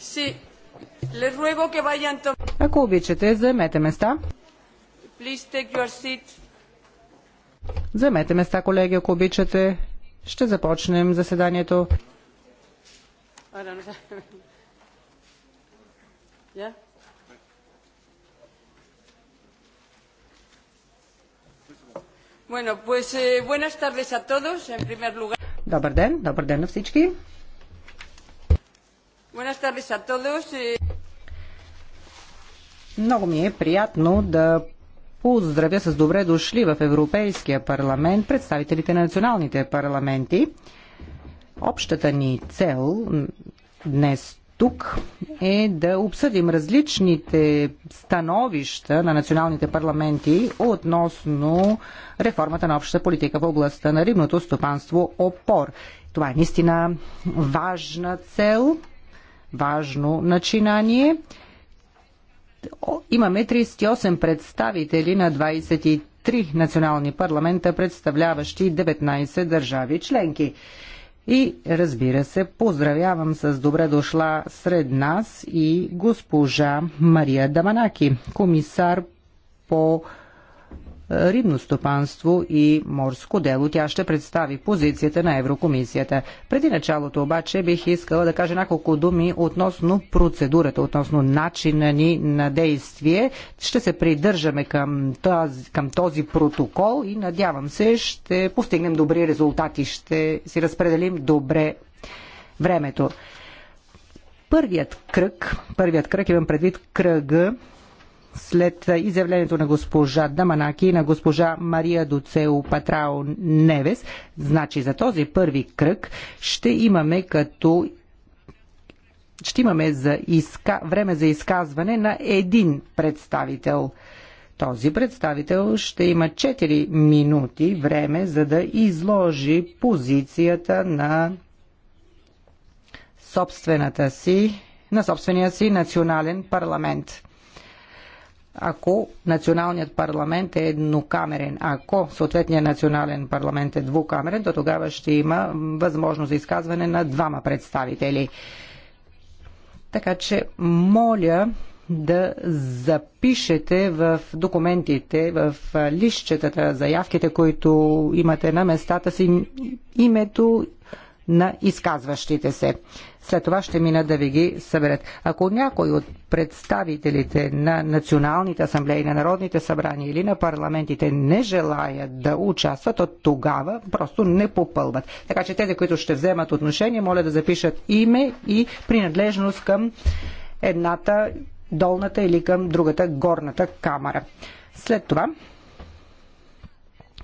Sí. Les ruego que vayan to... Ако обичате, заемете места. Please take your seat. Заемете места, колеги, ако обичате. Ще започнем заседанието. Bueno, pues, eh, buenas tardes a todos, en primer lugar. Добър ден, добър ден на всички. Eh. Много ми е приятно да поздравя с добре дошли в Европейския парламент представителите на националните парламенти. Общата ни цел днес тук е да обсъдим различните становища на националните парламенти относно реформата на общата политика в областта на рибното стопанство ОПОР. Това е наистина важна цел важно начинание. Имаме 38 представители на 23 национални парламента, представляващи 19 държави членки. И разбира се, поздравявам с добре дошла сред нас и госпожа Мария Даманаки, комисар по рибно стопанство и морско дело. Тя ще представи позицията на Еврокомисията. Преди началото обаче бих искала да кажа няколко думи относно процедурата, относно начина ни на действие. Ще се придържаме към този, към този протокол и надявам се ще постигнем добри резултати, ще си разпределим добре времето. Първият кръг, първият кръг имам предвид кръга след изявлението на госпожа Даманаки и на госпожа Мария Доцео Патрао Невес, значи за този първи кръг ще имаме като ще имаме за изка... време за изказване на един представител. Този представител ще има 4 минути време за да изложи позицията на собствената си, на собствения си национален парламент ако националният парламент е еднокамерен. Ако съответният национален парламент е двукамерен, то тогава ще има възможност за изказване на двама представители. Така че, моля да запишете в документите, в лищетата, заявките, които имате на местата си, името на изказващите се. След това ще мина да ви ги съберат. Ако някой от представителите на националните асамблеи, на народните събрания или на парламентите не желаят да участват, то тогава просто не попълват. Така че тези, които ще вземат отношение, моля да запишат име и принадлежност към едната долната или към другата горната камера. След това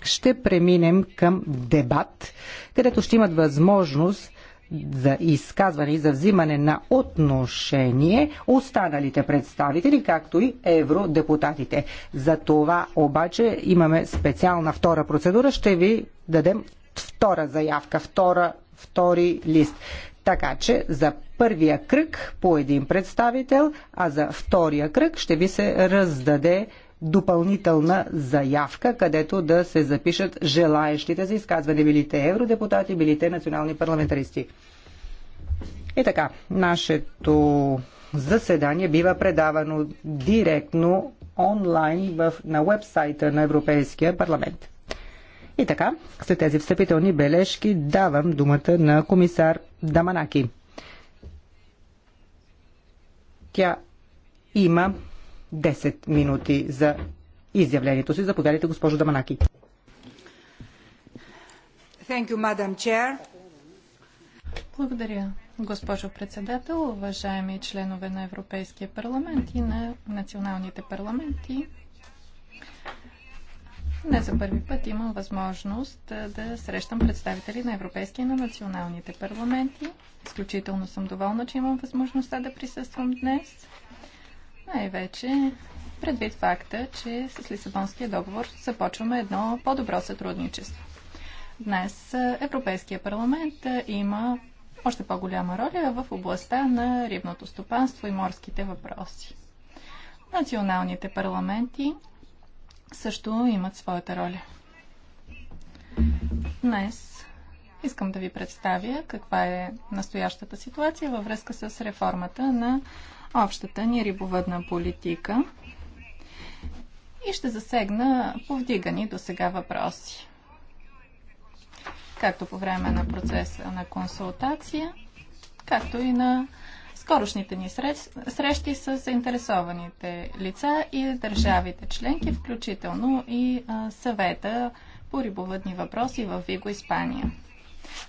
ще преминем към дебат, където ще имат възможност за изказване и за взимане на отношение останалите представители, както и евродепутатите. За това обаче имаме специална втора процедура. Ще ви дадем втора заявка, втора, втори лист. Така че за първия кръг по един представител, а за втория кръг ще ви се раздаде допълнителна заявка, където да се запишат желаящите за изказване, били евродепутати, били национални парламентаристи. И така, нашето заседание бива предавано директно онлайн в, на вебсайта на Европейския парламент. И така, след тези встъпителни бележки давам думата на комисар Даманаки. Тя има 10 минути за изявлението си. Заповядайте, госпожо Даманаки. Благодаря, госпожо председател, уважаеми членове на Европейския парламент и на националните парламенти. Не за първи път имам възможност да срещам представители на Европейския и на националните парламенти. Изключително съм доволна, че имам възможността да присъствам днес. Най-вече предвид факта, че с Лисабонския договор започваме едно по-добро сътрудничество. Днес е, Европейския парламент е, има още по-голяма роля в областта на рибното стопанство и морските въпроси. Националните парламенти също имат своята роля. Днес искам да ви представя каква е настоящата ситуация във връзка с реформата на общата ни рибовъдна политика и ще засегна повдигани до сега въпроси. Както по време на процеса на консултация, както и на скорошните ни срещи с заинтересованите лица и държавите членки, включително и съвета по рибовъдни въпроси в Виго, Испания.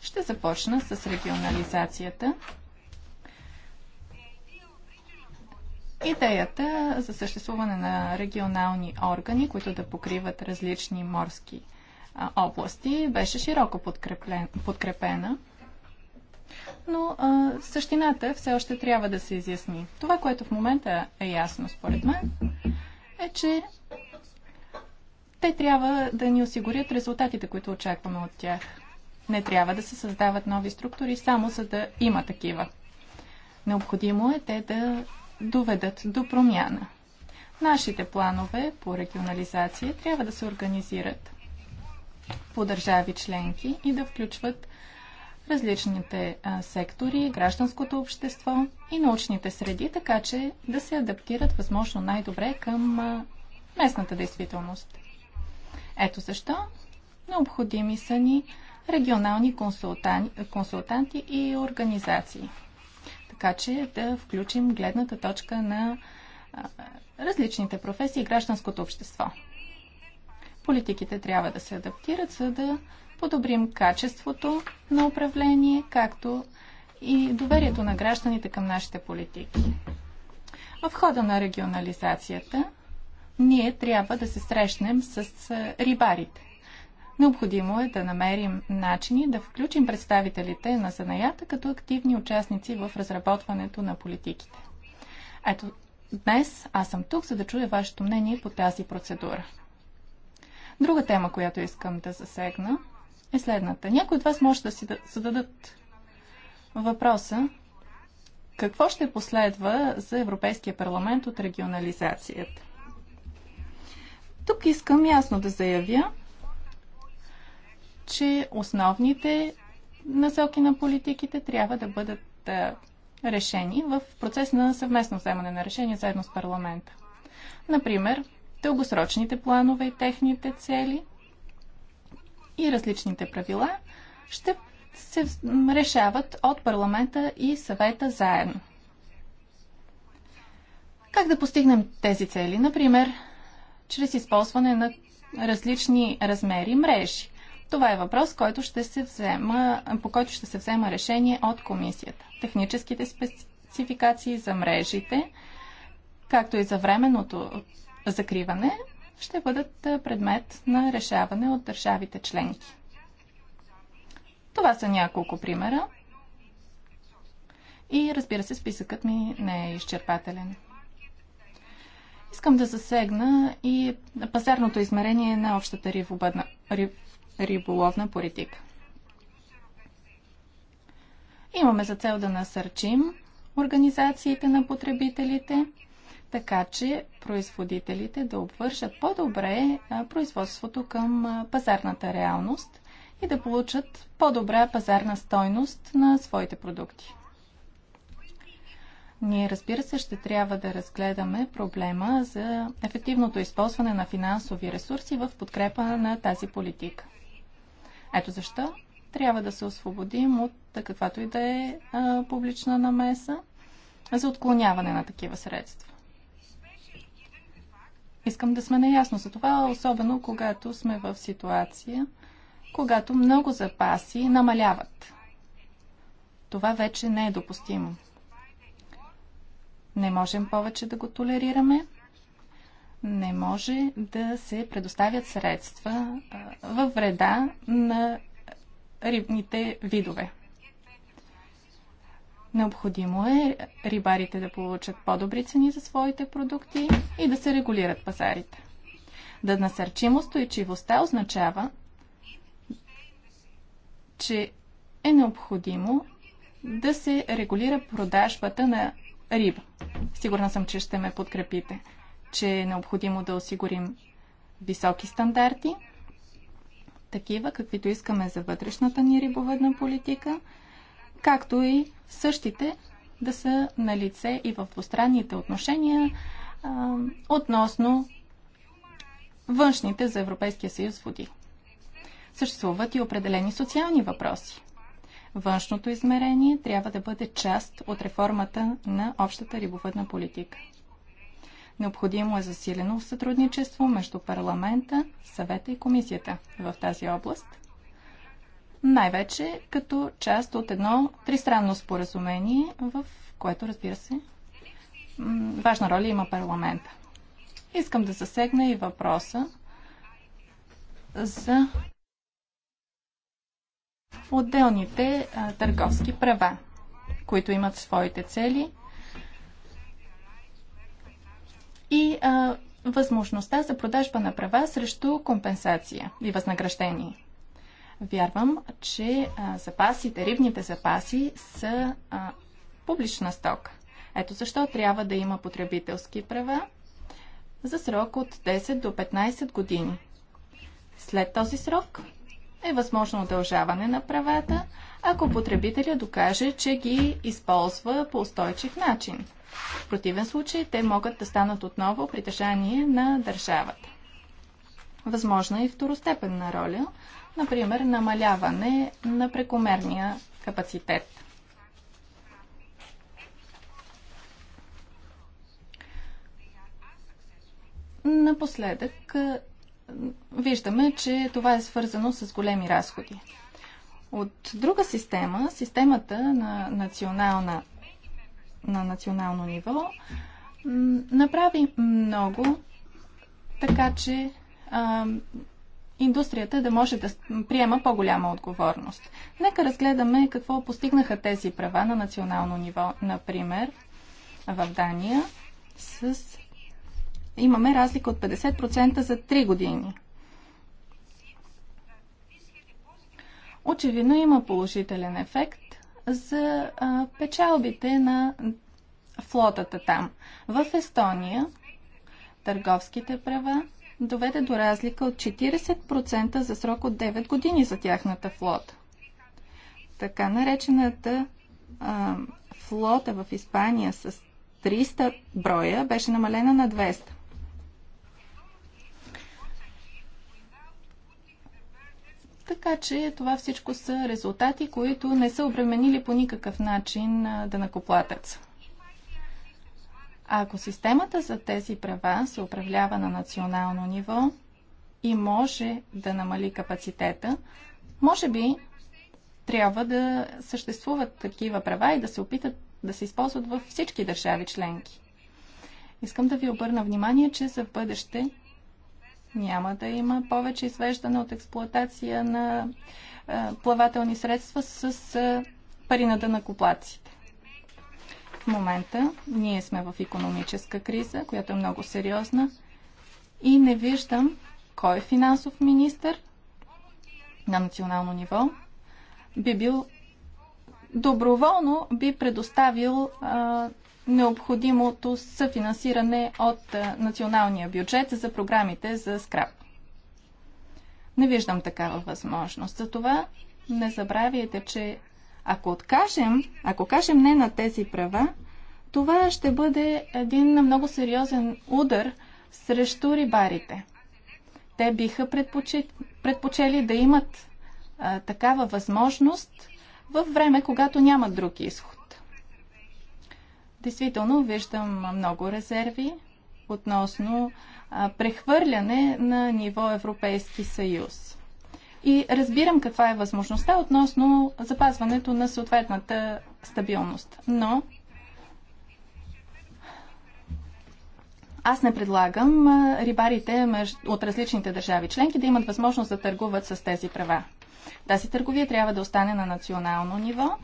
Ще започна с регионализацията – Идеята за съществуване на регионални органи, които да покриват различни морски области, беше широко подкрепена, но а, същината все още трябва да се изясни. Това, което в момента е ясно според мен, е, че те трябва да ни осигурят резултатите, които очакваме от тях. Не трябва да се създават нови структури само за да има такива. Необходимо е те да доведат до промяна. Нашите планове по регионализация трябва да се организират по държави членки и да включват различните а, сектори, гражданското общество и научните среди, така че да се адаптират възможно най-добре към а, местната действителност. Ето защо необходими са ни регионални консултан... консултанти и организации така че да включим гледната точка на различните професии и гражданското общество. Политиките трябва да се адаптират, за да подобрим качеството на управление, както и доверието на гражданите към нашите политики. В хода на регионализацията ние трябва да се срещнем с рибарите. Необходимо е да намерим начини да включим представителите на занаята като активни участници в разработването на политиките. Ето, днес аз съм тук, за да чуя вашето мнение по тази процедура. Друга тема, която искам да засегна, е следната. Някои от вас може да си зададат въпроса какво ще последва за Европейския парламент от регионализацията. Тук искам ясно да заявя, че основните насоки на политиките трябва да бъдат решени в процес на съвместно вземане на решения заедно с парламента. Например, дългосрочните планове и техните цели и различните правила ще се решават от парламента и съвета заедно. Как да постигнем тези цели? Например, чрез използване на различни размери мрежи. Това е въпрос, който ще се взема, по който ще се взема решение от комисията. Техническите спецификации за мрежите, както и за временното закриване, ще бъдат предмет на решаване от държавите членки. Това са няколко примера. И разбира се, списъкът ми не е изчерпателен. Искам да засегна и пазарното измерение на общата рибовъдна, риболовна политика. Имаме за цел да насърчим организациите на потребителите, така че производителите да обвършат по-добре производството към пазарната реалност и да получат по-добра пазарна стойност на своите продукти. Ние, разбира се, ще трябва да разгледаме проблема за ефективното използване на финансови ресурси в подкрепа на тази политика. Ето защо трябва да се освободим от каквато и да е а, публична намеса за отклоняване на такива средства. Искам да сме наясно за това, особено когато сме в ситуация, когато много запаси намаляват. Това вече не е допустимо. Не можем повече да го толерираме не може да се предоставят средства във вреда на рибните видове. Необходимо е рибарите да получат по-добри цени за своите продукти и да се регулират пазарите. Да насърчим устойчивостта означава, че е необходимо да се регулира продажбата на риба. Сигурна съм, че ще ме подкрепите че е необходимо да осигурим високи стандарти, такива каквито искаме за вътрешната ни рибовъдна политика, както и същите да са на лице и в двустранните отношения а, относно външните за Европейския съюз води. Съществуват и определени социални въпроси. Външното измерение трябва да бъде част от реформата на общата рибовъдна политика. Необходимо е засилено сътрудничество между парламента, съвета и комисията в тази област, най-вече като част от едно тристранно споразумение, в което, разбира се, важна роля има парламента. Искам да засегна и въпроса за отделните а, търговски права, които имат своите цели – и а, възможността за продажба на права срещу компенсация и възнаграждение. Вярвам, че а, запасите, рибните запаси са а, публична стока. Ето защо трябва да има потребителски права за срок от 10 до 15 години. След този срок е възможно удължаване на правата, ако потребителя докаже, че ги използва по устойчив начин. В противен случай те могат да станат отново притежание на държавата. Възможна е и второстепенна роля, например намаляване на прекомерния капацитет. Напоследък виждаме, че това е свързано с големи разходи. От друга система, системата на национална на национално ниво, направи много, така че а, индустрията да може да приема по-голяма отговорност. Нека разгледаме какво постигнаха тези права на национално ниво. Например, в Дания с... имаме разлика от 50% за 3 години. Очевидно има положителен ефект за а, печалбите на флотата там. В Естония търговските права доведе до разлика от 40% за срок от 9 години за тяхната флота. Така наречената а, флота в Испания с 300 броя беше намалена на 200. Така че това всичко са резултати, които не са обременили по никакъв начин дънакоплатец. накоплатят. ако системата за тези права се управлява на национално ниво и може да намали капацитета, може би трябва да съществуват такива права и да се опитат да се използват във всички държави членки. Искам да ви обърна внимание, че за бъдеще няма да има повече извеждане от експлоатация на плавателни средства с пари на дънакоплаците. В момента ние сме в економическа криза, която е много сериозна и не виждам кой финансов министр на национално ниво би бил доброволно би предоставил а, необходимото съфинансиране от е, националния бюджет за програмите за скрап. Не виждам такава възможност. Затова не забравяйте, че ако откажем, ако кажем не на тези права, това ще бъде един много сериозен удар срещу рибарите. Те биха предпочели, предпочели да имат а, такава възможност в време, когато нямат друг изход. Действително виждам много резерви относно прехвърляне на ниво Европейски съюз. И разбирам каква е възможността относно запазването на съответната стабилност. Но аз не предлагам рибарите от различните държави членки да имат възможност да търгуват с тези права. Тази търговия трябва да остане на национално ниво,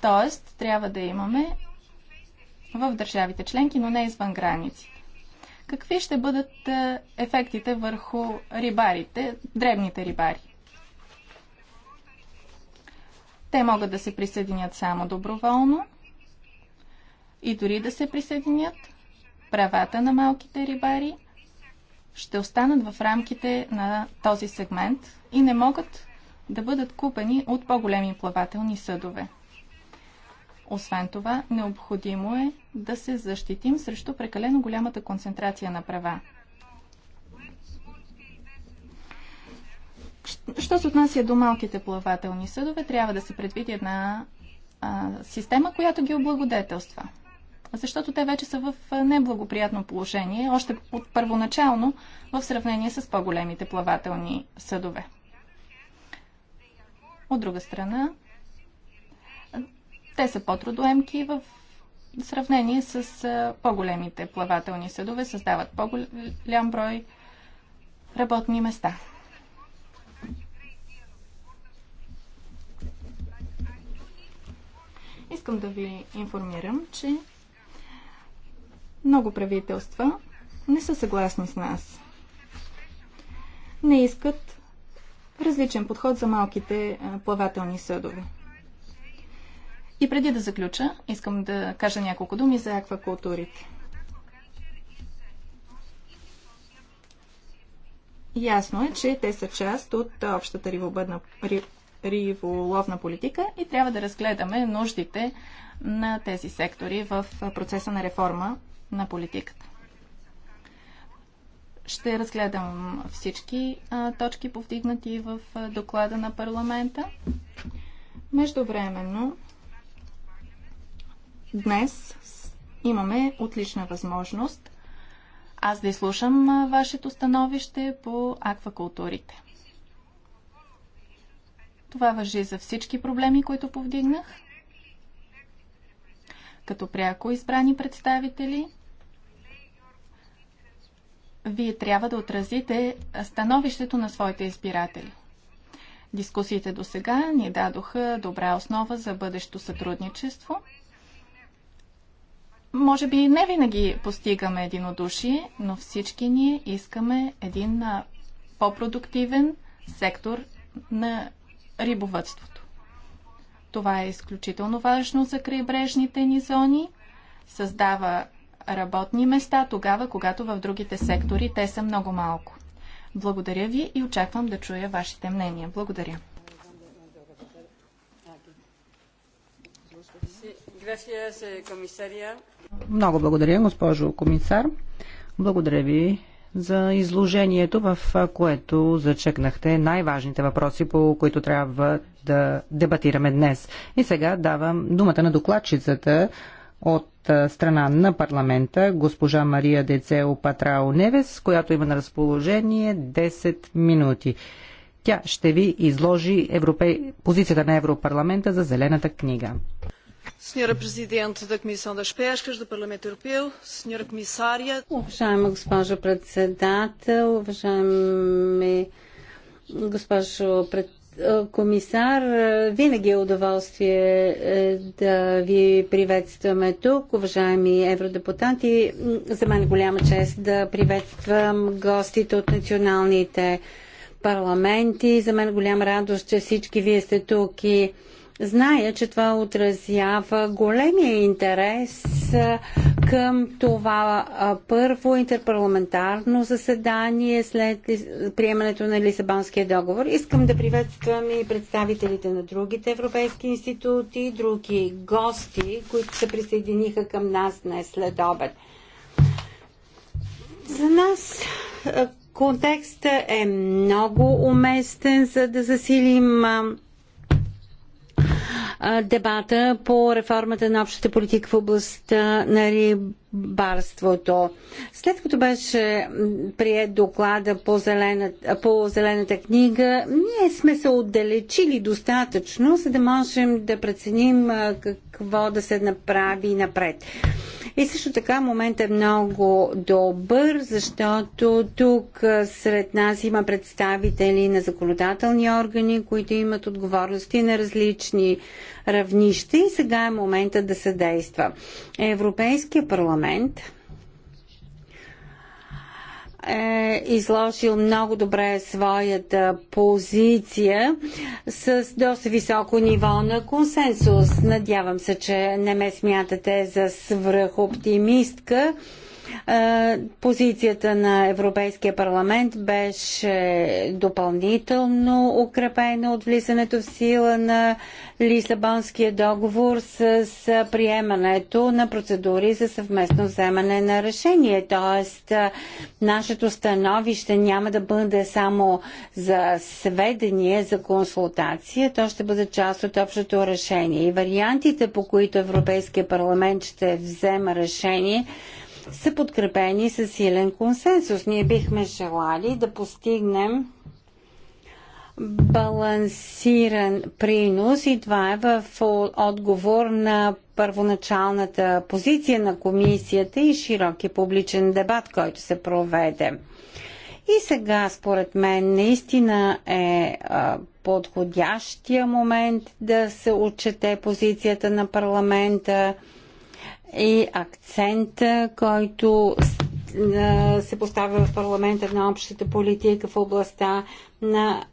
т.е. трябва да имаме в държавите членки, но не извън границите. Какви ще бъдат е, ефектите върху рибарите, дребните рибари? Те могат да се присъединят само доброволно и дори да се присъединят, правата на малките рибари ще останат в рамките на този сегмент и не могат да бъдат купени от по-големи плавателни съдове. Освен това, необходимо е да се защитим срещу прекалено голямата концентрация на права. Що се отнася до малките плавателни съдове, трябва да се предвиди една а, система, която ги облагодетелства. Защото те вече са в неблагоприятно положение, още от първоначално в сравнение с по-големите плавателни съдове. От друга страна, те са по-трудоемки в сравнение с по-големите плавателни съдове, създават по-голям брой работни места. Искам да ви информирам, че много правителства не са съгласни с нас. Не искат различен подход за малките плавателни съдове. И преди да заключа, искам да кажа няколко думи за аквакултурите. Ясно е, че те са част от общата рибобъдна, риболовна политика и трябва да разгледаме нуждите на тези сектори в процеса на реформа на политиката. Ще разгледам всички а, точки повдигнати в доклада на парламента. Междувременно Днес имаме отлична възможност аз да изслушам вашето становище по аквакултурите. Това въжи за всички проблеми, които повдигнах. Като пряко избрани представители, вие трябва да отразите становището на своите избиратели. Дискусиите до сега ни дадоха добра основа за бъдещо сътрудничество – може би не винаги постигаме единодушие, но всички ние искаме един по-продуктивен сектор на рибовътството. Това е изключително важно за крайбрежните ни зони. Създава работни места тогава, когато в другите сектори те са много малко. Благодаря ви и очаквам да чуя вашите мнения. Благодаря. Eh, Много благодаря, госпожо комисар. Благодаря ви за изложението, в което зачекнахте най-важните въпроси, по които трябва да дебатираме днес. И сега давам думата на докладчицата от страна на парламента, госпожа Мария Децео Патрао Невес, която има на разположение 10 минути. Тя ще ви изложи позицията на Европарламента за Зелената книга. Senhora Presidente da Comissão das Pescas do Parlamento Europeu, Senhora Comissária. Уважаема госпожо председател, уважаеми госпожо пред... Е, комисар, е, винаги е удоволствие е, да ви приветстваме тук, уважаеми евродепутати. За мен е голяма чест да приветствам гостите от националните парламенти. За мен е голяма радост, че всички вие сте тук и Зная, че това отразява големия интерес към това първо интерпарламентарно заседание след приемането на Лисабонския договор. Искам да приветствам и представителите на другите европейски институти, други гости, които се присъединиха към нас днес след обед. За нас контекстът е много уместен, за да засилим дебата по реформата на общата политика в областта на рибарството. След като беше прият доклада по зелената, по зелената книга, ние сме се отдалечили достатъчно, за да можем да преценим какво да се направи напред. И също така момент е много добър, защото тук сред нас има представители на законодателни органи, които имат отговорности на различни равнища и сега е момента да се действа. Европейския парламент е изложил много добре своята позиция с доста високо ниво на консенсус. Надявам се, че не ме смятате за свръхоптимистка. оптимистка е, позицията на Европейския парламент беше допълнително укрепена от влизането в сила на Лисабонския договор с приемането на процедури за съвместно вземане на решение. Тоест, е, нашето становище няма да бъде само за сведение, за консултация, то ще бъде част от общото решение. И вариантите, по които Европейския парламент ще взема решение, са подкрепени с силен консенсус. Ние бихме желали да постигнем балансиран принос и това е в отговор на първоначалната позиция на комисията и широки публичен дебат, който се проведе. И сега, според мен, наистина е подходящия момент да се отчете позицията на парламента и е акцента, който се поставя в парламента на общата политика в областта на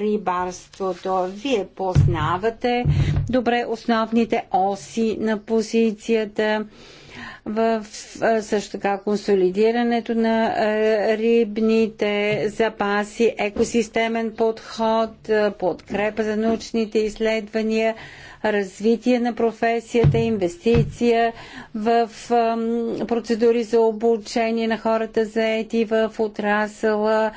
рибарството. Вие познавате добре основните оси на позицията в също така консолидирането на рибните запаси, екосистемен подход, подкрепа за научните изследвания развитие на професията, инвестиция в процедури за обучение на хората заети в отрасъла,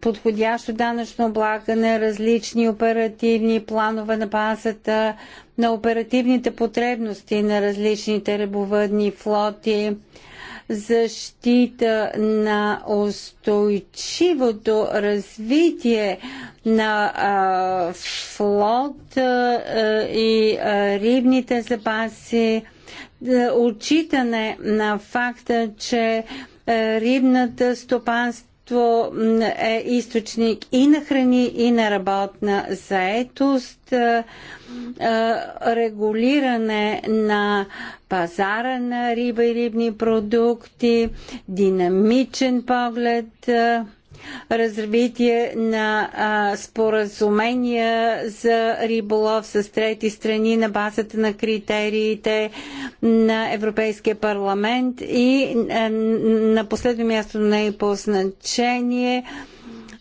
подходящо данъчно облагане, различни оперативни планове на базата на оперативните потребности на различните рибовъдни флоти, защита на устойчивото развитие на а, флота и а, рибните запаси, отчитане на факта, че рибната стопанство производство е източник и на храни, и на работна заетост, регулиране на пазара на риба и рибни продукти, динамичен поглед развитие на а, споразумения за риболов с трети страни на базата на критериите на Европейския парламент и а, на последно място на е по значение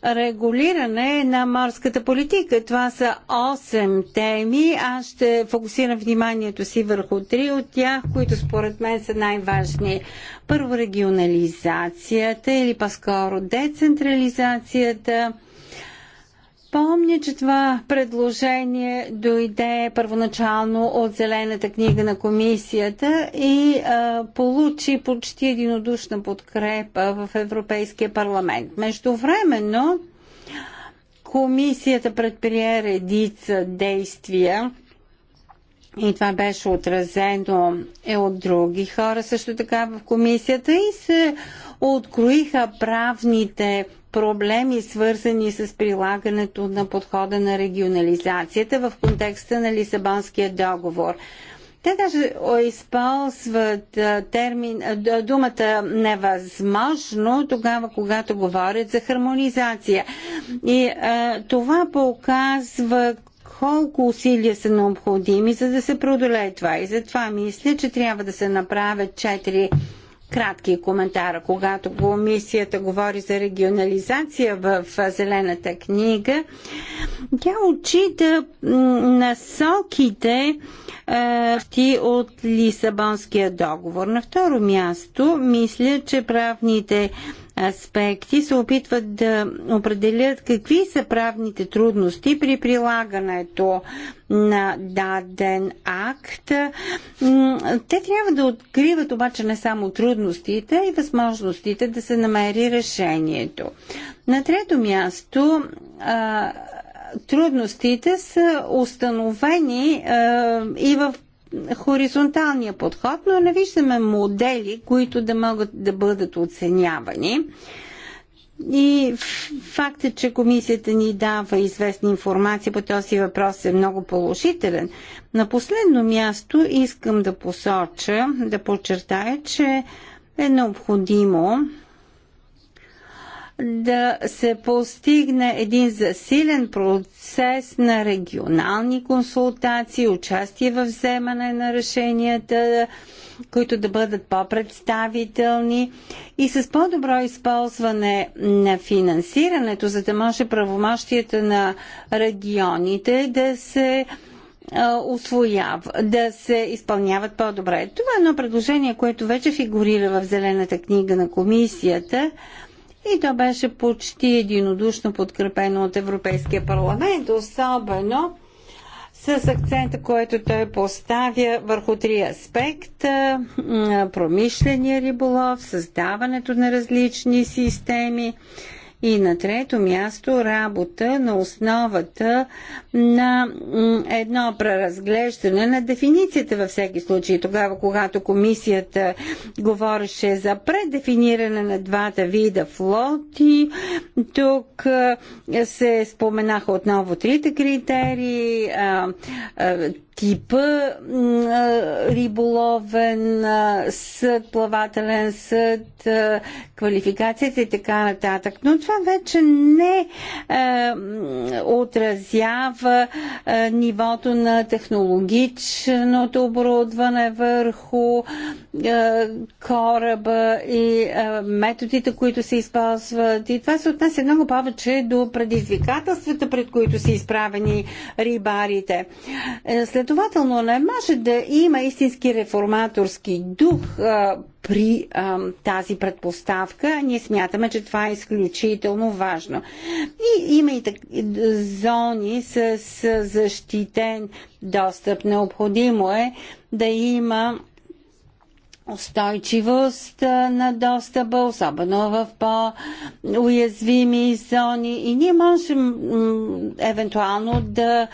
регулиране на морската политика. Това са 8 теми. Аз ще фокусирам вниманието си върху три от тях, които според мен са най-важни. Първо регионализацията или по-скоро децентрализацията – Помня, че това предложение дойде първоначално от Зелената книга на комисията и а, получи почти единодушна подкрепа в Европейския парламент. Междувременно комисията предприе редица действия и това беше отразено е от други хора също така в комисията и се откроиха правните проблеми, свързани с прилагането на подхода на регионализацията в контекста на Лисабонския договор. Те даже използват термин, думата невъзможно тогава, когато говорят за хармонизация. И а, това показва колко усилия са необходими, за да се преодолее това. И затова мисля, че трябва да се направят четири 4 кратки коментара. Когато комисията говори за регионализация в Зелената книга, тя отчита насоките е, от Лисабонския договор. На второ място, мисля, че правните аспекти се опитват да определят какви са правните трудности при прилагането на даден акт. Те трябва да откриват обаче не само трудностите и възможностите да се намери решението. На трето място трудностите са установени и в хоризонталния подход, но не виждаме модели, които да могат да бъдат оценявани. И фактът, е, че комисията ни дава известна информация по този въпрос е много положителен. На последно място искам да посоча, да подчертая, че е необходимо да се постигне един засилен процес на регионални консултации, участие в вземане на решенията, които да бъдат по-представителни и с по-добро използване на финансирането, за да може правомощията на регионите да се освоява, да се изпълняват по-добре. Това е едно предложение, което вече фигурира в Зелената книга на комисията – и то беше почти единодушно подкрепено от Европейския парламент, особено с акцента, който той поставя върху три аспекта промишления риболов, създаването на различни системи и на трето място работа на основата на едно преразглеждане на дефиницията във всеки случай. Тогава, когато комисията говореше за предефиниране на двата вида флоти, тук се споменаха отново трите критерии, типа риболовен съд, плавателен съд, квалификацията и така нататък. Но това вече не е, отразява е, нивото на технологичното оборудване върху е, кораба и е, методите, които се използват. И това се отнася много повече до предизвикателствата, пред които са изправени рибарите. Е, след Следователно не може да има истински реформаторски дух а, при а, тази предпоставка. Ние смятаме, че това е изключително важно. И има и так, зони с, с защитен достъп. Необходимо е да има устойчивост на достъпа, особено в по-уязвими зони и ние можем евентуално да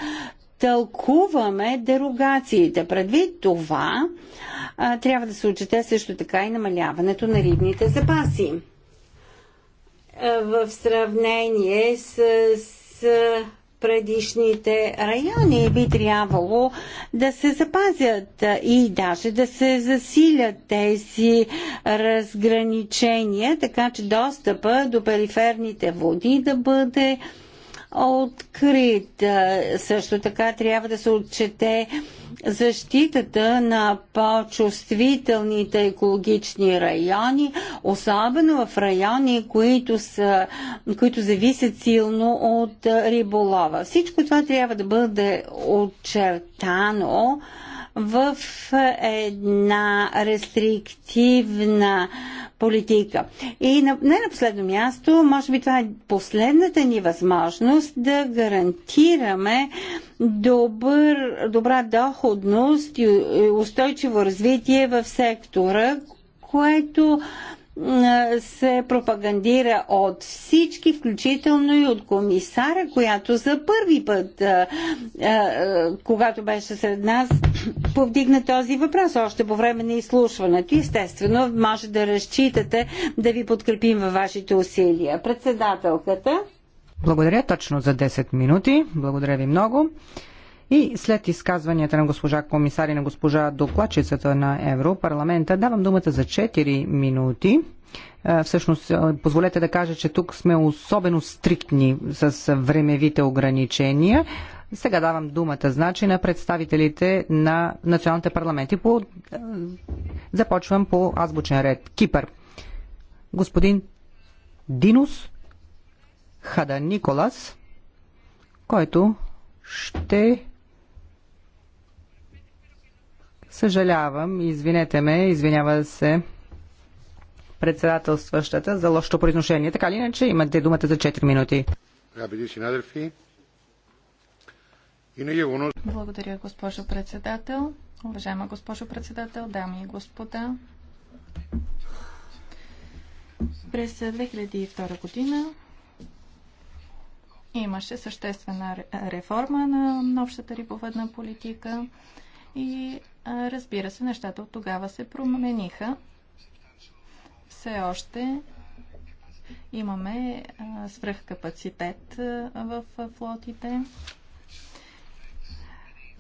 тълкуваме дерогациите. Предвид това, а, трябва да се отчете също така и намаляването на рибните запаси. В сравнение с, с предишните райони би трябвало да се запазят и даже да се засилят тези разграничения, така че достъпа до периферните води да бъде а, открит. Също така трябва да се отчете защитата на по-чувствителните екологични райони, особено в райони, които, са, които зависят силно от риболова. Всичко това трябва да бъде очертано в една рестриктивна политика. И на, не на последно място, може би това е последната ни възможност да гарантираме добър, добра доходност и устойчиво развитие в сектора, което се пропагандира от всички, включително и от комисара, която за първи път, когато беше сред нас, повдигна този въпрос още по време на изслушването. Естествено, може да разчитате да ви подкрепим във вашите усилия. Председателката. Благодаря точно за 10 минути. Благодаря ви много. И след изказванията на госпожа комисар и на госпожа докладчицата на Европарламента давам думата за 4 минути. Е, всъщност, е, позволете да кажа, че тук сме особено стриктни с времевите ограничения. Сега давам думата, значи, на представителите на националните парламенти. По... Е, започвам по азбучен ред. Кипър. Господин Динус Хада Николас, който ще Съжалявам, извинете ме, извинява се председателстващата за лошото произношение. Така ли иначе имате думата за 4 минути. Благодаря, госпожо председател. Уважаема госпожо председател, дами и господа. През 2002 година имаше съществена реформа на общата рибовъдна политика и Разбира се, нещата от тогава се промениха. Все още имаме свръхкапацитет в флотите.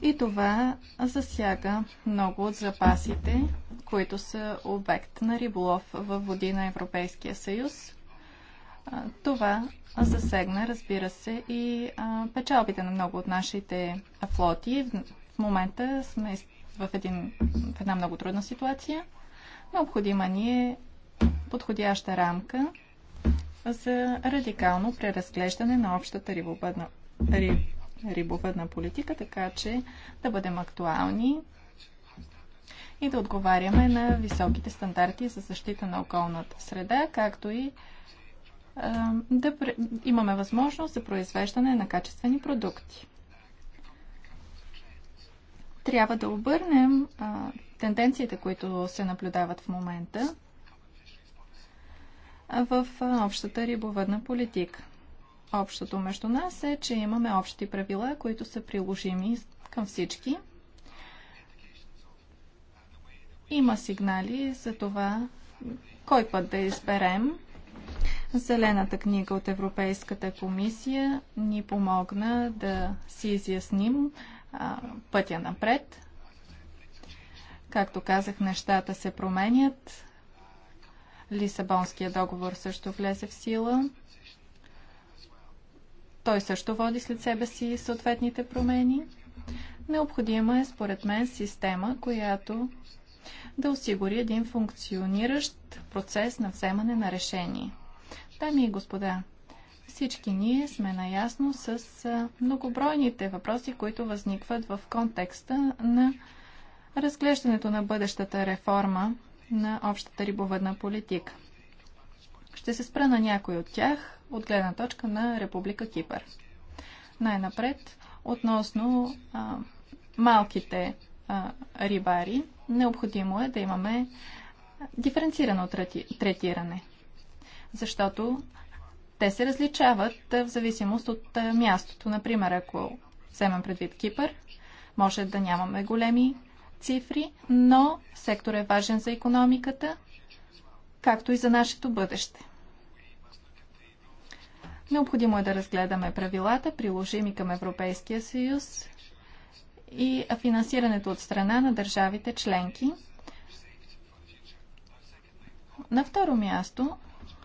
И това засяга много от запасите, които са обект на риболов в води на Европейския съюз. Това засегна, разбира се, и печалбите на много от нашите флоти. В момента сме в, един, в една много трудна ситуация. Необходима ни е подходяща рамка за радикално преразглеждане на общата рибовъдна, риб, рибовъдна политика, така че да бъдем актуални и да отговаряме на високите стандарти за защита на околната среда, както и да имаме възможност за произвеждане на качествени продукти трябва да обърнем а, тенденциите, които се наблюдават в момента в общата рибовъдна политика. Общото между нас е, че имаме общи правила, които са приложими към всички. Има сигнали за това кой път да изберем. Зелената книга от Европейската комисия ни помогна да си изясним пътя напред. Както казах, нещата се променят. Лисабонския договор също влезе в сила. Той също води след себе си съответните промени. Необходима е, според мен, система, която да осигури един функциониращ процес на вземане на решение. Дами и господа, всички ние сме наясно с многобройните въпроси, които възникват в контекста на разглеждането на бъдещата реформа на общата рибовъдна политика. Ще се спра на някой от тях от гледна точка на Република Кипър. Най-напред, относно а, малките а, рибари, необходимо е да имаме диференцирано третиране, защото те се различават в зависимост от мястото. Например, ако вземам предвид Кипър, може да нямаме големи цифри, но сектор е важен за економиката, както и за нашето бъдеще. Необходимо е да разгледаме правилата, приложими към Европейския съюз и финансирането от страна на държавите членки. На второ място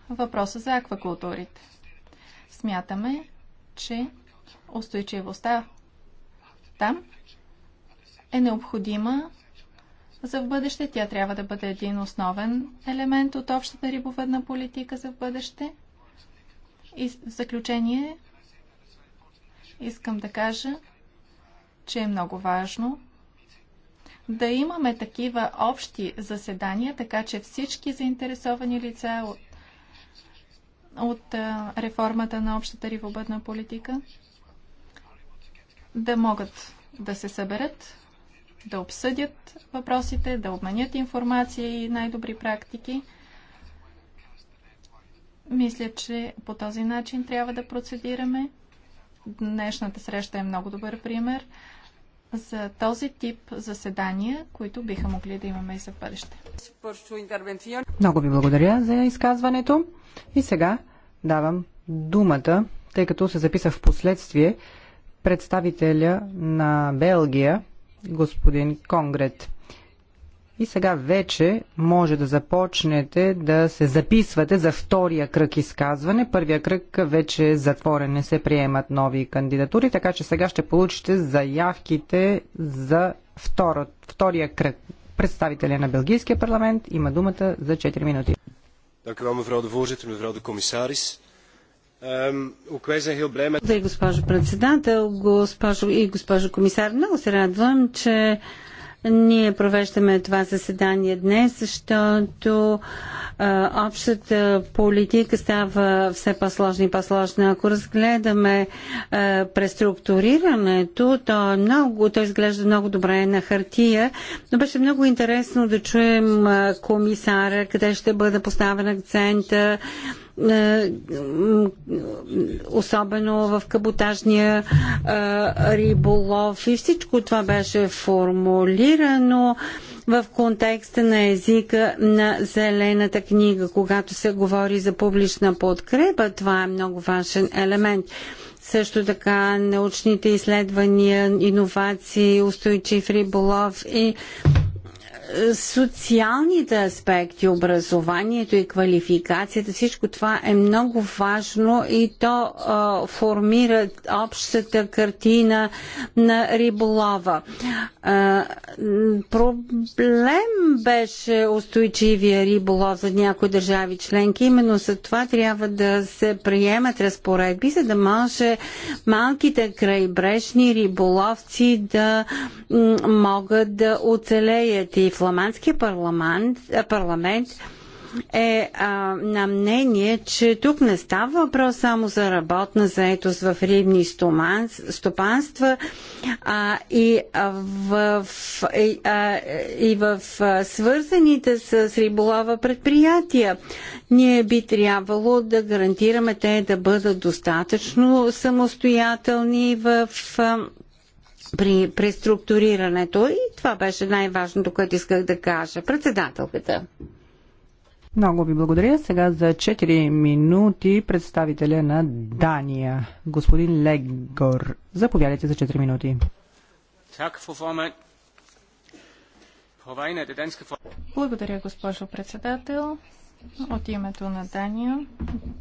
въпроса за аквакултурите. Смятаме, че устойчивостта там е необходима за в бъдеще. Тя трябва да бъде един основен елемент от общата рибовъдна политика за в бъдеще. И в заключение искам да кажа, че е много важно да имаме такива общи заседания, така че всички заинтересовани лица от от реформата на общата рибобъдна политика, да могат да се съберат, да обсъдят въпросите, да обменят информация и най-добри практики. Мисля, че по този начин трябва да процедираме. Днешната среща е много добър пример за този тип заседания, които биха могли да имаме и за бъдеще. Много ви благодаря за изказването. И сега давам думата, тъй като се записа в последствие представителя на Белгия, господин Конгрет. И сега вече може да започнете да се записвате за втория кръг изказване. Първия кръг вече е затворен, не се приемат нови кандидатури, така че сега ще получите заявките за второ, втория кръг. Представителя на Белгийския парламент има думата за 4 минути. Dank u wel, mevrouw de voorzitter, mevrouw de commissaris. Ehm, Благодаря, госпожо председател, госпожо и госпожо комисар. Много се радвам, че ние провеждаме това заседание днес, защото а, общата политика става все по-сложна и по-сложна. Ако разгледаме а, преструктурирането, то, е много, то изглежда много добре на хартия, но беше много интересно да чуем а, комисара, къде ще бъде поставен акцента, е, особено в каботажния е, риболов и всичко това беше формулирано в контекста на езика на зелената книга. Когато се говори за публична подкрепа, това е много важен елемент. Също така научните изследвания, иновации, устойчив риболов и социалните аспекти, образованието и квалификацията, всичко това е много важно и то а, формира общата картина на риболова. А, проблем беше устойчивия риболов за някои държави членки. Именно за това трябва да се приемат разпоредби, за да може малките крайбрежни риболовци да могат да оцелеят и в фламандския парламент, парламент е а, на мнение, че тук не става въпрос само за работна заетост в рибни стопанства а, и, а, в, а, и в свързаните с риболова предприятия. Ние би трябвало да гарантираме те да бъдат достатъчно самостоятелни в. А, при преструктурирането и това беше най-важното, което исках да кажа. Председателката. Много ви благодаря. Сега за 4 минути представителя на Дания, господин Легор. Заповядайте за 4 минути. Благодаря, госпожо председател. От името на Дания,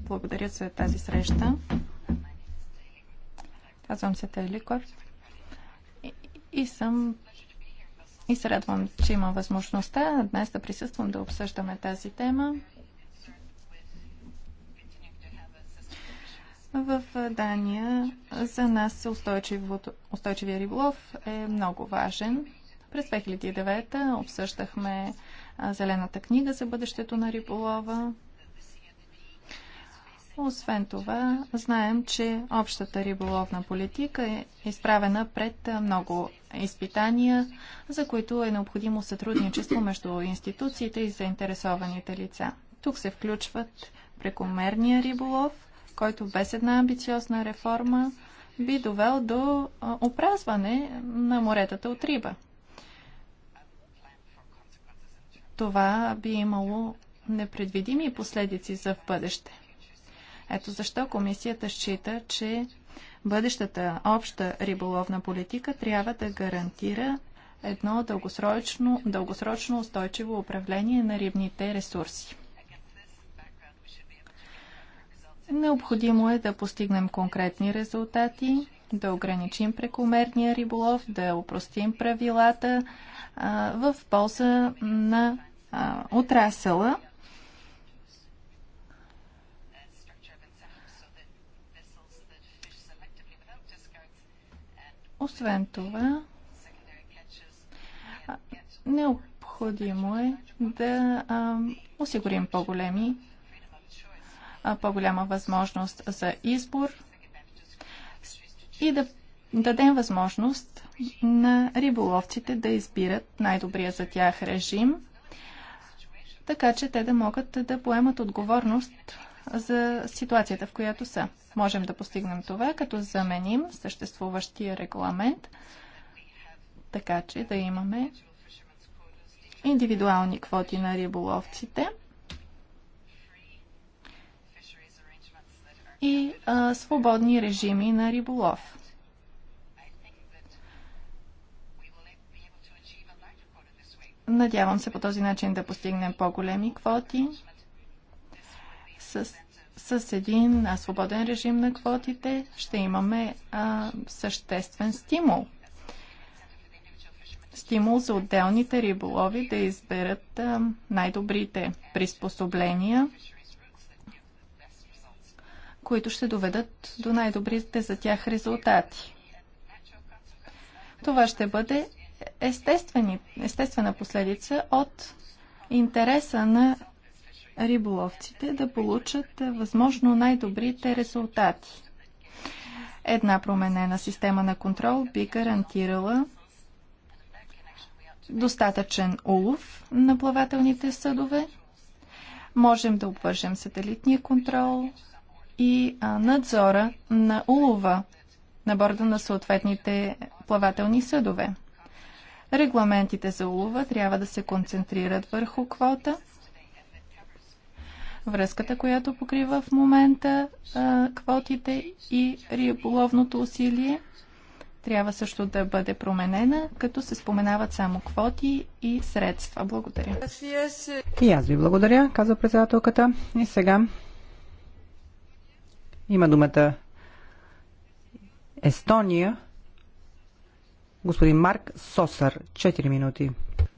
благодаря за тази среща. Казвам се Теликор и съм и се радвам, че имам възможността днес да присъствам да обсъждаме тази тема. В Дания за нас устойчивия риболов е много важен. През 2009 обсъждахме Зелената книга за бъдещето на риболова. Освен това, знаем, че общата риболовна политика е изправена пред много изпитания, за които е необходимо сътрудничество между институциите и заинтересованите лица. Тук се включват прекомерния риболов, който без една амбициозна реформа би довел до опразване на моретата от риба. Това би имало непредвидими последици за в бъдеще. Ето защо комисията счита, че бъдещата обща риболовна политика трябва да гарантира едно дългосрочно, дългосрочно устойчиво управление на рибните ресурси. Необходимо е да постигнем конкретни резултати, да ограничим прекомерния риболов, да упростим правилата а, в полза на а, отрасъла Освен това, необходимо е да а, осигурим по-големи, по-голяма възможност за избор и да дадем възможност на риболовците да избират най-добрия за тях режим, така че те да могат да поемат отговорност за ситуацията, в която са. Можем да постигнем това, като заменим съществуващия регламент, така че да имаме индивидуални квоти на риболовците и а, свободни режими на риболов. Надявам се по този начин да постигнем по-големи квоти с, с един свободен режим на квотите ще имаме а, съществен стимул. Стимул за отделните риболови да изберат най-добрите приспособления, които ще доведат до най-добрите за тях резултати. Това ще бъде естествена последица от интереса на риболовците да получат е, възможно най-добрите резултати. Една променена система на контрол би гарантирала достатъчен улов на плавателните съдове. Можем да обвържем сателитния контрол и надзора на улова на борда на съответните плавателни съдове. Регламентите за улова трябва да се концентрират върху квота – връзката, която покрива в момента а, квотите и риболовното усилие, трябва също да бъде променена, като се споменават само квоти и средства. Благодаря. И аз ви благодаря, казва председателката. И сега има думата Естония Господин Марк Сосър, 4 минути.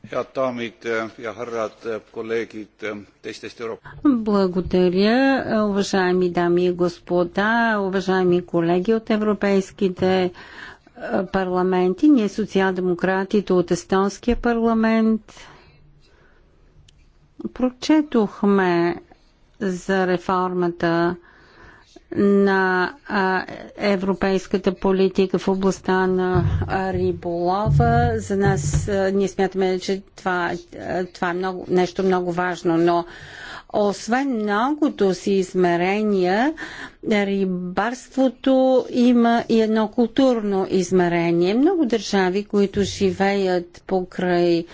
Eh, eh, eh, Благодаря, уважаеми дами и господа, уважаеми колеги от европейските парламенти. Ние социал-демократите от Естонския парламент прочетохме за реформата на а, европейската политика в областта на риболова. За нас а, ние смятаме, че това, а, това е много, нещо много важно, но освен многото си измерения, рибарството има и едно културно измерение. Много държави, които живеят покрай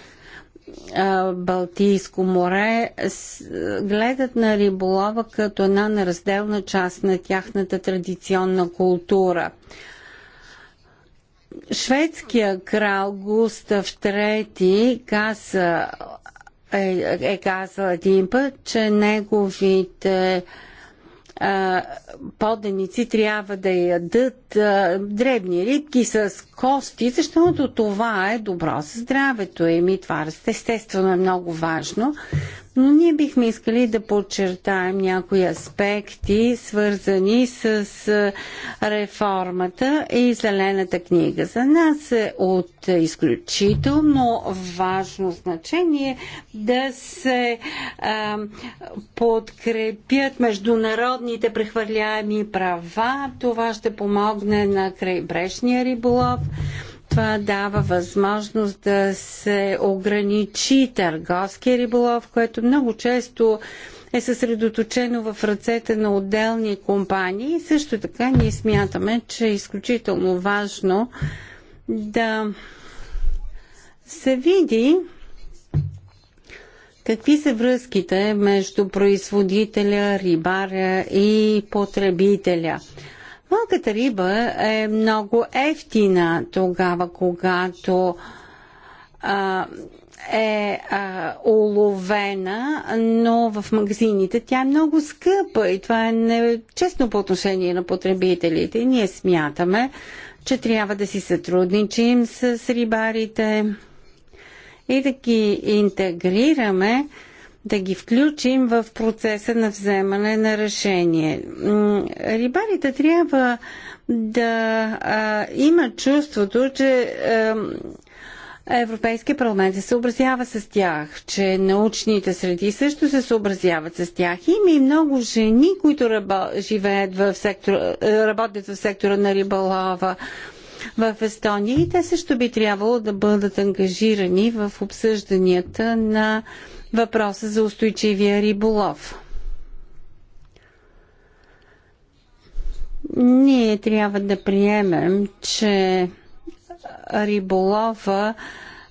Балтийско море гледат на риболова като една неразделна част на тяхната традиционна култура. Шведския крал Густав III каза, е, е казал един път, че неговите поденици трябва да ядат а, дребни рибки с кости, защото това е добро за здравето им и това естествено е много важно. Но ние бихме искали да подчертаем някои аспекти, свързани с реформата и зелената книга. За нас е от изключително важно значение да се а, подкрепят международните прехвърляеми права. Това ще помогне на крайбрежния риболов това дава възможност да се ограничи търговския риболов, което много често е съсредоточено в ръцете на отделни компании. Също така ние смятаме, че е изключително важно да се види Какви са връзките между производителя, рибаря и потребителя? Малката риба е много ефтина тогава, когато а, е а, уловена, но в магазините тя е много скъпа и това е нечестно по отношение на потребителите. ние смятаме, че трябва да си сътрудничим с рибарите и да ги интегрираме да ги включим в процеса на вземане на решение. Рибарите трябва да а, имат чувството, че а, Европейския парламент се съобразява с тях, че научните среди също се съобразяват с тях. Има и много жени, които рабо, живеят в сектор, работят в сектора на риболова в Естония и те също би трябвало да бъдат ангажирани в обсъжданията на въпроса за устойчивия риболов. Ние трябва да приемем, че риболова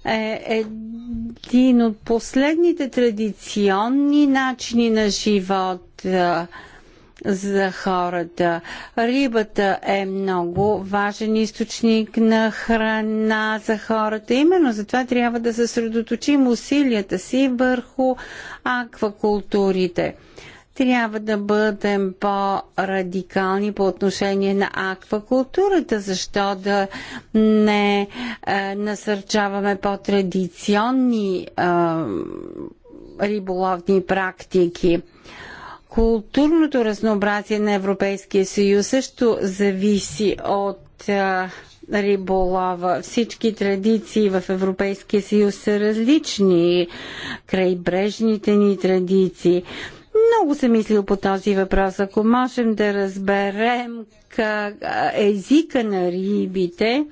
е един от последните традиционни начини на живот за хората. Рибата е много важен източник на храна за хората. Именно затова трябва да съсредоточим усилията си върху аквакултурите трябва да бъдем по-радикални по отношение на аквакултурата, защо да не е, насърчаваме по-традиционни е, риболовни практики. Културното разнообразие на Европейския съюз също зависи от риболова. Всички традиции в Европейския съюз са различни, крайбрежните ни традиции. Много съм мислил по този въпрос. Ако можем да разберем как, езика на рибите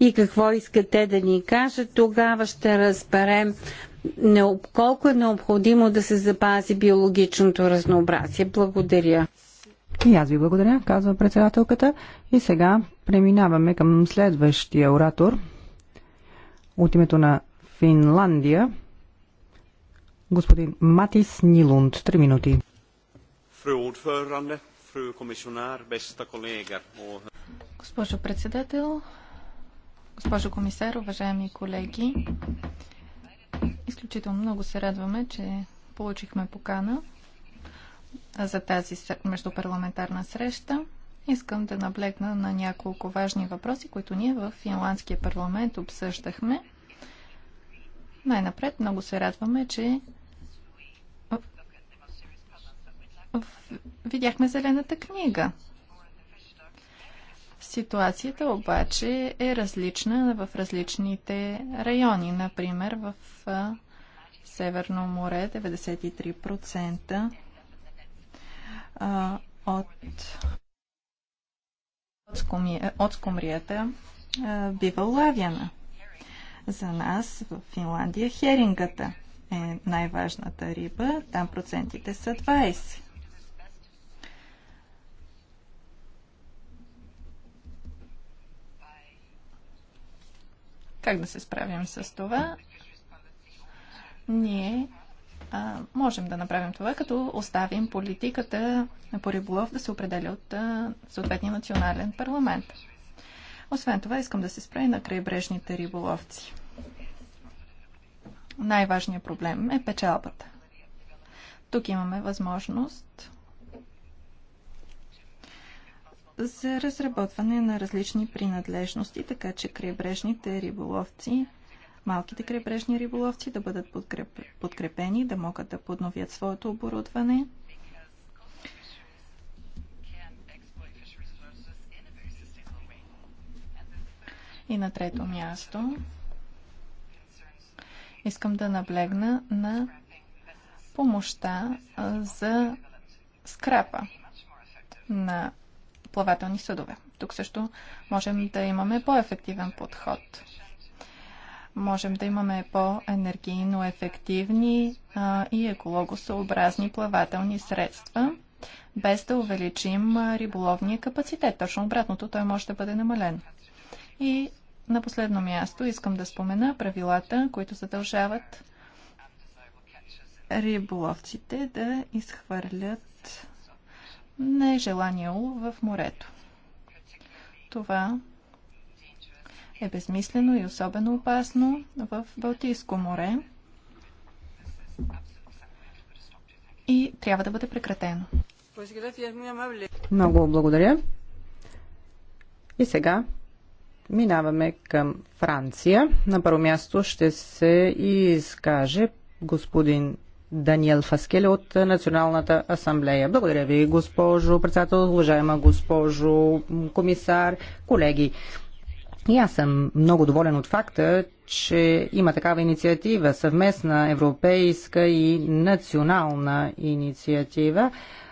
и какво искат те да ни кажат, тогава ще разберем колко е необходимо да се запази биологичното разнообразие. Благодаря. И аз ви благодаря, казва председателката. И сега преминаваме към следващия оратор от името на Финландия, господин Матис Нилунд. Три минути. Госпожо председател, госпожо комисар, уважаеми колеги, Изключително много се радваме, че получихме покана за тази междупарламентарна среща. Искам да наблегна на няколко важни въпроси, които ние в Финландския парламент обсъждахме. Най-напред много се радваме, че видяхме зелената книга Ситуацията обаче е различна в различните райони. Например, в Северно море 93% от от скумрията бива лавяна. За нас в Финландия херингата е най-важната риба. Там процентите са 20. Как да се справим с това? Ние а, можем да направим това, като оставим политиката по риболов да се определя от а, съответния национален парламент. Освен това, искам да се спра и на крайбрежните риболовци. Най-важният проблем е печалбата. Тук имаме възможност за разработване на различни принадлежности, така че крайбрежните риболовци, малките крайбрежни риболовци да бъдат подкреп, подкрепени, да могат да подновят своето оборудване. И на трето място искам да наблегна на помощта за скрапа на плавателни съдове. Тук също можем да имаме по-ефективен подход. Можем да имаме по-енергийно ефективни а, и екологосъобразни плавателни средства, без да увеличим риболовния капацитет. Точно обратното, той може да бъде намален. И на последно място искам да спомена правилата, които задължават риболовците да изхвърлят нежелания улов в морето. Това е безмислено и особено опасно в Балтийско море и трябва да бъде прекратено. Много благодаря. И сега минаваме към Франция. На първо място ще се изкаже господин Даниел Фаскеле от Националната асамблея. Благодаря ви, госпожо председател, уважаема госпожо комисар, колеги. И аз съм много доволен от факта, че има такава инициатива, съвместна европейска и национална инициатива,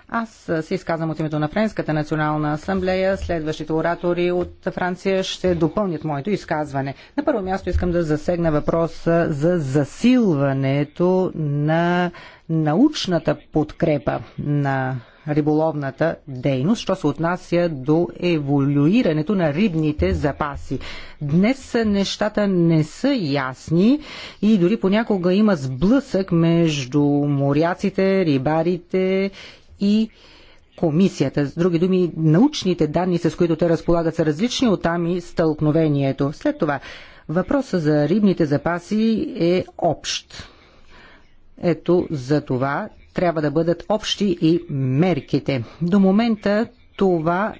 аз се изказвам от името на Френската национална асамблея. Следващите оратори от Франция ще допълнят моето изказване. На първо място искам да засегна въпроса за засилването на научната подкрепа на риболовната дейност, що се отнася до еволюирането на рибните запаси. Днес нещата не са ясни и дори понякога има сблъсък между моряците, рибарите и комисията. С други думи, научните данни, с които те разполагат, са различни от там и стълкновението. След това, въпросът за рибните запаси е общ. Ето за това трябва да бъдат общи и мерките. До момента това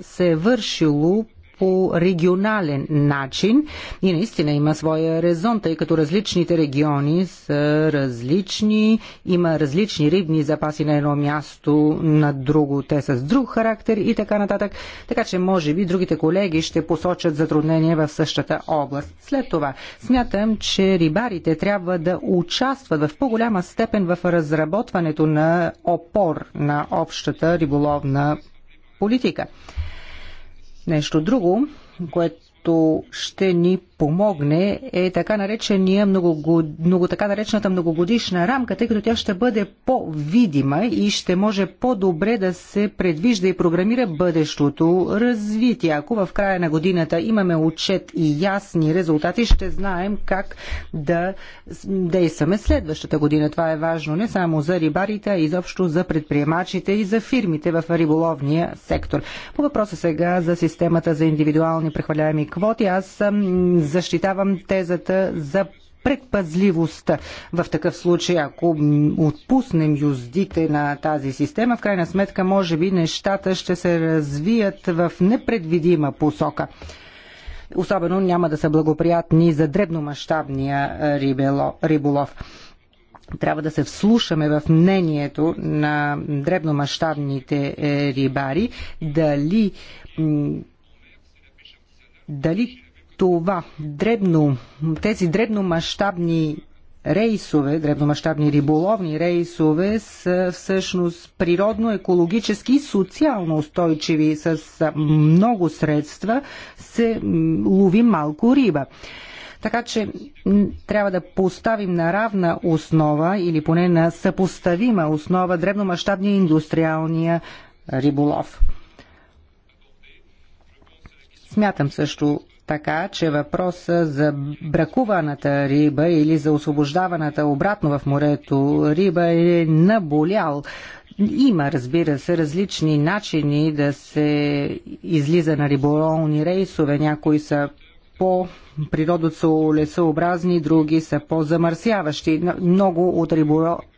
се е вършило по регионален начин и наистина има своя резон, тъй като различните региони са различни, има различни рибни запаси на едно място, на друго те са с друг характер и така нататък. Така че може би другите колеги ще посочат затруднения в същата област. След това смятам, че рибарите трябва да участват в по-голяма степен в разработването на опор на общата риболовна политика нещо друго, което ще ни помогне е така, наречения много, много, така наречената многогодишна рамка, тъй като тя ще бъде по-видима и ще може по-добре да се предвижда и програмира бъдещото развитие. Ако в края на годината имаме отчет и ясни резултати, ще знаем как да действаме следващата година. Това е важно не само за рибарите, а изобщо за предприемачите и за фирмите в риболовния сектор. По въпроса сега за системата за индивидуални прехваляеми квоти, аз съм защитавам тезата за предпазливостта. В такъв случай, ако отпуснем юздите на тази система, в крайна сметка, може би нещата ще се развият в непредвидима посока. Особено няма да са благоприятни за дребномащабния риболов. Трябва да се вслушаме в мнението на дребномащабните е, рибари дали дали това дребно, тези дребномащабни рейсове, дребномащабни риболовни рейсове са всъщност природно, екологически и социално устойчиви. С много средства се лови малко риба. Така че трябва да поставим на равна основа или поне на съпоставима основа дребномащабния индустриалния риболов. Смятам също, така че въпроса за бракуваната риба или за освобождаваната обратно в морето риба е наболял. Има, разбира се, различни начини да се излиза на риболовни рейсове. Някои са по природоцелесообразни, други са по-замърсяващи. Много от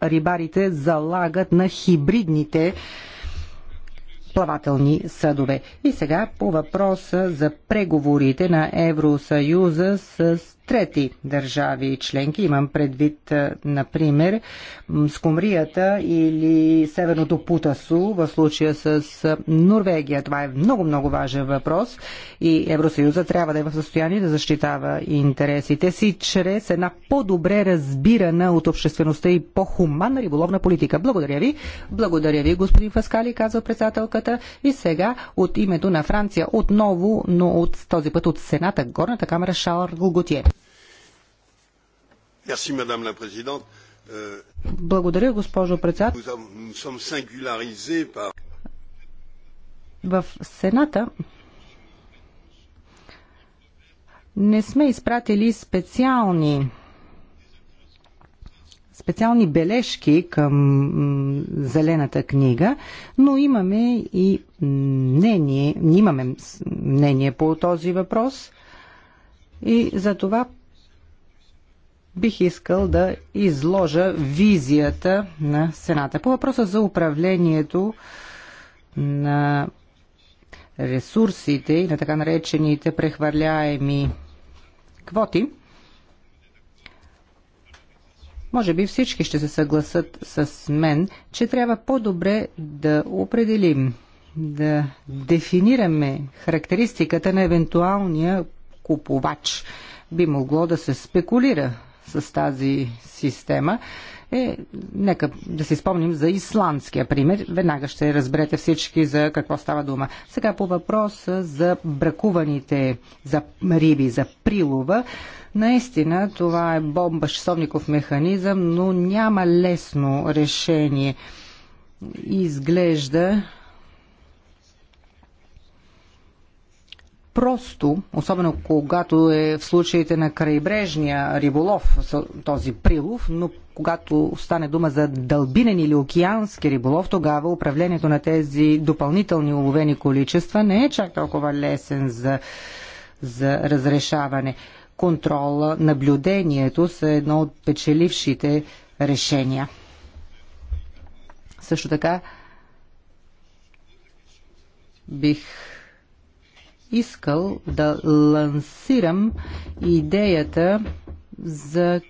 рибарите залагат на хибридните плавателни съдове. И сега по въпроса за преговорите на Евросъюза с трети държави и членки. Имам предвид, например, скумрията или северното путасу в случая с Норвегия. Това е много-много важен въпрос и Евросъюза трябва да е в състояние да защитава интересите си чрез една по-добре разбирана от обществеността и по-хуманна риболовна политика. Благодаря ви. Благодаря ви, господин Фаскали, казва председателката. И сега от името на Франция отново, но от този път от Сената, Горната камера Шарл Готие. Euh, Благодаря, госпожо председател. В Сената не сме изпратили специални специални бележки към зелената книга, но имаме и мнение, имаме мнение по този въпрос и за това бих искал да изложа визията на Сената. По въпроса за управлението на ресурсите и на така наречените прехвърляеми квоти, може би всички ще се съгласат с мен, че трябва по-добре да определим, да дефинираме характеристиката на евентуалния купувач. Би могло да се спекулира с тази система е, нека да си спомним за исландския пример. Веднага ще разберете всички за какво става дума. Сега по въпроса за бракуваните за риби, за прилова. Наистина това е бомба, часовников механизъм, но няма лесно решение. Изглежда, просто, особено когато е в случаите на крайбрежния риболов, този прилов, но когато стане дума за дълбинен или океански риболов, тогава управлението на тези допълнителни уловени количества не е чак толкова лесен за, за разрешаване. Контрола, наблюдението са едно от печелившите решения. Също така бих искал да лансирам идеята за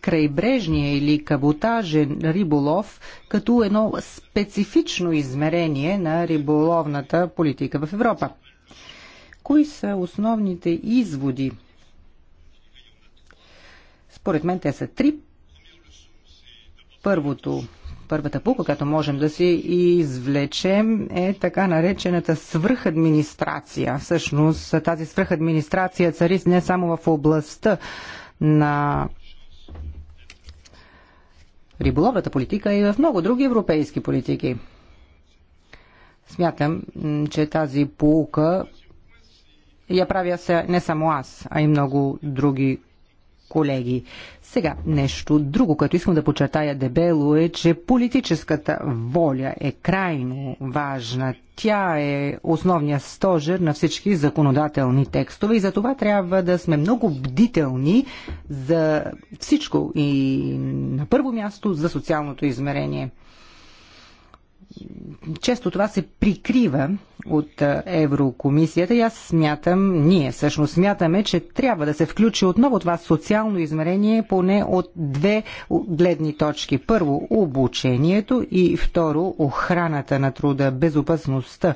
крайбрежния или каботажен риболов като едно специфично измерение на риболовната политика в Европа. Кои са основните изводи? Според мен те са три. Първото първата пука, която можем да си извлечем е така наречената свръхадминистрация. Всъщност тази свръхадминистрация цари не само в областта на риболовната политика и в много други европейски политики. Смятам, че тази полука я правя се не само аз, а и много други колеги. Сега, нещо друго, което искам да подчертая дебело е, че политическата воля е крайно важна. Тя е основният стожер на всички законодателни текстове и за това трябва да сме много бдителни за всичко и на първо място за социалното измерение често това се прикрива от Еврокомисията и аз смятам, ние всъщност смятаме, че трябва да се включи отново това социално измерение поне от две гледни точки. Първо, обучението и второ, охраната на труда, безопасността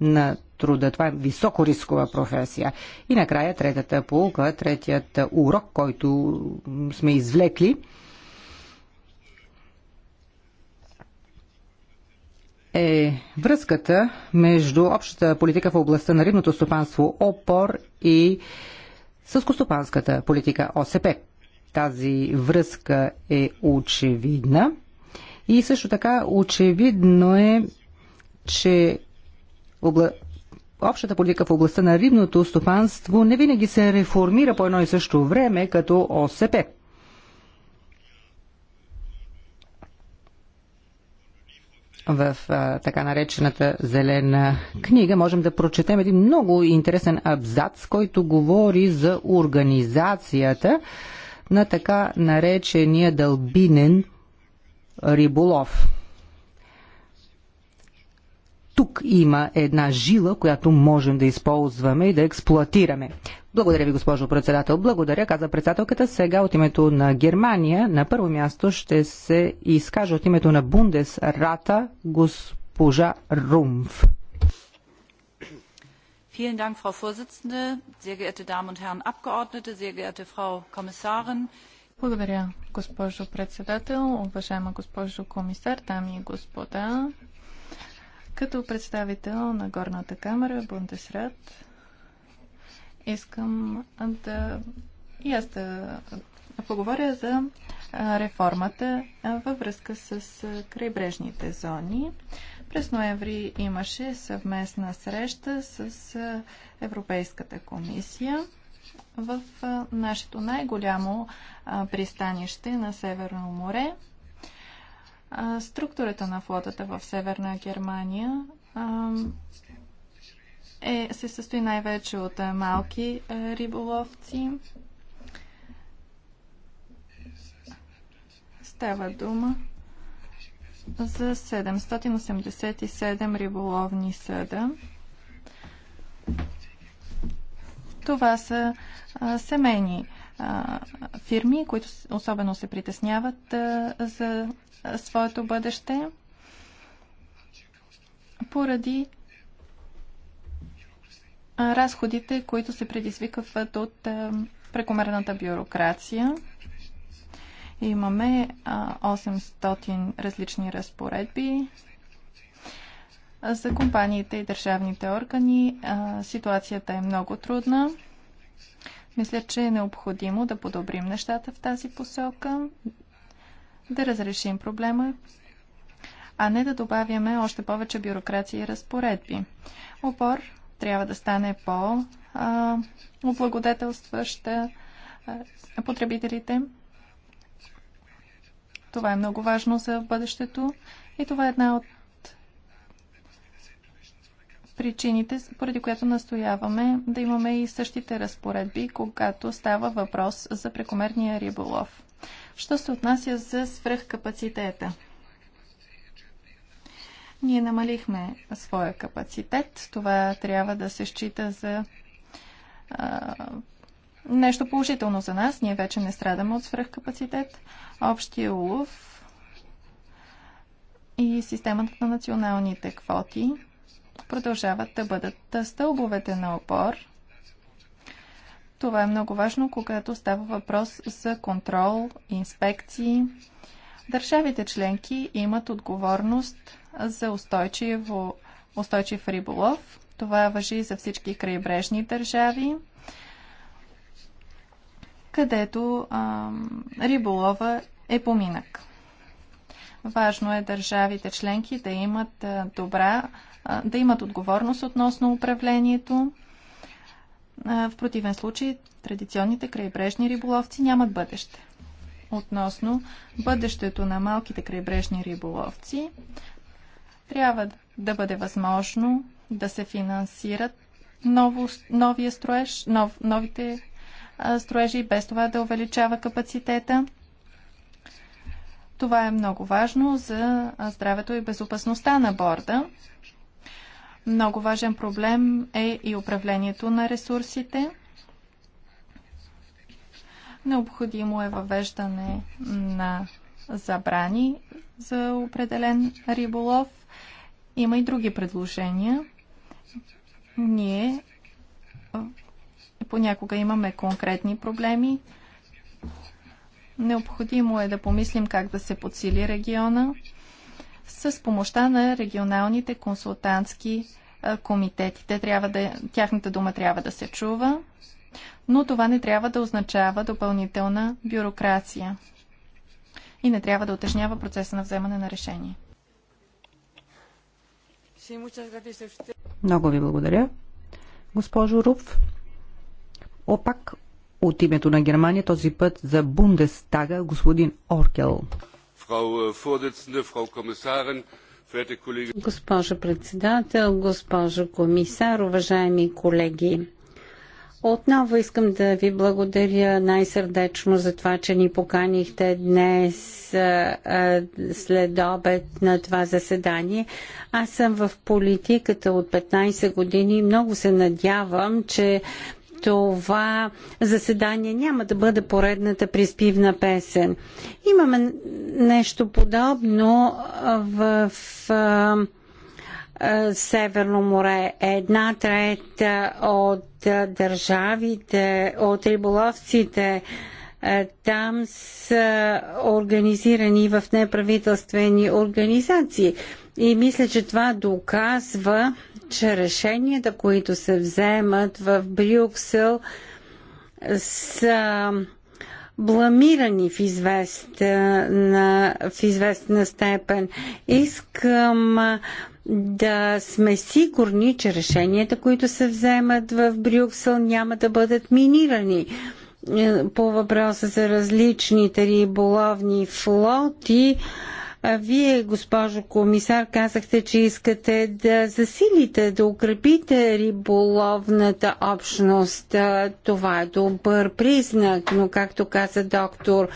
на труда. Това е високо рискова професия. И накрая третата полука, третият урок, който сме извлекли – е връзката между общата политика в областта на рибното стопанство ОПОР и съскостопанската политика ОСП. Тази връзка е очевидна и също така очевидно е, че обла... общата политика в областта на рибното стопанство не винаги се реформира по едно и също време като ОСП. в а, така наречената зелена книга можем да прочетем един много интересен абзац, който говори за организацията на така наречения дълбинен риболов. Тук има една жила, която можем да използваме и да експлуатираме. Благодаря ви, госпожо председател. Благодаря, каза председателката. Сега от името на Германия на първо място ще се изкаже от името на Бундесрата госпожа Румф. Vielen Dank, Frau Vorsitzende, sehr geehrte Damen und Herren Abgeordnete, sehr geehrte Frau Kommissarin. Благодаря, госпожо председател, уважаема госпожо комисар, дами и господа. Като представител на Горната камера, Бундесрат, Искам да и аз да поговоря за реформата във връзка с крайбрежните зони. През ноември имаше съвместна среща с Европейската комисия в нашето най-голямо пристанище на Северно море. Структурата на флотата в Северна Германия е, се състои най-вече от е, малки е, риболовци. Става дума за 787 риболовни съда. Това са а, е, семейни а, фирми, които особено се притесняват а, за своето бъдеще поради разходите, които се предизвикват от прекомерната бюрокрация. Имаме 800 различни разпоредби. За компаниите и държавните органи ситуацията е много трудна. Мисля, че е необходимо да подобрим нещата в тази посока, да разрешим проблема, а не да добавяме още повече бюрокрация и разпоредби. Опор трябва да стане по-облагодетелстваща потребителите. Това е много важно за бъдещето и това е една от причините, поради която настояваме да имаме и същите разпоредби, когато става въпрос за прекомерния риболов. Що се отнася за свръхкапацитета? Ние намалихме своя капацитет. Това трябва да се счита за а, нещо положително за нас. Ние вече не страдаме от свръхкапацитет. Общия улов и системата на националните квоти продължават да бъдат стълбовете на опор. Това е много важно, когато става въпрос за контрол, инспекции. Държавите членки имат отговорност за устойчиво, устойчив риболов. Това въжи за всички крайбрежни държави, където а, риболова е поминък. Важно е държавите членки да имат добра, да имат отговорност относно управлението. В противен случай традиционните крайбрежни риболовци нямат бъдеще. Относно бъдещето на малките крайбрежни риболовци, трябва да бъде възможно да се финансират ново, новия строеж, нов, новите строежи, без това да увеличава капацитета. Това е много важно за здравето и безопасността на борда. Много важен проблем е и управлението на ресурсите. Необходимо е въвеждане на забрани за определен риболов – има и други предложения. Ние понякога имаме конкретни проблеми. Необходимо е да помислим как да се подсили региона с помощта на регионалните консултантски комитети. Те трябва да, тяхната дума трябва да се чува, но това не трябва да означава допълнителна бюрокрация и не трябва да отежнява процеса на вземане на решение. Много ви благодаря. Госпожо Руф, опак от името на Германия, този път за Бундестага, господин Оркел. Е, госпожо председател, госпожо комисар, уважаеми колеги. Отново искам да ви благодаря най-сърдечно за това, че ни поканихте днес след обед на това заседание. Аз съм в политиката от 15 години и много се надявам, че това заседание няма да бъде поредната приспивна песен. Имаме нещо подобно в е, Северно море. Е една трета от държавите, от риболовците е, там са организирани в неправителствени организации. И мисля, че това доказва, че решенията, които се вземат в Брюксел, са бламирани в известна, в известна степен. Искам да сме сигурни, че решенията, които се вземат в Брюксел, няма да бъдат минирани. Е, по въпроса за различните риболовни флоти, вие, госпожо комисар, казахте, че искате да засилите, да укрепите риболовната общност. Това е добър признак, но както каза доктор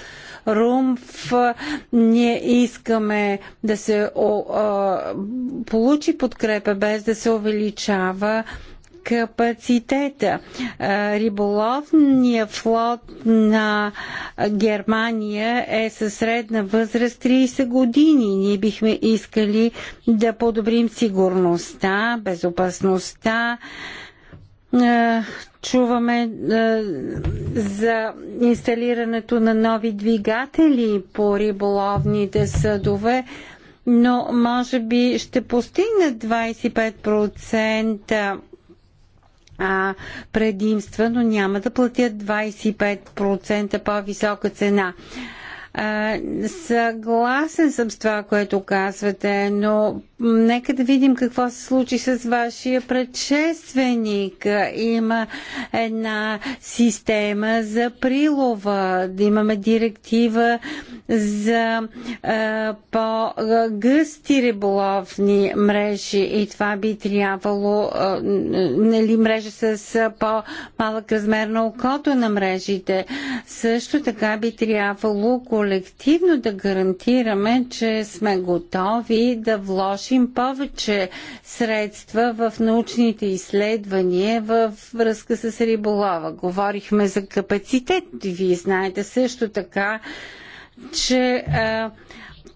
Румф, ние искаме да се о, о, получи подкрепа без да се увеличава капацитета. Риболовният флот на Германия е със средна възраст 30 години. Ние бихме искали да подобрим сигурността, безопасността. Чуваме за инсталирането на нови двигатели по риболовните съдове но може би ще постигнат 25% а, предимства, но няма да платят 25% по-висока цена. Съгласен съм с това, което казвате, но нека да видим какво се случи с вашия предшественик. Има една система за прилова, имаме директива за по-гъсти риболовни мрежи и това би трябвало нали, мрежа с по-малък размер на окото на мрежите. Също така би трябвало, колеги, колективно да гарантираме, че сме готови да вложим повече средства в научните изследвания в връзка с риболова. Говорихме за капацитет. Вие знаете също така, че а,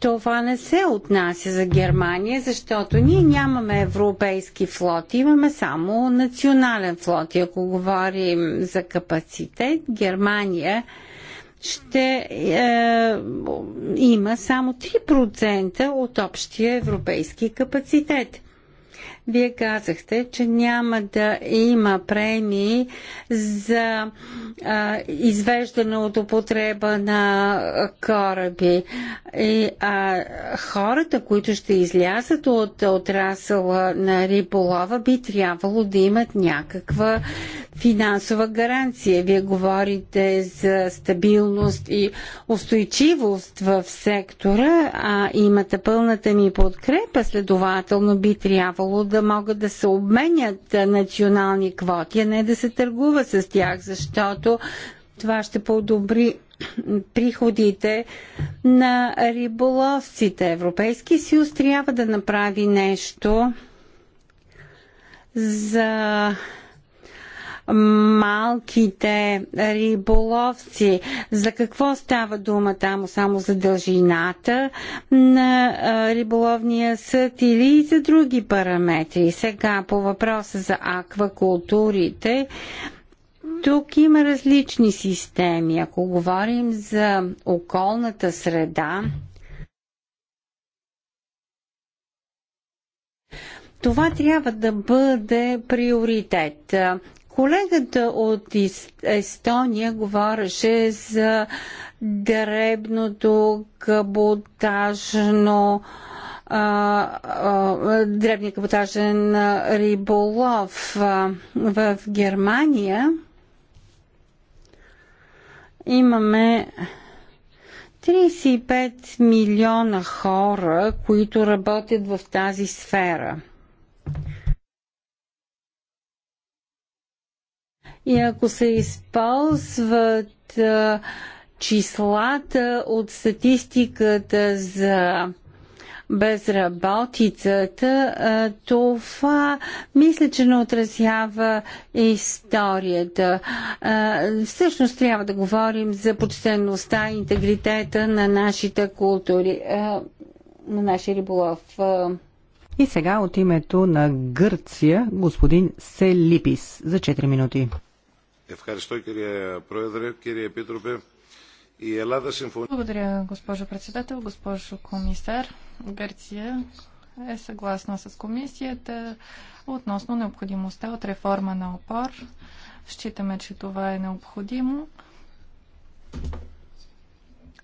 това не се отнася за Германия, защото ние нямаме европейски флот, имаме само национален флот. И ако говорим за капацитет, Германия ще е, има само 3% от общия европейски капацитет. Вие казахте, че няма да има премии за а, извеждане от употреба на кораби. И а, хората, които ще излязат от отрасъла на риболова, би трябвало да имат някаква финансова гаранция. Вие говорите за стабилност и устойчивост в сектора, а имате пълната ми подкрепа, следователно би трябвало да могат да се обменят национални квоти, а не да се търгува с тях, защото това ще подобри приходите на риболовците. Европейски съюз трябва да направи нещо за малките риболовци. За какво става дума там? Само за дължината на риболовния съд или и за други параметри? Сега по въпроса за аквакултурите. Тук има различни системи. Ако говорим за околната среда, Това трябва да бъде приоритет. Колегата от Естония говореше за дребното каботажно дребния каботажен риболов в Германия. Имаме 35 милиона хора, които работят в тази сфера. И ако се използват а, числата от статистиката за безработицата, това мисля, че не отразява историята. Всъщност трябва да говорим за почтенността и интегритета на нашите култури, на нашия риболов. И сега от името на Гърция господин Селипис за 4 минути. Благодаря, госпожо председател, госпожо комисар. Гърция е съгласна с комисията относно необходимостта от реформа на опор. Считаме, че това е необходимо.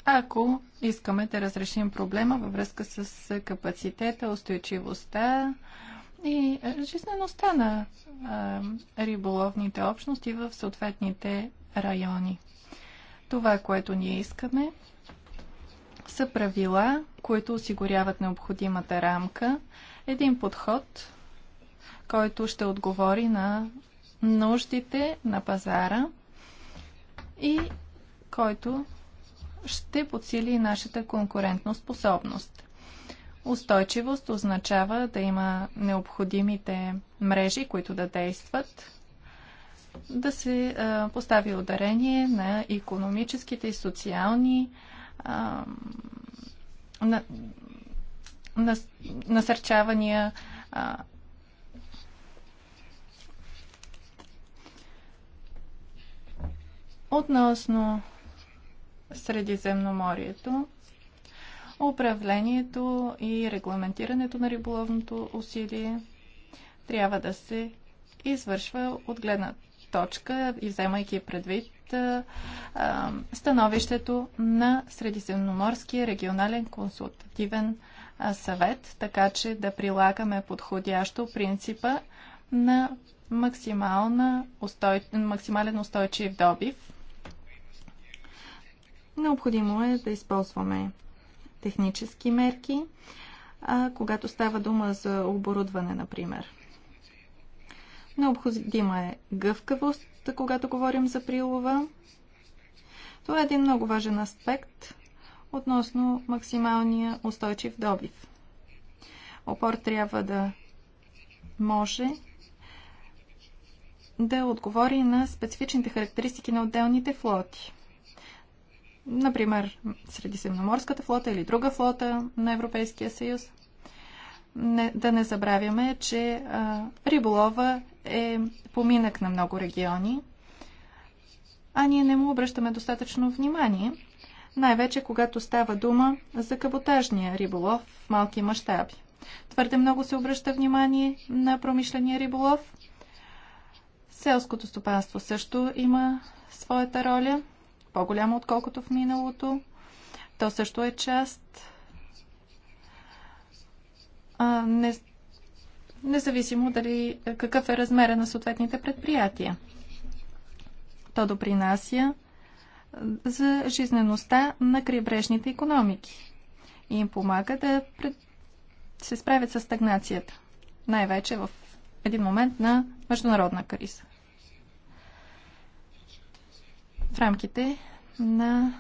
Ако искаме да разрешим проблема във връзка с капацитета, устойчивостта, и е, жизнеността на а, риболовните общности в съответните райони. Това, което ние искаме, са правила, които осигуряват необходимата рамка, един подход, който ще отговори на нуждите на пазара и който ще подсили нашата конкурентна способност. Устойчивост означава да има необходимите мрежи, които да действат, да се а, постави ударение на економическите и социални а, на, насърчавания. А, относно Средиземноморието, управлението и регламентирането на риболовното усилие трябва да се извършва от гледна точка и вземайки предвид становището на Средиземноморския регионален консултативен съвет, така че да прилагаме подходящо принципа на устой... максимален устойчив добив. Необходимо е да използваме технически мерки, а, когато става дума за оборудване, например. Необходима е гъвкавост, когато говорим за прилова. Това е един много важен аспект относно максималния устойчив добив. Опор трябва да може да отговори на специфичните характеристики на отделните флоти например, Средиземноморската флота или друга флота на Европейския съюз. Не, да не забравяме, че а, риболова е поминък на много региони, а ние не му обръщаме достатъчно внимание, най-вече когато става дума за каботажния риболов в малки мащаби. Твърде много се обръща внимание на промишления риболов. Селското стопанство също има своята роля – по-голямо отколкото в миналото. То също е част. А, не, независимо дали какъв е размера на съответните предприятия. То допринася за жизнеността на крайбрежните економики и им помага да пред... се справят с стагнацията, най-вече в един момент на международна криза в рамките на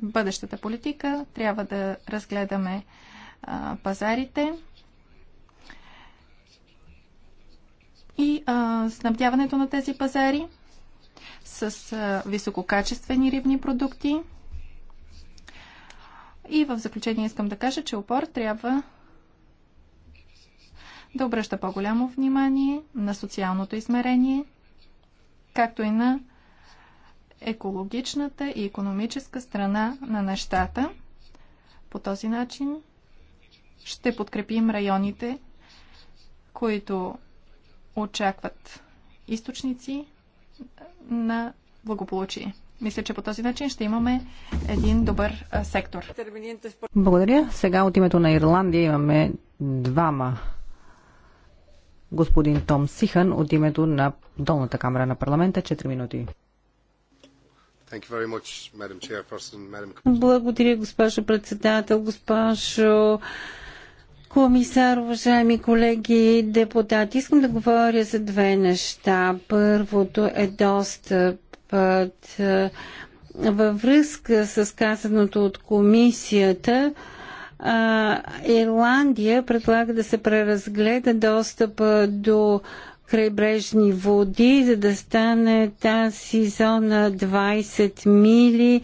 бъдещата политика. Трябва да разгледаме а, пазарите и а, снабдяването на тези пазари с а, висококачествени рибни продукти. И в заключение искам да кажа, че опор трябва да обръща по-голямо внимание на социалното измерение, както и на екологичната и економическа страна на нещата. По този начин ще подкрепим районите, които очакват източници на благополучие. Мисля, че по този начин ще имаме един добър сектор. Благодаря. Сега от името на Ирландия имаме двама. Господин Том Сихан от името на Долната камера на парламента. 4 минути. Благодаря, госпожо председател, госпожо комисар, уважаеми колеги депутати. Искам да говоря за две неща. Първото е достъпът е, във връзка с казаното от комисията. Е, Ирландия предлага да се преразгледа достъпа до крайбрежни води, за да стане тази зона 20 мили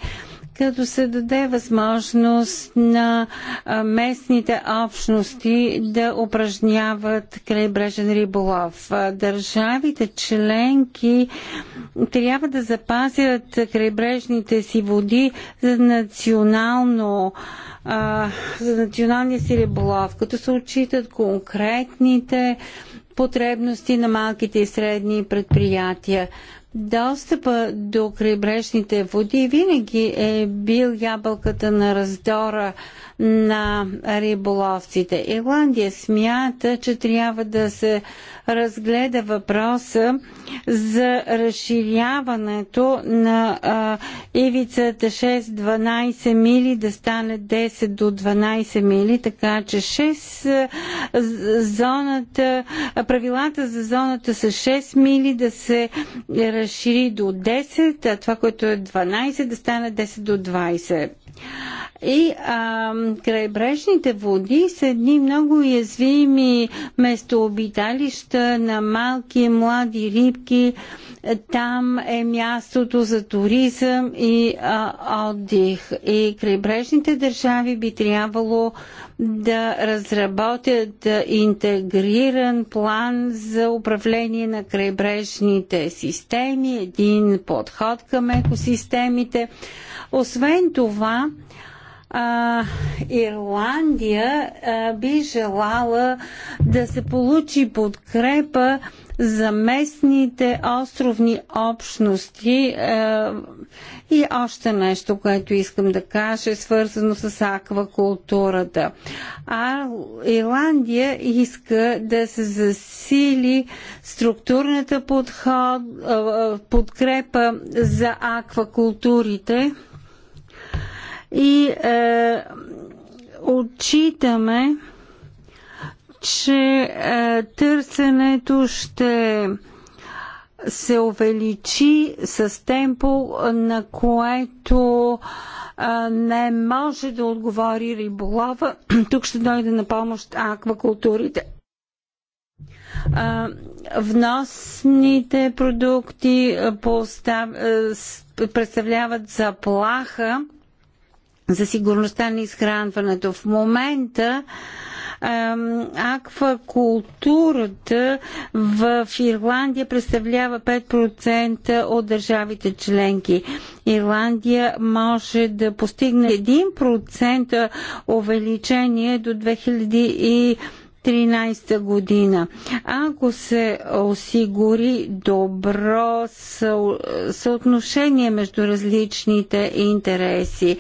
като се даде възможност на местните общности да упражняват крайбрежен риболов. Държавите членки трябва да запазят крайбрежните си води за национално за националния си риболов, като се отчитат конкретните потребности на малките и средни предприятия. Достъпа до крайбрежните води винаги е бил ябълката на раздора на риболовците. Ирландия смята, че трябва да се разгледа въпроса за разширяването на а, ивицата 6-12 мили да стане 10 до 12 мили, така че 6 зоната, правилата за зоната са 6 мили да се разшири до 10, а това, което е 12 да стане 10 до 20. И а, крайбрежните води са едни много уязвими местообиталища на малки млади рибки. Там е мястото за туризъм и а, отдих. И крайбрежните държави би трябвало да разработят интегриран план за управление на крайбрежните системи, един подход към екосистемите. Освен това, а, Ирландия а, би желала да се получи подкрепа за местните островни общности. А, и още нещо, което искам да кажа, е свързано с аквакултурата. А Ирландия иска да се засили структурната подход, подкрепа за аквакултурите и е, отчитаме, че е, търсенето ще се увеличи с темпо, на което е, не може да отговори риболова. Тук ще дойде на помощ аквакултурите. Е, вносните продукти е, представляват заплаха за сигурността на изхранването. В момента аквакултурата в Ирландия представлява 5% от държавите членки. Ирландия може да постигне 1% увеличение до 2020 2013 година. Ако се осигури добро съотношение между различните интереси,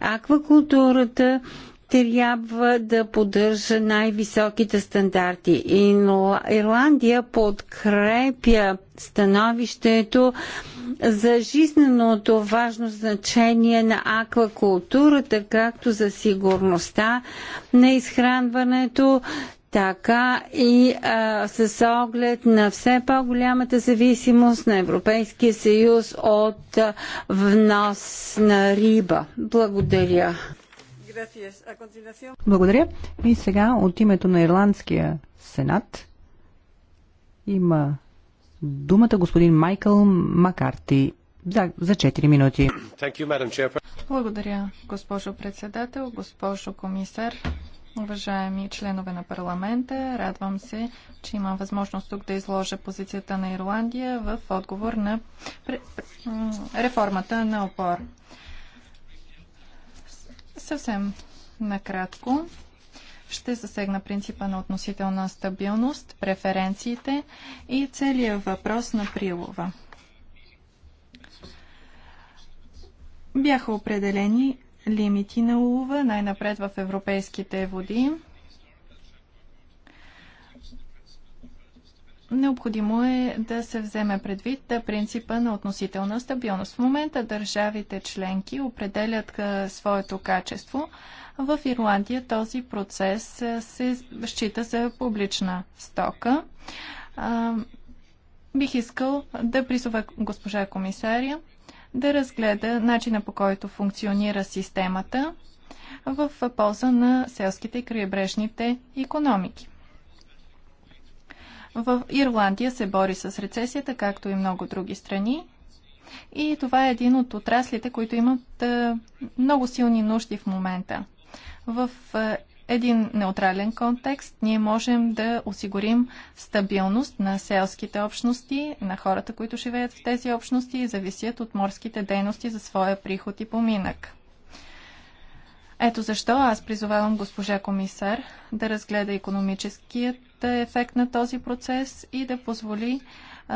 аквакултурата трябва да поддържа най-високите стандарти. Ирландия подкрепя становището за жизненото важно значение на аквакултурата, както за сигурността на изхранването, така и а, с оглед на все по-голямата зависимост на Европейския съюз от внос на риба. Благодаря. Благодаря. И сега от името на Ирландския сенат има думата господин Майкъл Макарти за, за 4 минути. Благодаря, госпожо председател, госпожо комисар, Уважаеми членове на парламента, радвам се, че имам възможност тук да изложа позицията на Ирландия в отговор на реформата на опор. Съвсем накратко ще засегна принципа на относителна стабилност, преференциите и целият въпрос на прилова. Бяха определени лимити на улова, най-напред в европейските води. Необходимо е да се вземе предвид да принципа на относителна стабилност. В момента държавите членки определят своето качество. В Ирландия този процес се счита за публична стока. Бих искал да призова госпожа комисаря да разгледа начина по който функционира системата в полза на селските и крайбрежните економики. В Ирландия се бори с рецесията, както и много други страни. И това е един от отраслите, които имат много силни нужди в момента. В един неутрален контекст ние можем да осигурим стабилност на селските общности, на хората, които живеят в тези общности и зависят от морските дейности за своя приход и поминък. Ето защо аз призовавам госпожа комисар да разгледа економическият ефект на този процес и да позволи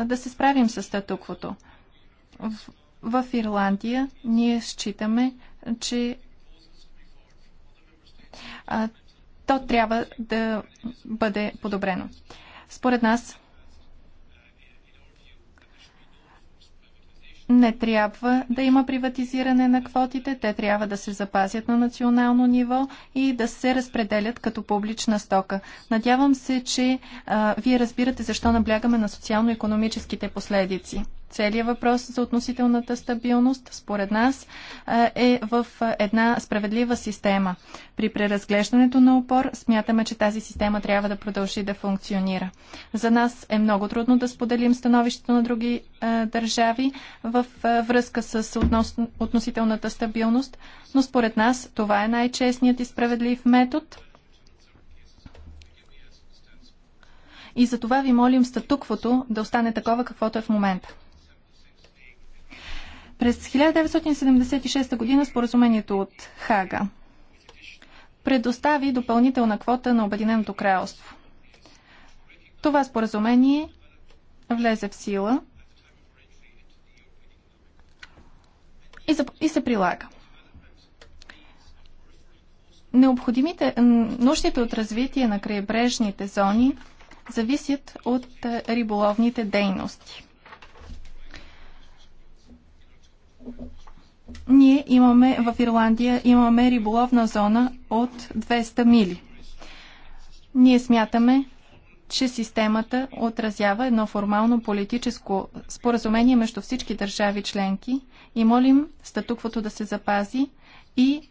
да се справим с статуквото. В, в Ирландия ние считаме, че то трябва да бъде подобрено. Според нас не трябва да има приватизиране на квотите, те трябва да се запазят на национално ниво и да се разпределят като публична стока. Надявам се, че а, вие разбирате защо наблягаме на социално-економическите последици целият въпрос за относителната стабилност, според нас, е в една справедлива система. При преразглеждането на опор смятаме, че тази система трябва да продължи да функционира. За нас е много трудно да споделим становището на други е, държави в е, връзка с относ, относителната стабилност, но според нас това е най-честният и справедлив метод – и за това ви молим статуквото да остане такова, каквото е в момента. През 1976 година споразумението от Хага предостави допълнителна квота на Обединеното кралство. Това споразумение влезе в сила и, за, и се прилага. Необходимите нуждите от развитие на крайбрежните зони зависят от риболовните дейности. Ние имаме в Ирландия имаме риболовна зона от 200 мили. Ние смятаме, че системата отразява едно формално политическо споразумение между всички държави членки и молим статуквото да се запази и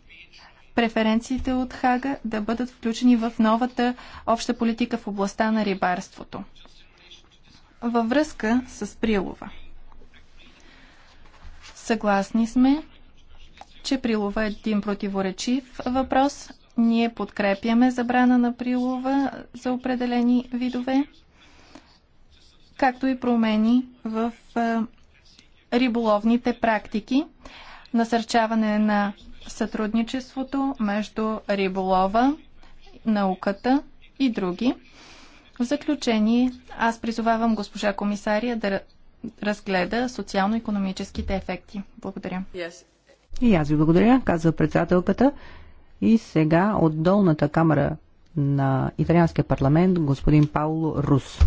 преференциите от Хага да бъдат включени в новата обща политика в областта на рибарството. Във връзка с Прилова – Съгласни сме, че прилова е един противоречив въпрос. Ние подкрепяме забрана на прилова за определени видове, както и промени в риболовните практики, насърчаване на сътрудничеството между риболова, науката и други. В заключение, аз призовавам госпожа комисария да разгледа социално-економическите ефекти. Благодаря. Yes. И аз ви благодаря, казва председателката. И сега от долната камера на италианския парламент господин Пауло Рус.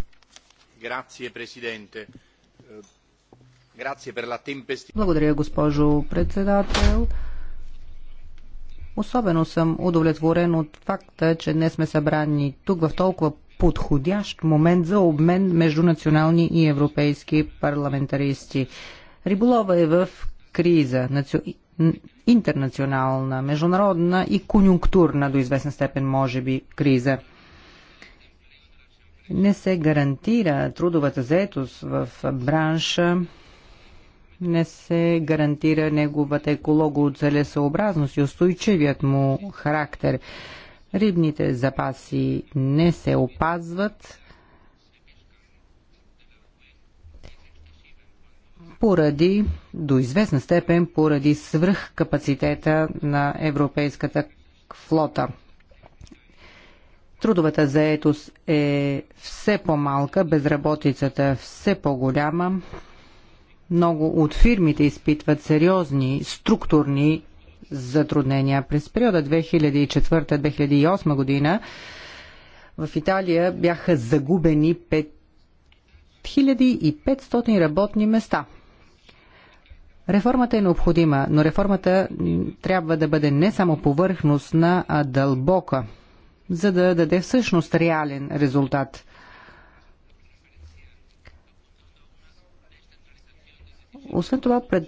Благодаря, госпожо председател. Особено съм удовлетворен от факта, че днес сме събрани тук в толкова подходящ момент за обмен между национални и европейски парламентаристи. Риболова е в криза, наци... интернационална, международна и конюнктурна до известна степен, може би, криза. Не се гарантира трудовата заетост в бранша, не се гарантира неговата еколого целесообразност и устойчивият му характер рибните запаси не се опазват поради, до известна степен, поради свръхкапацитета на европейската флота. Трудовата заетост е все по-малка, безработицата е все по-голяма. Много от фирмите изпитват сериозни структурни затруднения. През периода 2004-2008 година в Италия бяха загубени 5500 работни места. Реформата е необходима, но реформата трябва да бъде не само повърхностна, а дълбока, за да даде всъщност реален резултат. Освен това, пред,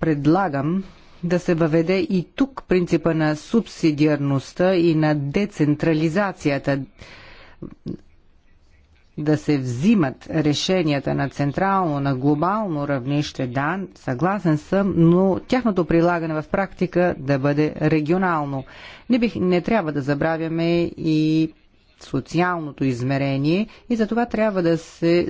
предлагам да се въведе и тук принципа на субсидиарността и на децентрализацията да се взимат решенията на централно, на глобално равнище, да, съгласен съм, но тяхното прилагане в практика да бъде регионално. Не, бих, не трябва да забравяме и социалното измерение и за това трябва да се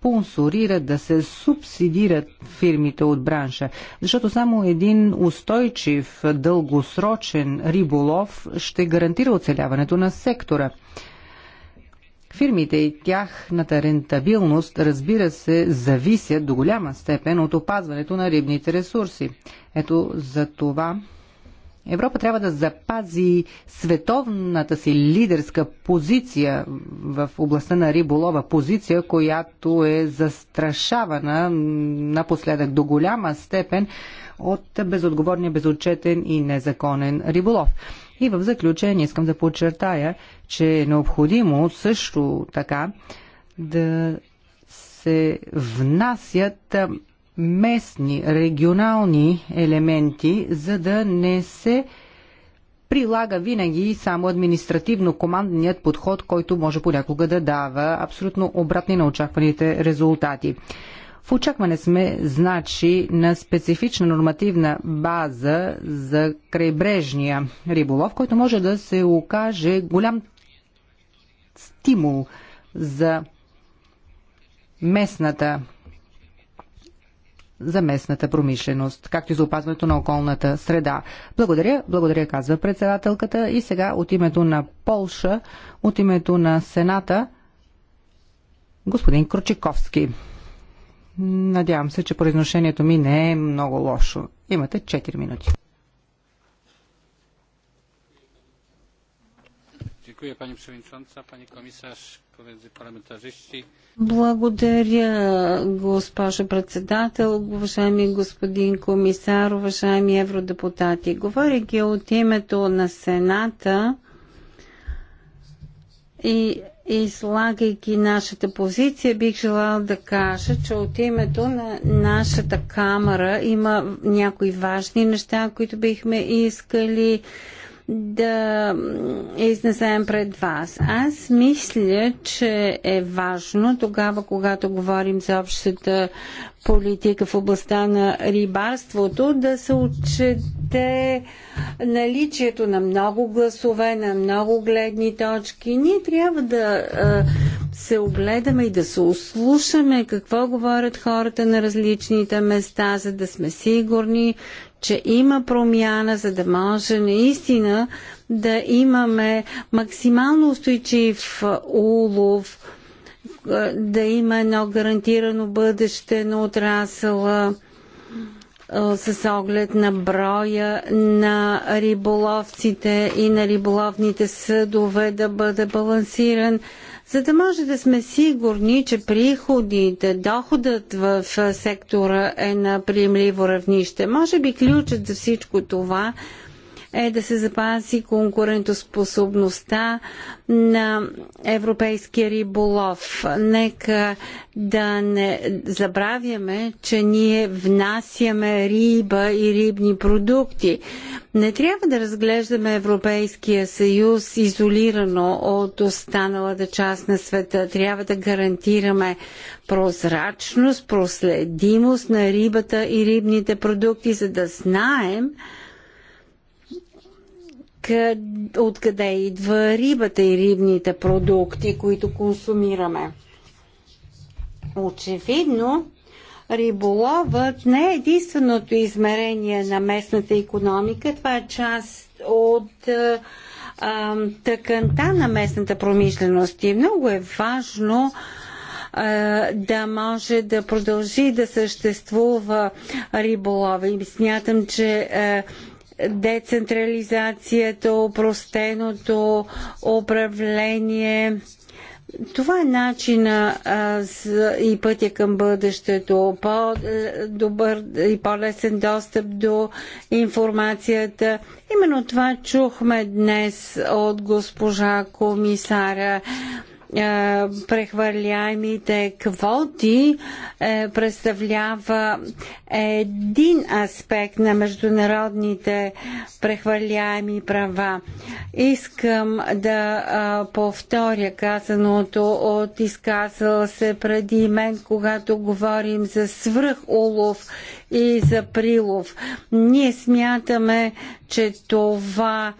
спонсорират, да се субсидират фирмите от бранша. Защото само един устойчив, дългосрочен риболов ще гарантира оцеляването на сектора. Фирмите и тяхната рентабилност, разбира се, зависят до голяма степен от опазването на рибните ресурси. Ето за това Европа трябва да запази световната си лидерска позиция в областта на риболова, позиция, която е застрашавана напоследък до голяма степен от безотговорния, безотчетен и незаконен риболов. И в заключение искам да подчертая, че е необходимо също така да се внасят местни, регионални елементи, за да не се прилага винаги само административно-командният подход, който може понякога да дава абсолютно обратни на очакваните резултати. В очакване сме, значи, на специфична нормативна база за крайбрежния риболов, който може да се окаже голям стимул за местната за местната промишленост, както и за опазването на околната среда. Благодаря, благодаря, казва председателката. И сега от името на Полша, от името на Сената, господин Кручиковски. Надявам се, че произношението ми не е много лошо. Имате 4 минути. Dziękuję Pani Przewodnicząca, Pani Komisarz, благодаря, госпожо председател, уважаеми господин комисар, уважаеми евродепутати. Говорейки от името на Сената и излагайки нашата позиция, бих желал да кажа, че от името на нашата камера има някои важни неща, които бихме искали да да изнесем пред вас. Аз мисля, че е важно тогава, когато говорим за общата политика в областта на рибарството, да се отчете наличието на много гласове, на много гледни точки. Ние трябва да се огледаме и да се услушаме какво говорят хората на различните места, за да сме сигурни, че има промяна, за да може наистина да имаме максимално устойчив улов, да има едно гарантирано бъдеще на отрасъла с оглед на броя на риболовците и на риболовните съдове да бъде балансиран. За да може да сме сигурни, че приходите, доходът в сектора е на приемливо равнище, може би ключът за всичко това е да се запази конкурентоспособността на европейския риболов. Нека да не забравяме, че ние внасяме риба и рибни продукти. Не трябва да разглеждаме Европейския съюз изолирано от останалата част на света. Трябва да гарантираме прозрачност, проследимост на рибата и рибните продукти, за да знаем, откъде идва рибата и рибните продукти, които консумираме. Очевидно, риболовът не е единственото измерение на местната економика. Това е част от а, е, а, е, тъканта на местната промишленост. И много е важно е, да може да продължи да съществува риболова. И смятам, че децентрализацията, упростеното управление. Това е начина а, с, и пътя към бъдещето. По-добър е, и по-лесен достъп до информацията. Именно това чухме днес от госпожа комисара. Е, прехвърляемите квоти е, представлява един аспект на международните прехвърляеми права. Искам да е, повторя казаното от изказала се преди мен, когато говорим за свръхулов и за прилов. Ние смятаме, че това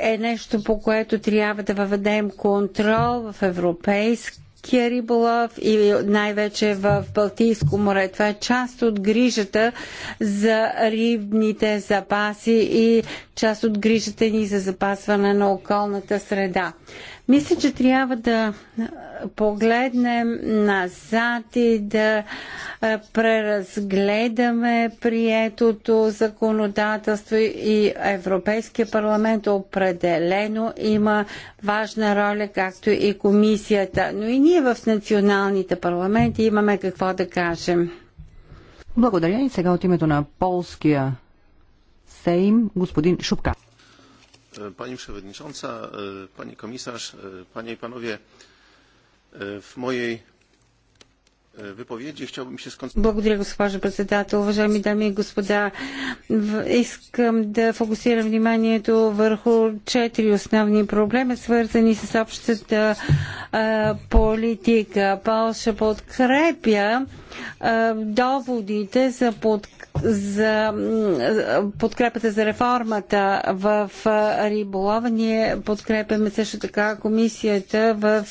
е нещо, по което трябва да въведем контрол в европейски риболов и най-вече в Балтийско море. Това е част от грижата за рибните запаси и част от грижата ни за запасване на околната среда. Мисля, че трябва да погледнем назад и да преразгледаме приетото законодателство и Европейския парламент определено има важна роля, както и комисията. Но и ние в националните парламенти имаме какво да кажем. Благодаря и сега от името на полския Сейм господин Шупка. Pani Przewodnicząca, Pani Komisarz, Panie i Panowie, в моей благодаря, госпожо председател. Уважаеми дами и господа, искам да фокусирам вниманието върху четири основни проблема, свързани с общата политика. Полша подкрепя доводите за, под, за подкрепата за реформата в риболова. Ние подкрепяме също така комисията в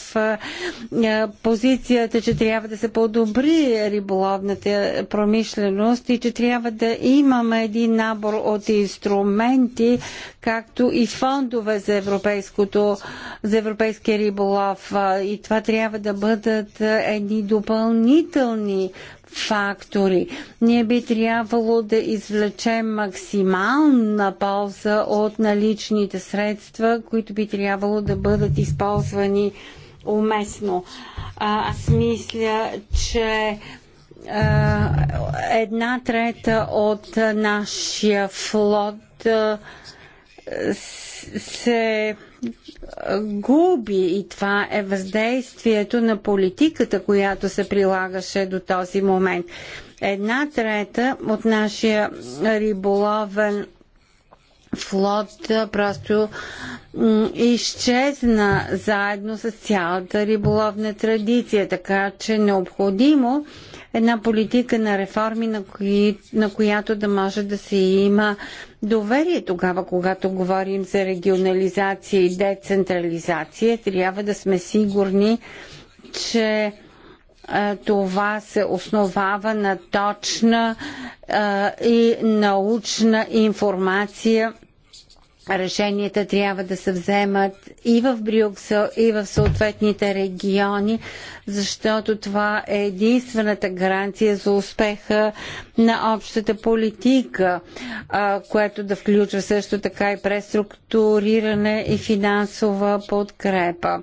позицията, че трябва да се подобри риболовната промишленост и че трябва да имаме един набор от инструменти, както и фондове за, европейското, за европейския риболов и това трябва да бъдат едни допълнителни фактори. Ние би трябвало да извлечем максимална полза от наличните средства, които би трябвало да бъдат използвани уместно. А, аз мисля, че а, една трета от нашия флот а, се губи и това е въздействието на политиката, която се прилагаше до този момент. Една трета от нашия риболовен флот просто изчезна заедно с цялата риболовна традиция, така че необходимо една политика на реформи, на, кои, на която да може да се има доверие тогава, когато говорим за регионализация и децентрализация. Трябва да сме сигурни, че това се основава на точна и научна информация решенията трябва да се вземат и в Брюксел, и в съответните региони, защото това е единствената гаранция за успеха на общата политика, което да включва също така и преструктуриране и финансова подкрепа.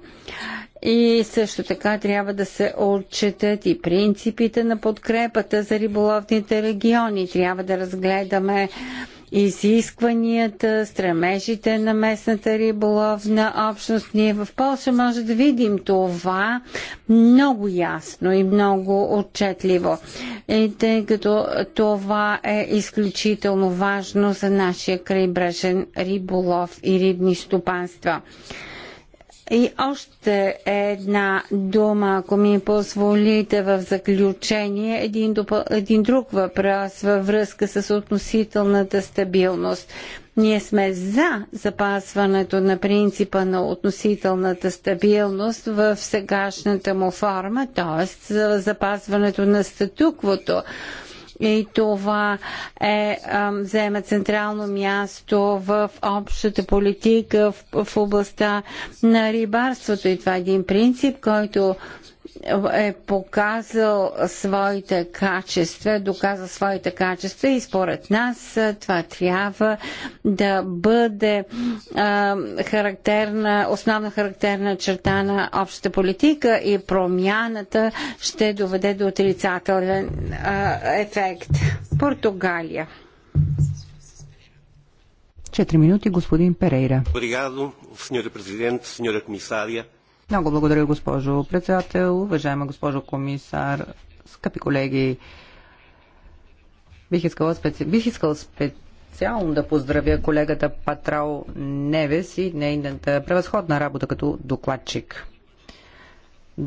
И също така трябва да се отчетат и принципите на подкрепата за риболовните региони. Трябва да разгледаме изискванията, стремежите на местната риболовна общност. Ние в Польша може да видим това много ясно и много отчетливо. И тъй като това е изключително важно за нашия крайбрежен риболов и рибни стопанства. И още една дума, ако ми позволите в заключение, един, допъл... един друг въпрос във връзка с относителната стабилност. Ние сме за запазването на принципа на относителната стабилност в сегашната му форма, т.е. за запазването на статуквото и това е, взема централно място в общата политика в, в областта на рибарството. И това е един принцип, който е показал своите качества, е доказал своите качества и според нас това трябва да бъде а, характерна, основна характерна черта на общата политика и промяната ще доведе до отрицателен а, ефект. Португалия. Четири минути, господин Перейра. Благодаря, senhora Presidente, много благодаря, госпожо председател, уважаема госпожо комисар, скъпи колеги. Бих искала, специ... Бих искала специално да поздравя колегата Патрал Невес и нейната превъзходна работа като докладчик.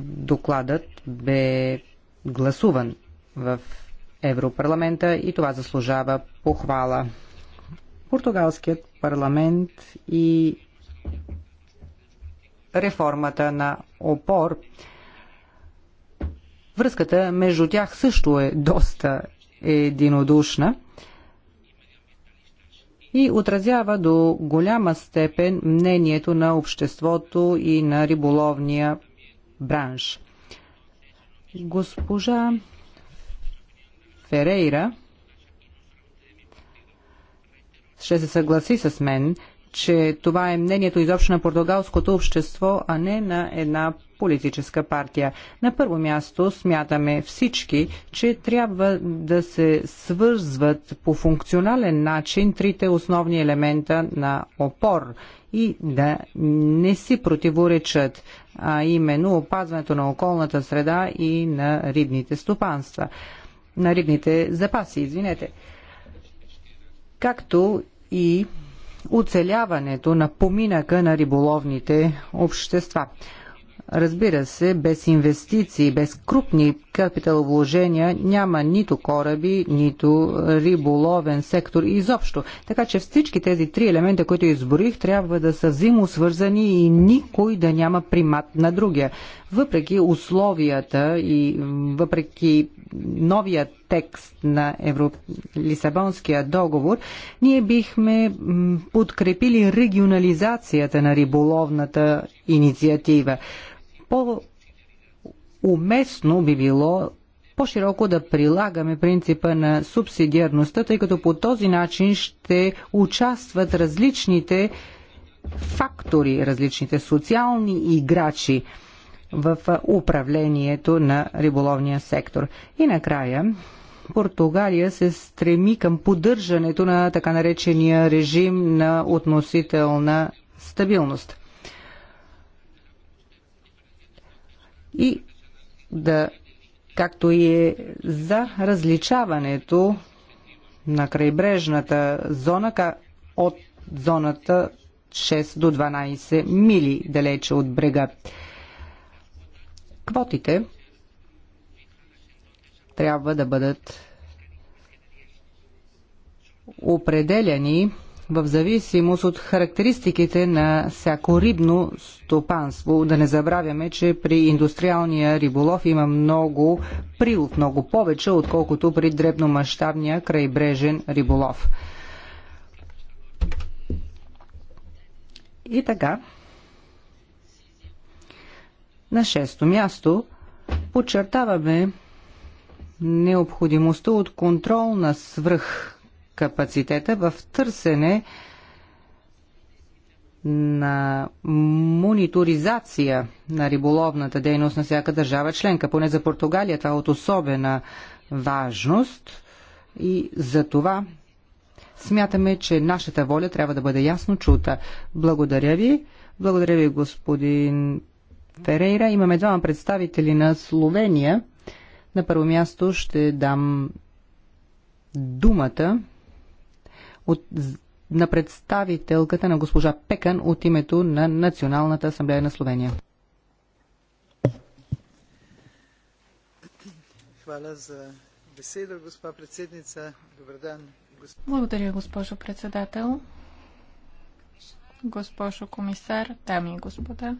Докладът бе гласуван в Европарламента и това заслужава похвала. Португалският парламент и реформата на ОПОР. Връзката между тях също е доста единодушна и отразява до голяма степен мнението на обществото и на риболовния бранш. Госпожа Ферейра ще се съгласи с мен, че това е мнението изобщо на португалското общество, а не на една политическа партия. На първо място смятаме всички, че трябва да се свързват по функционален начин трите основни елемента на опор и да не си противоречат, а именно опазването на околната среда и на рибните стопанства, на рибните запаси, извинете. Както и оцеляването на поминъка на риболовните общества. Разбира се, без инвестиции, без крупни капиталовложения няма нито кораби, нито риболовен сектор изобщо. Така че всички тези три елемента, които изборих, трябва да са взаимосвързани и никой да няма примат на другия. Въпреки условията и въпреки новия текст на Евро... Лисабонския договор, ние бихме подкрепили регионализацията на риболовната инициатива. По уместно би било по-широко да прилагаме принципа на субсидиарността, тъй като по този начин ще участват различните фактори, различните социални играчи в управлението на риболовния сектор. И накрая, Португалия се стреми към поддържането на така наречения режим на относителна стабилност. И да, както и е за различаването на крайбрежната зона от зоната 6 до 12 мили далече от брега. Квотите трябва да бъдат определяни в зависимост от характеристиките на всяко рибно стопанство. Да не забравяме, че при индустриалния риболов има много прилов, много повече, отколкото при дребномащабния крайбрежен риболов. И така, на шесто място подчертаваме необходимостта от контрол на свръх капацитета в търсене на мониторизация на риболовната дейност на всяка държава членка. Поне за Португалия това е от особена важност и за това смятаме, че нашата воля трябва да бъде ясно чута. Благодаря ви. Благодаря ви, господин Ферейра. Имаме двама представители на Словения. На първо място ще дам думата от, на представителката на госпожа Пекан от името на Националната асамблея на Словения. Хвала за беседа, госпожа председница. Добър ден. Госп... Благодаря, госпожо председател. Госпожо комисар, дами и господа.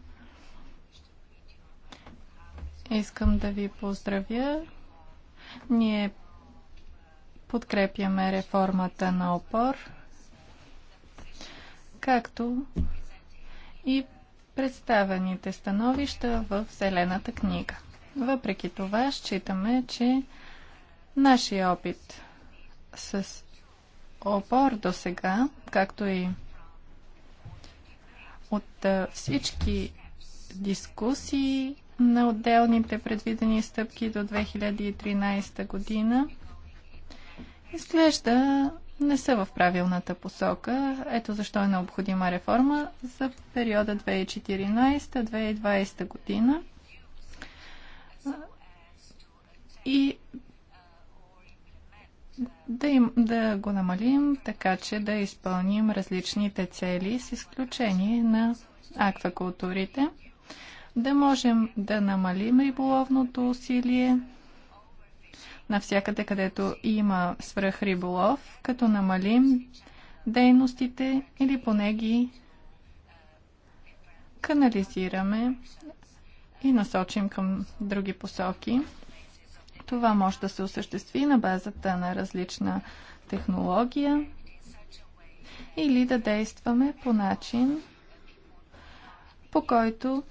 Искам да ви поздравя. Ние Подкрепяме реформата на опор, както и представените становища в Зелената книга. Въпреки това, считаме, че нашия опит с опор до сега, както и от всички дискусии на отделните предвидени стъпки до 2013 година, изглежда не са в правилната посока. Ето защо е необходима реформа за периода 2014-2020 година. И да, им, да го намалим така, че да изпълним различните цели с изключение на аквакултурите. Да можем да намалим риболовното усилие, навсякъде, където има свръхриболов, като намалим дейностите или поне ги канализираме и насочим към други посоки. Това може да се осъществи на базата на различна технология или да действаме по начин, по който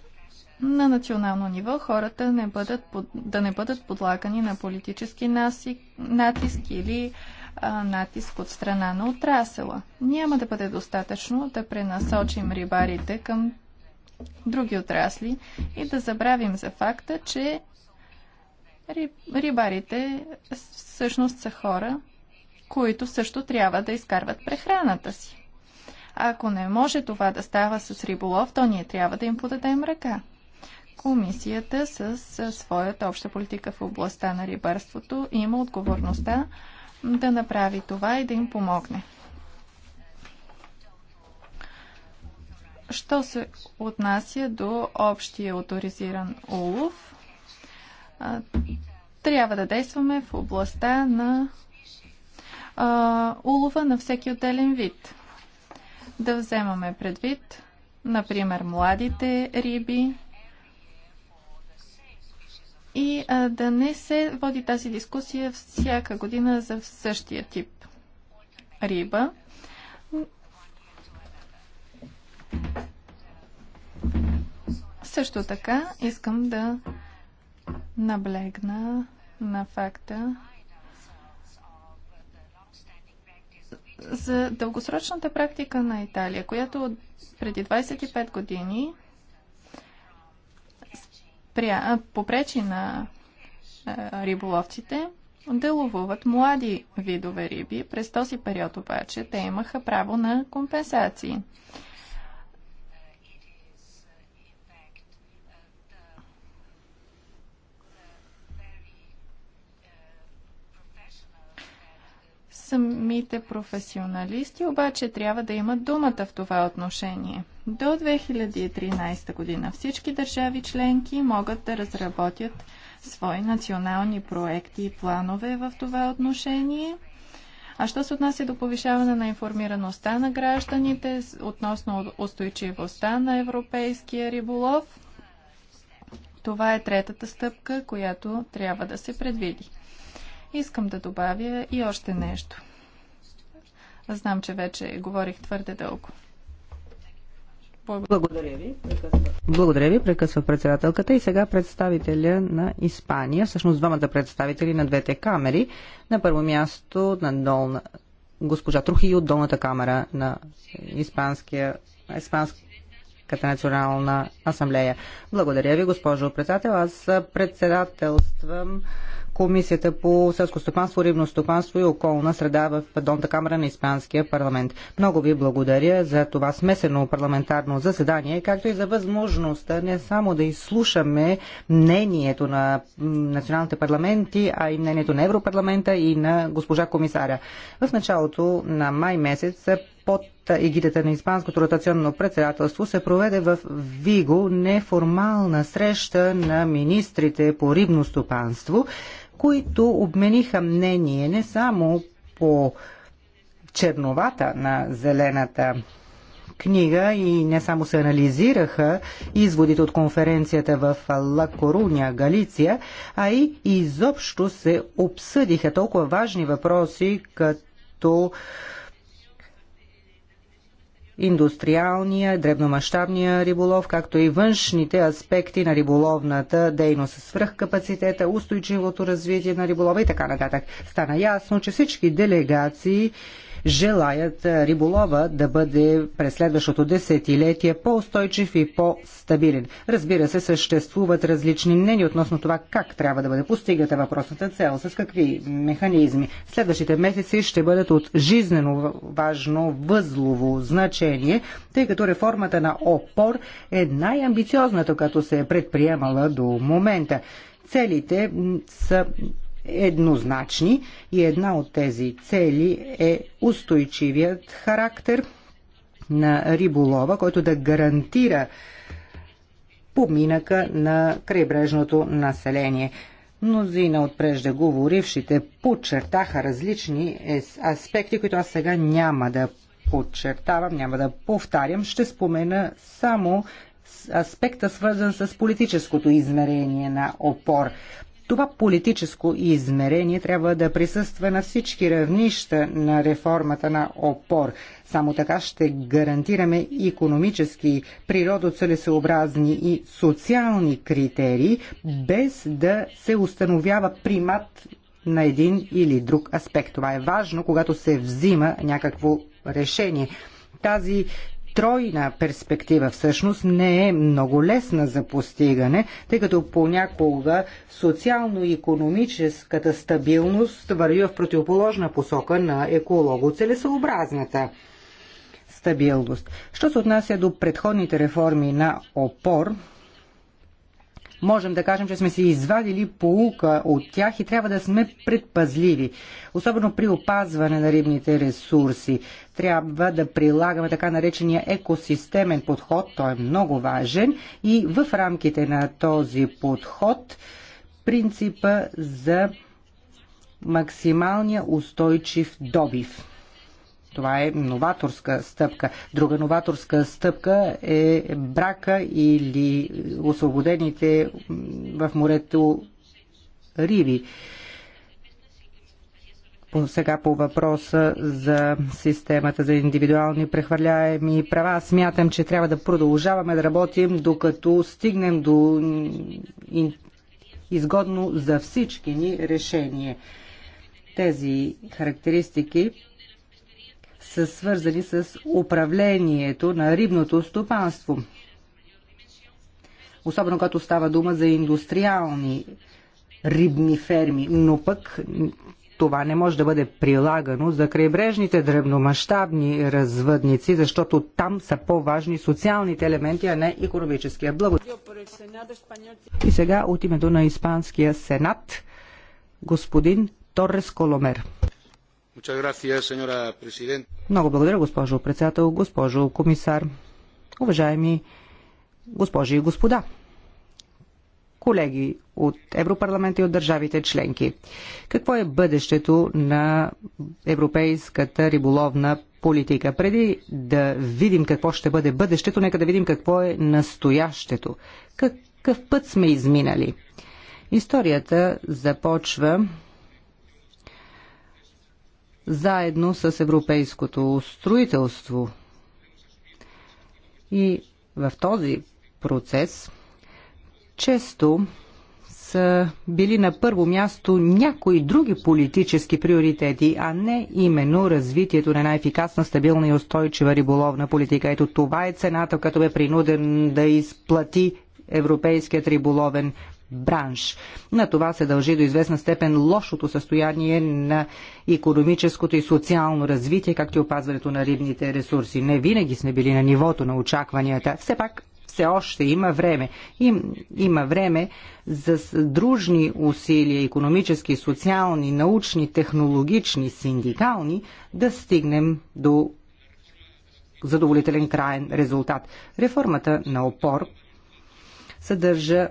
на национално ниво хората не бъдат, да не бъдат подлагани на политически натиск или натиск от страна на отрасела. Няма да бъде достатъчно да пренасочим рибарите към други отрасли и да забравим за факта, че рибарите всъщност са хора, които също трябва да изкарват прехраната си. Ако не може това да става с риболов, то ние трябва да им подадем ръка. Комисията с своята обща политика в областта на рибарството има отговорността да направи това и да им помогне. Що се отнася до общия авторизиран улов, трябва да действаме в областта на а, улова на всеки отделен вид. Да вземаме предвид, например, младите риби, и а, да не се води тази дискусия всяка година за същия тип риба. Също така искам да наблегна на факта за дългосрочната практика на Италия, която преди 25 години спря, попречи на риболовците да ловуват млади видове риби. През този период обаче те имаха право на компенсации. Самите професионалисти обаче трябва да имат думата в това отношение. До 2013 година всички държави членки могат да разработят свои национални проекти и планове в това отношение. А що се отнася до повишаване на информираността на гражданите относно устойчивостта на европейския риболов, това е третата стъпка, която трябва да се предвиди. Искам да добавя и още нещо. Знам, че вече говорих твърде дълго. Благодаря ви. Прекъсва. Благодаря ви, прекъсва председателката. И сега представителя на Испания, всъщност двамата представители на двете камери. На първо място на долна, госпожа Трухи от долната камера на Испанския, Испанската национална асамблея. Благодаря ви, госпожо председател. Аз председателствам Комисията по селско стопанство, рибно стопанство и околна среда в донта камера на Испанския парламент. Много ви благодаря за това смесено парламентарно заседание, както и за възможността не само да изслушаме мнението на националните парламенти, а и мнението на Европарламента и на госпожа комисаря. В началото на май месец под егидата на Испанското ротационно председателство се проведе в Виго неформална среща на министрите по рибно стопанство, които обмениха мнение не само по черновата на зелената книга и не само се анализираха изводите от конференцията в Ла Коруня, Галиция, а и изобщо се обсъдиха толкова важни въпроси като индустриалния, дребномащабния риболов, както и външните аспекти на риболовната дейност, свръхкапацитета, устойчивото развитие на риболова и така нататък. Стана ясно, че всички делегации желаят риболова да бъде през следващото десетилетие по-устойчив и по-стабилен. Разбира се, съществуват различни мнения относно това как трябва да бъде постигната въпросната цел, с какви механизми. Следващите месеци ще бъдат от жизнено важно възлово значение, тъй като реформата на ОПОР е най-амбициозната, като се е предприемала до момента. Целите са еднозначни и една от тези цели е устойчивият характер на риболова, който да гарантира поминъка на крайбрежното население. Мнозина от преждеговорившите подчертаха различни аспекти, които аз сега няма да подчертавам, няма да повтарям. Ще спомена само аспекта, свързан с политическото измерение на опор. Това политическо измерение трябва да присъства на всички равнища на реформата на ОПОР. Само така ще гарантираме економически, природоцелесообразни и социални критерии, без да се установява примат на един или друг аспект. Това е важно, когато се взима някакво решение. Тази тройна перспектива всъщност не е много лесна за постигане, тъй като понякога социално-економическата стабилност върви в противоположна посока на еколого-целесообразната стабилност. Що се отнася до предходните реформи на ОПОР, можем да кажем, че сме си извадили поука от тях и трябва да сме предпазливи. Особено при опазване на рибните ресурси. Трябва да прилагаме така наречения екосистемен подход, той е много важен и в рамките на този подход принципа за максималния устойчив добив. Това е новаторска стъпка. Друга новаторска стъпка е брака или освободените в морето риби. Сега по въпроса за системата за индивидуални прехвърляеми права, смятам, че трябва да продължаваме да работим, докато стигнем до изгодно за всички ни решение. Тези характеристики са свързани с управлението на рибното стопанство. Особено като става дума за индустриални рибни ферми, но пък това не може да бъде прилагано за крайбрежните дребномащабни развъдници, защото там са по-важни социалните елементи, а не економическия. благо. И сега от името на Испанския сенат господин Торрес Коломер. Много благодаря, госпожо председател, госпожо комисар, уважаеми госпожи и господа, колеги от Европарламента и от държавите членки. Какво е бъдещето на европейската риболовна политика? Преди да видим какво ще бъде бъдещето, нека да видим какво е настоящето. Какъв път сме изминали? Историята започва заедно с европейското строителство. И в този процес често са били на първо място някои други политически приоритети, а не именно развитието на най-ефикасна, стабилна и устойчива риболовна политика. Ето това е цената, като бе принуден да изплати Европейският риболовен бранш. На това се дължи до известна степен лошото състояние на економическото и социално развитие, както и опазването на рибните ресурси. Не винаги сме били на нивото на очакванията. Все пак все още има време. Им, има време за дружни усилия, економически, социални, научни, технологични, синдикални, да стигнем до задоволителен крайен резултат. Реформата на опор съдържа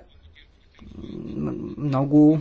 много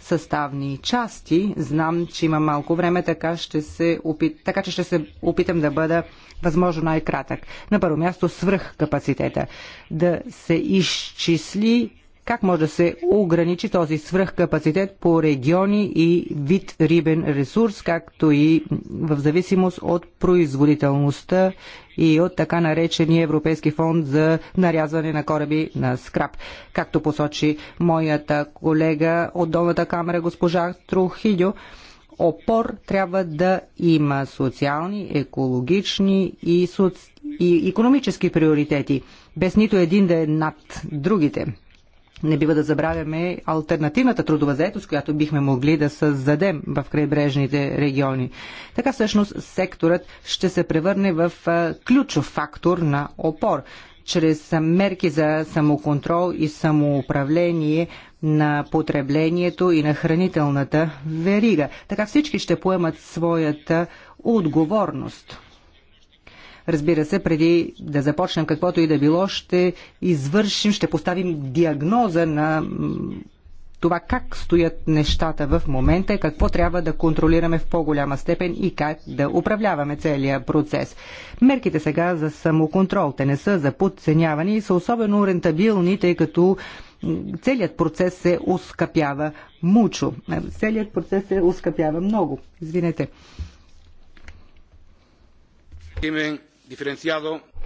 съставни части. Знам, че има малко време, така, ще се опит... така че ще се опитам да бъда възможно най-кратък. На първо място свръх капацитета. Да се изчисли как може да се ограничи този свръхкапацитет по региони и вид рибен ресурс, както и в зависимост от производителността и от така наречения Европейски фонд за нарязване на кораби на скраб, Както посочи моята колега от долната камера госпожа Трухидио, опор трябва да има социални, екологични и, соци... и економически приоритети, без нито един да е над другите. Не бива да забравяме альтернативната трудова заетост, която бихме могли да създадем в крайбрежните региони. Така всъщност секторът ще се превърне в ключов фактор на опор чрез мерки за самоконтрол и самоуправление на потреблението и на хранителната верига. Така всички ще поемат своята отговорност. Разбира се, преди да започнем каквото и да било, ще извършим, ще поставим диагноза на това как стоят нещата в момента, какво трябва да контролираме в по-голяма степен и как да управляваме целият процес. Мерките сега за самоконтрол, те не са за подценяване и са особено рентабилни, тъй като целият процес се ускъпява мучо. Целият процес се ускъпява много. Извинете.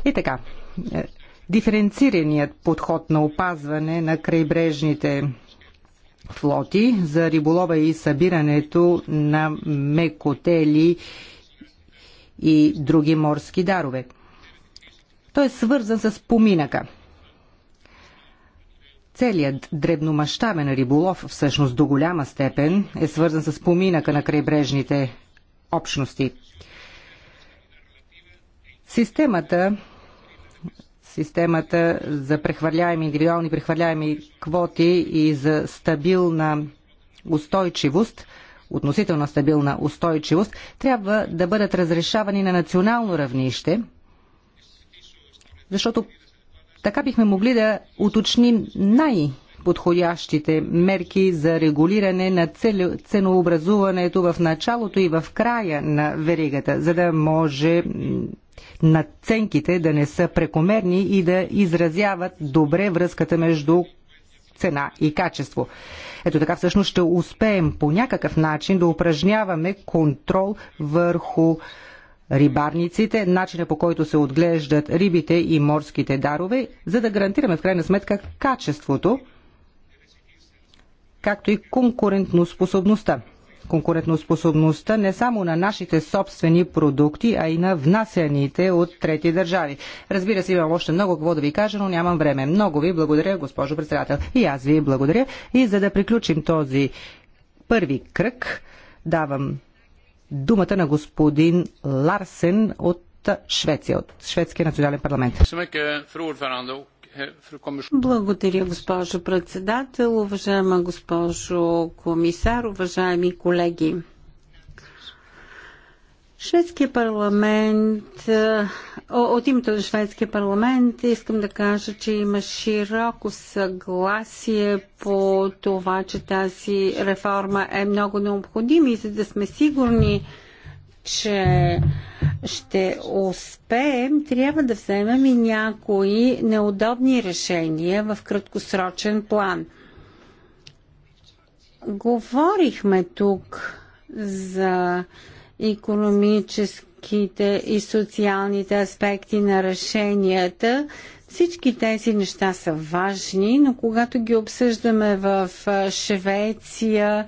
И така, е, диференцираният подход на опазване на крайбрежните флоти за риболова и събирането на мекотели и други морски дарове. Той е свързан с поминъка. Целият дребномащабен риболов, всъщност до голяма степен, е свързан с поминъка на крайбрежните общности. Системата системата за прехвърляеми, индивидуални прехвърляеми квоти и за стабилна устойчивост, относително стабилна устойчивост, трябва да бъдат разрешавани на национално равнище, защото така бихме могли да уточним най- подходящите мерки за регулиране на ценообразуването в началото и в края на веригата, за да може надценките да не са прекомерни и да изразяват добре връзката между цена и качество. Ето така всъщност ще успеем по някакъв начин да упражняваме контрол върху рибарниците, начина по който се отглеждат рибите и морските дарове, за да гарантираме в крайна сметка качеството, както и конкурентноспособността конкурентоспособността не само на нашите собствени продукти, а и на внасяните от трети държави. Разбира се, имам още много какво да ви кажа, но нямам време. Много ви благодаря, госпожо председател. И аз ви благодаря. И за да приключим този първи кръг, давам думата на господин Ларсен от Швеция, от Шведския национален парламент. Благодаря, госпожо председател, уважаема госпожо комисар, уважаеми колеги. Шведския парламент, от името на Шведския парламент искам да кажа, че има широко съгласие по това, че тази реформа е много необходима и за да сме сигурни, че ще успеем, трябва да вземем и някои неудобни решения в краткосрочен план. Говорихме тук за економическите и социалните аспекти на решенията. Всички тези неща са важни, но когато ги обсъждаме в Швеция,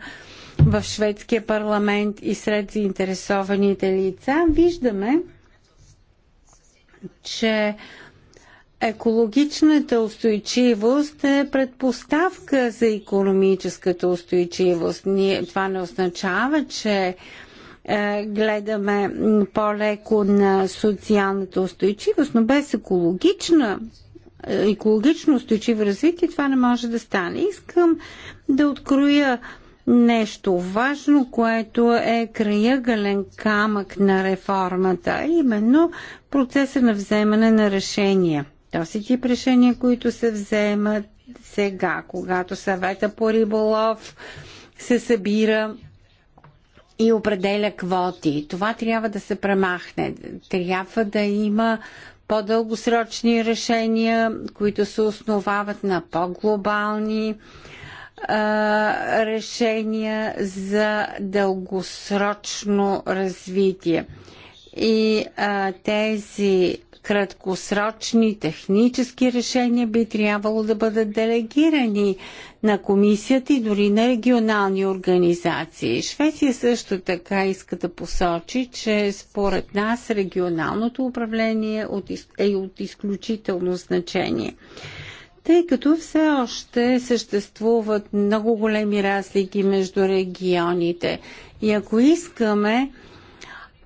в шведския парламент и сред заинтересованите лица, виждаме, че екологичната устойчивост е предпоставка за економическата устойчивост. Ние, това не означава, че е, гледаме по-леко на социалната устойчивост, но без екологична е, екологично устойчиво развитие това не може да стане. Искам да откроя нещо важно, което е краягален камък на реформата, а именно процеса на вземане на решения. Този тип решения, които се вземат сега, когато съвета по риболов се събира и определя квоти. Това трябва да се премахне. Трябва да има по-дългосрочни решения, които се основават на по-глобални решения за дългосрочно развитие. И а, тези краткосрочни технически решения би трябвало да бъдат делегирани на комисията и дори на регионални организации. Швеция също така иска да посочи, че според нас регионалното управление е от е изключително значение тъй като все още съществуват много големи разлики между регионите. И ако искаме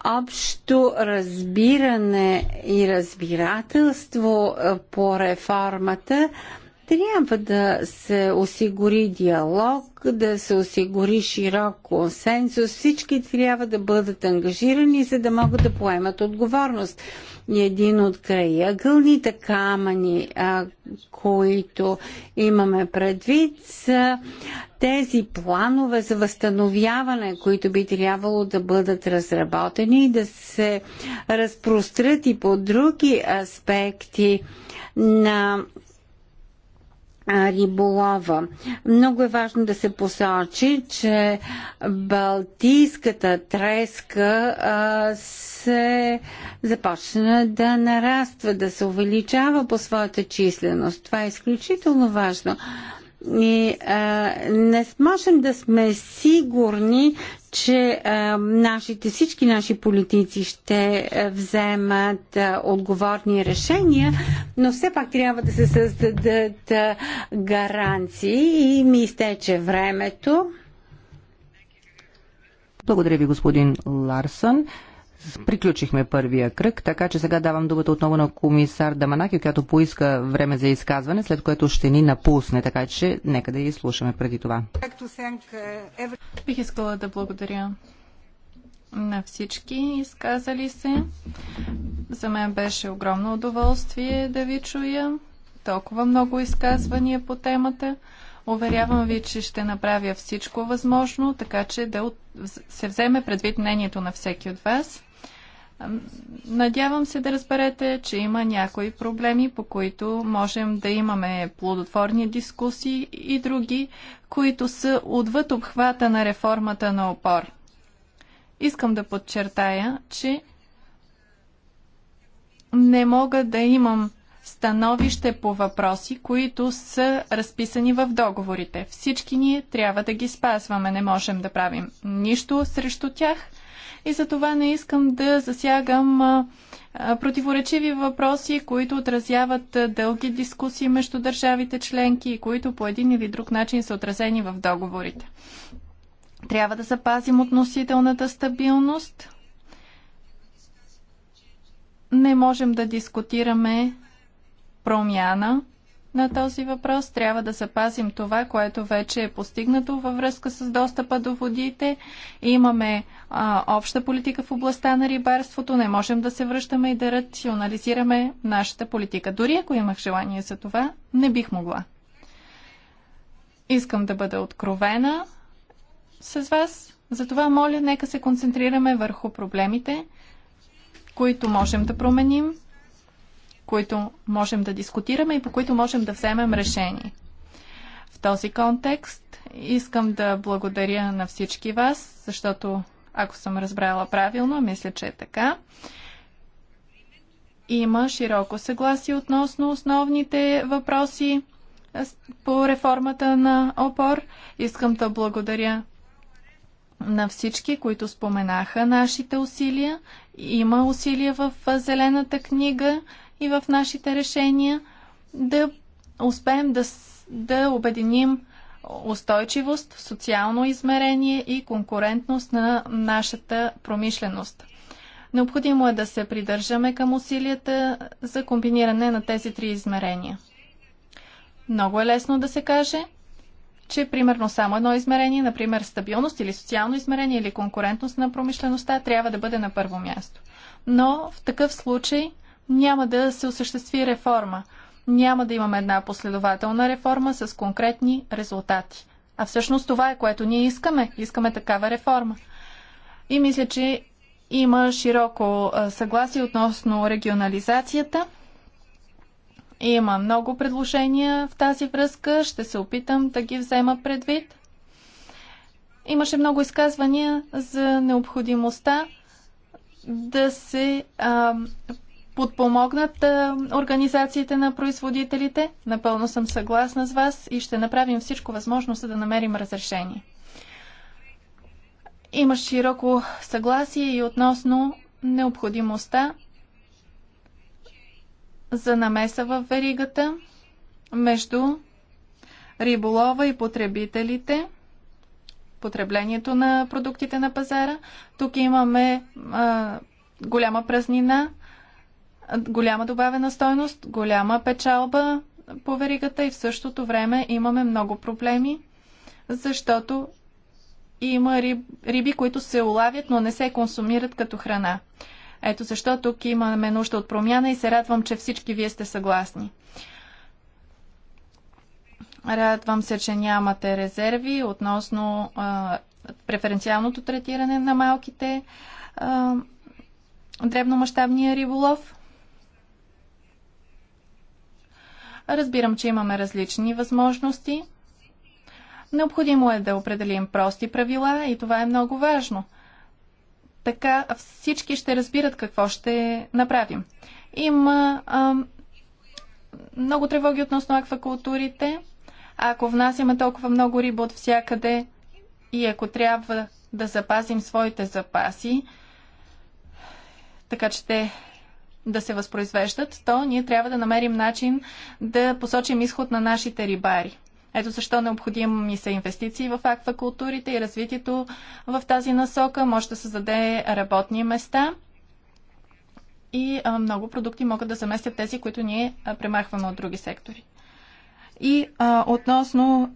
общо разбиране и разбирателство по реформата, трябва да се осигури диалог, да се осигури широк консенсус. Всички трябва да бъдат ангажирани, за да могат да поемат отговорност. И един от края гълните камъни, а, които имаме предвид, са тези планове за възстановяване, които би трябвало да бъдат разработени и да се разпрострат и по други аспекти на риболова. Много е важно да се посочи, че балтийската треска а, се започна да нараства, да се увеличава по своята численост. Това е изключително важно. И а, не можем да сме сигурни, че а, е, нашите, всички наши политици ще е, вземат а, е, отговорни решения, но все пак трябва да се създадат а, гаранции и ми изтече времето. Благодаря ви, господин Ларсън. Приключихме първия кръг, така че сега давам думата отново на комисар Даманаки, която поиска време за изказване, след което ще ни напусне, така че нека да я слушаме преди това. Бих искала да благодаря на всички изказали се. За мен беше огромно удоволствие да ви чуя. Толкова много изказвания по темата. Уверявам ви, че ще направя всичко възможно, така че да се вземе предвид мнението на всеки от вас. Надявам се да разберете, че има някои проблеми, по които можем да имаме плодотворни дискусии и други, които са отвъд обхвата на реформата на опор. Искам да подчертая, че не мога да имам становище по въпроси, които са разписани в договорите. Всички ние трябва да ги спазваме, не можем да правим нищо срещу тях – и за това не искам да засягам противоречиви въпроси, които отразяват дълги дискусии между държавите членки и които по един или друг начин са отразени в договорите. Трябва да запазим относителната стабилност. Не можем да дискутираме промяна на този въпрос. Трябва да запазим това, което вече е постигнато във връзка с достъпа до водите. Имаме а, обща политика в областта на рибарството. Не можем да се връщаме и да рационализираме нашата политика. Дори ако имах желание за това, не бих могла. Искам да бъда откровена с вас. Затова, моля, нека се концентрираме върху проблемите, които можем да променим които можем да дискутираме и по които можем да вземем решение. В този контекст искам да благодаря на всички вас, защото ако съм разбрала правилно, мисля, че е така. Има широко съгласие относно основните въпроси по реформата на ОПОР. Искам да благодаря на всички, които споменаха нашите усилия. Има усилия в Зелената книга и в нашите решения да успеем да, да обединим устойчивост, социално измерение и конкурентност на нашата промишленост. Необходимо е да се придържаме към усилията за комбиниране на тези три измерения. Много е лесно да се каже, че примерно само едно измерение, например стабилност или социално измерение или конкурентност на промишлеността трябва да бъде на първо място. Но в такъв случай няма да се осъществи реформа. Няма да имаме една последователна реформа с конкретни резултати. А всъщност това е което ние искаме. Искаме такава реформа. И мисля, че има широко съгласие относно регионализацията. Има много предложения в тази връзка. Ще се опитам да ги взема предвид. Имаше много изказвания за необходимостта да се а, подпомогнат организациите на производителите. Напълно съм съгласна с вас и ще направим всичко възможно, за да намерим разрешение. Има широко съгласие и относно необходимостта за намеса в веригата между риболова и потребителите, потреблението на продуктите на пазара. Тук имаме а, голяма празнина голяма добавена стойност, голяма печалба по веригата и в същото време имаме много проблеми, защото има риб, риби, които се улавят, но не се консумират като храна. Ето защо тук имаме нужда от промяна и се радвам, че всички вие сте съгласни. Радвам се, че нямате резерви относно а, преференциалното третиране на малките а, дребномащабния риболов. Разбирам, че имаме различни възможности. Необходимо е да определим прости правила и това е много важно. Така всички ще разбират какво ще направим. Има а, много тревоги относно аквакултурите. Ако внасяме толкова много риба от всякъде и ако трябва да запазим своите запаси, така че те да се възпроизвеждат, то ние трябва да намерим начин да посочим изход на нашите рибари. Ето защо необходими са инвестиции в аквакултурите и развитието в тази насока може да създаде работни места и много продукти могат да заместят тези, които ние премахваме от други сектори. И а, относно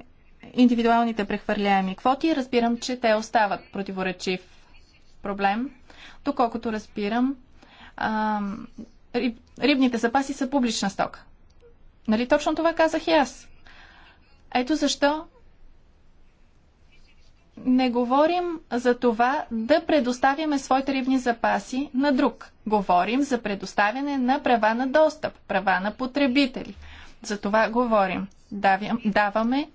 индивидуалните прехвърляеми квоти, разбирам, че те остават противоречив проблем. Доколкото разбирам, а, риб, рибните запаси са публична стока. Нали точно това казах и аз? Ето защо не говорим за това да предоставяме своите рибни запаси на друг. Говорим за предоставяне на права на достъп, права на потребители. За това говорим. Даваме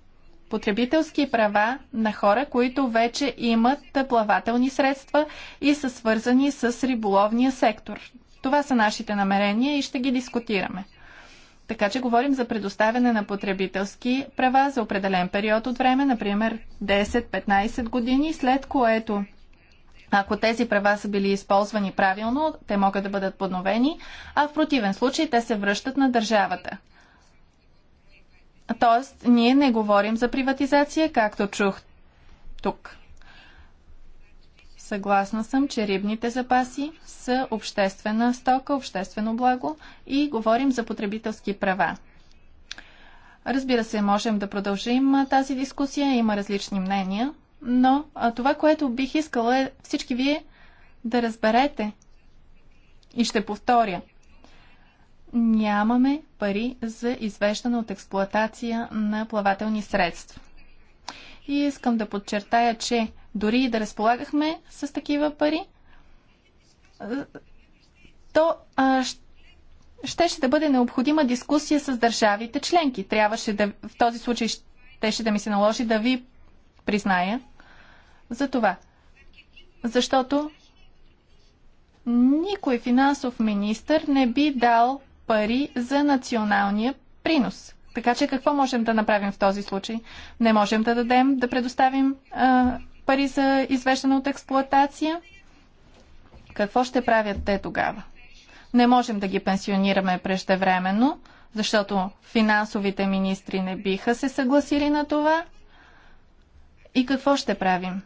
потребителски права на хора, които вече имат плавателни средства и са свързани с риболовния сектор. Това са нашите намерения и ще ги дискутираме. Така че говорим за предоставяне на потребителски права за определен период от време, например 10-15 години, след което ако тези права са били използвани правилно, те могат да бъдат подновени, а в противен случай те се връщат на държавата. Тоест, ние не говорим за приватизация, както чух тук. Съгласна съм, че рибните запаси са обществена стока, обществено благо и говорим за потребителски права. Разбира се, можем да продължим тази дискусия, има различни мнения, но това, което бих искала е всички вие да разберете и ще повторя – нямаме пари за извеждане от експлоатация на плавателни средства. И искам да подчертая, че дори и да разполагахме с такива пари, то а, ще да бъде необходима дискусия с държавите членки. Трябваше да, в този случай щеше да ми се наложи да ви призная за това. Защото никой финансов министр не би дал пари за националния принос. Така че какво можем да направим в този случай? Не можем да дадем, да предоставим а, пари за извеждане от експлоатация. Какво ще правят те тогава? Не можем да ги пенсионираме преждевременно, защото финансовите министри не биха се съгласили на това. И какво ще правим?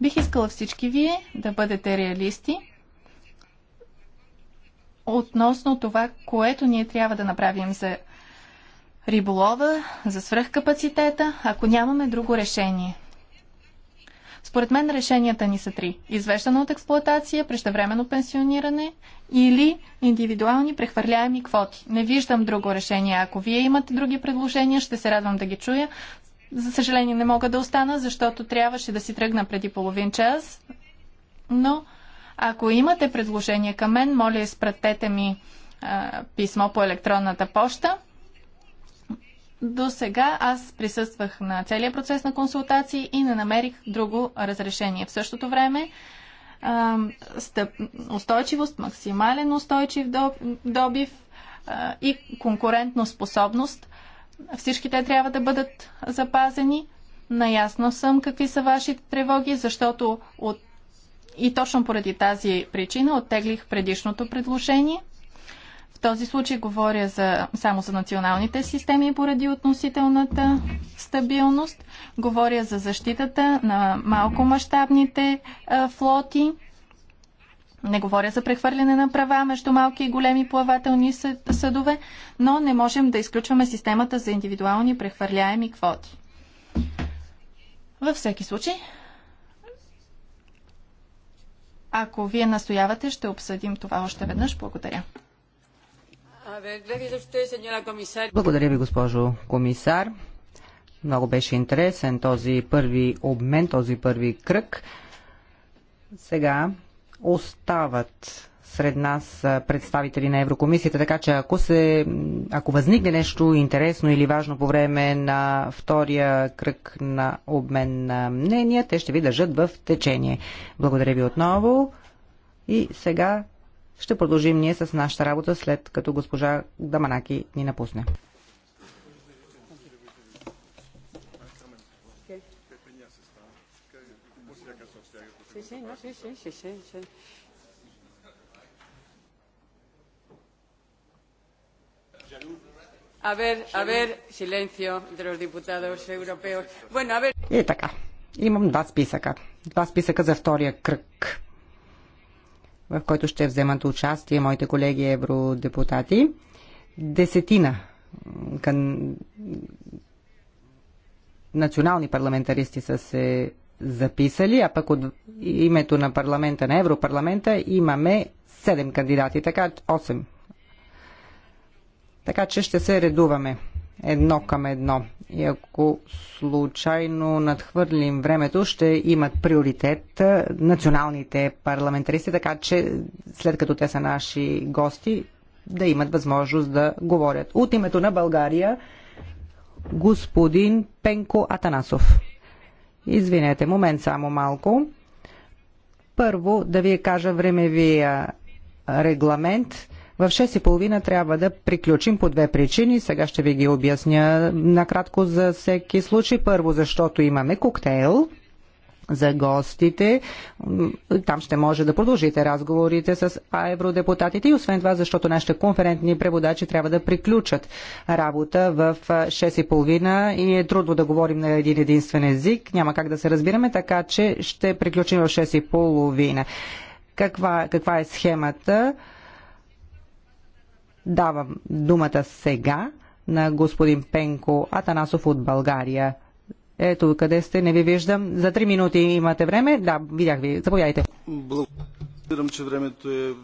Бих искала всички вие да бъдете реалисти относно това, което ние трябва да направим за риболова, за свръхкапацитета, ако нямаме друго решение. Според мен решенията ни са три. Извеждане от експлоатация, преждевременно пенсиониране или индивидуални прехвърляеми квоти. Не виждам друго решение. Ако вие имате други предложения, ще се радвам да ги чуя. За съжаление не мога да остана, защото трябваше да си тръгна преди половин час. Но ако имате предложение към мен, моля, изпратете ми а, писмо по електронната поща. До сега аз присъствах на целия процес на консултации и не намерих друго разрешение. В същото време а, стъп, устойчивост, максимален устойчив добив а, и конкурентно способност. Всички те трябва да бъдат запазени. Наясно съм какви са вашите тревоги, защото от и точно поради тази причина оттеглих предишното предложение. В този случай говоря за, само за националните системи поради относителната стабилност. Говоря за защитата на малкомащабните флоти. Не говоря за прехвърляне на права между малки и големи плавателни съдове, но не можем да изключваме системата за индивидуални прехвърляеми квоти. Във всеки случай, ако вие настоявате, ще обсъдим това още веднъж. Благодаря. Е, Благодаря ви, госпожо комисар. Много беше интересен този първи обмен, този първи кръг. Сега остават сред нас представители на Еврокомисията, така че ако, се, ако възникне нещо интересно или важно по време на втория кръг на обмен на мнения, те ще ви държат в течение. Благодаря ви отново и сега ще продължим ние с нашата работа след като госпожа Даманаки ни напусне. Sí, sí, no, sí, sí, sí, sí, sí. A ver, a ver, silencio de los diputados europeos. Bueno, a ver... И е, така, имам два списъка. Два списъка за втория кръг, в който ще вземат участие моите колеги евродепутати. Десетина кън... национални парламентаристи са се записали, а пък от името на парламента, на Европарламента, имаме 7 кандидати, така 8 така че ще се редуваме едно към едно. И ако случайно надхвърлим времето, ще имат приоритет националните парламентаристи, така че след като те са наши гости, да имат възможност да говорят. От името на България, господин Пенко Атанасов. Извинете, момент само малко. Първо да ви кажа времевия регламент в 6 и половина трябва да приключим по две причини. Сега ще ви ги обясня накратко за всеки случай. Първо, защото имаме коктейл, за гостите. Там ще може да продължите разговорите с евродепутатите и освен това, защото нашите конферентни преводачи трябва да приключат работа в 6.30 и е трудно да говорим на един единствен език. Няма как да се разбираме, така че ще приключим в 6.30. Каква, каква е схемата? Давам думата сега на господин Пенко Атанасов от България. Ето къде сте, не ви виждам. За три минути имате време. Да, видях ви. Заповядайте. Благодаря, че времето е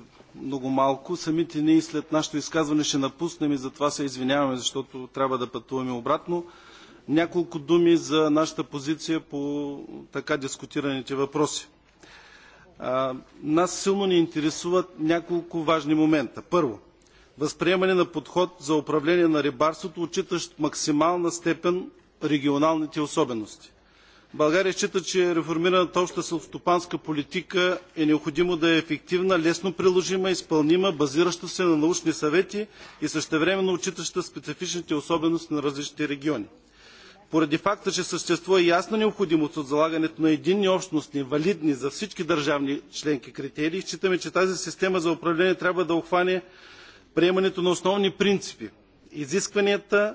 много малко. Самите ние след нашето изказване ще напуснем и затова се извиняваме, защото трябва да пътуваме обратно. Няколко думи за нашата позиция по така дискутираните въпроси. А, нас силно ни интересуват няколко важни момента. Първо, възприемане на подход за управление на рибарството, отчитащ в максимална степен регионалните особености. България счита, че реформираната обща селскостопанска политика е необходимо да е ефективна, лесно приложима, изпълнима, базираща се на научни съвети и същевременно отчитаща специфичните особености на различните региони. Поради факта, че съществува ясна необходимост от залагането на единни общностни, валидни за всички държавни членки критерии, считаме, че тази система за управление трябва да обхване приемането на основни принципи, изискванията,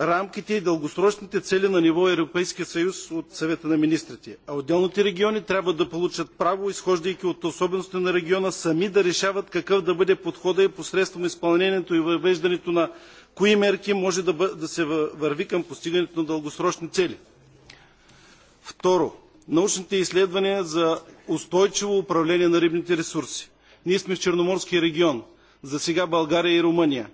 рамките и дългосрочните цели на ниво Европейския съюз от Съвета на министрите. А отделните региони трябва да получат право, изхождайки от особеностите на региона, сами да решават какъв да бъде подходът и посредством изпълнението и въвеждането на кои мерки може да, бъ... да се върви към постигането на дългосрочни цели. Второ, научните изследвания за устойчиво управление на рибните ресурси. Ние сме в Черноморския регион – за сега България и Румъния.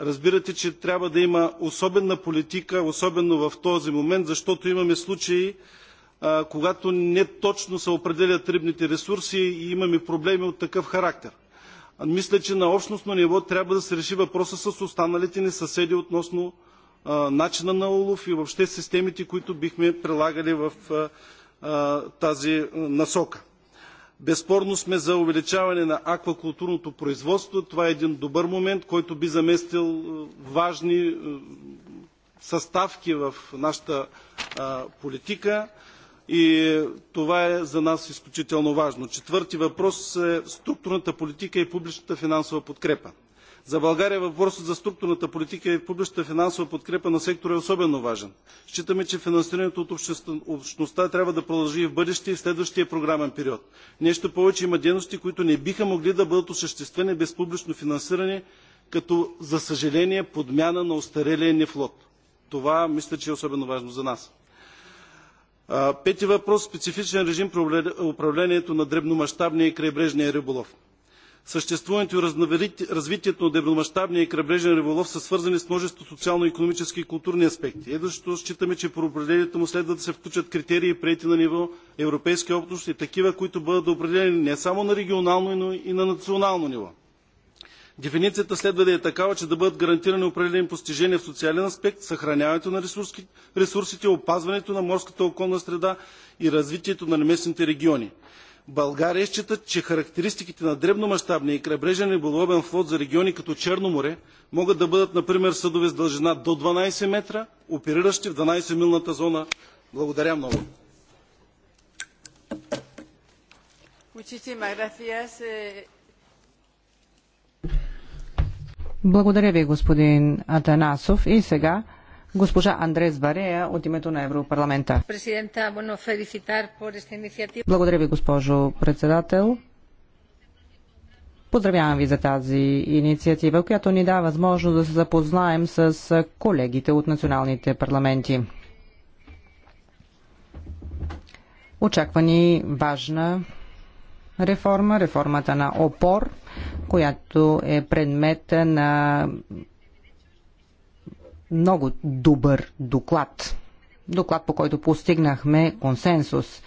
Разбирате, че трябва да има особена политика, особено в този момент, защото имаме случаи, когато не точно се определят рибните ресурси и имаме проблеми от такъв характер. Мисля, че на общностно ниво трябва да се реши въпроса с останалите ни съседи относно начина на улов и въобще системите, които бихме прилагали в тази насока. Безспорно сме за увеличаване на аквакултурното производство. Това е един добър момент, който би заместил е, важни е, съставки в нашата е, политика и това е за нас изключително важно. Четвърти въпрос е структурната политика и публичната финансова подкрепа. За България въпросът за структурната политика и публичната финансова подкрепа на сектора е особено важен. Считаме, че финансирането от общността трябва да продължи и в бъдеще и в следващия програмен период. Нещо повече има дейности, които не биха могли да бъдат осъществени без публично финансиране, като за съжаление подмяна на остарелия ни флот. Това мисля, че е особено важно за нас. Пети въпрос – специфичен режим при управлението на дребномащабния и крайбрежния риболов. Съществуването и развитието на дребномащабния и крайбрежен риболов са свързани с множество социално-економически и културни аспекти. Ето защо считаме, че при определението му следва да се включат критерии, приети на ниво Европейски общност и такива, които бъдат определени не само на регионално, но и на национално ниво. Дефиницията следва да е такава, че да бъдат гарантирани определени постижения в социален аспект, съхраняването на ресурсите, ресурсите опазването на морската околна среда и развитието на местните региони. България считат, че характеристиките на дребномащабния и крайбрежен риболовен флот за региони като Черно море могат да бъдат, например, съдове с дължина до 12 метра, опериращи в 12-милната зона. Благодаря много. Eh. Благодаря ви, господин Атанасов. И сега госпожа Андрес Барея от името на Европарламента. Благодаря ви, госпожо председател. Поздравявам ви за тази инициатива, която ни дава възможност да се запознаем с колегите от националните парламенти. Очаква ни важна реформа, реформата на ОПОР, която е предмет на много добър доклад. Доклад, по който постигнахме консенсус.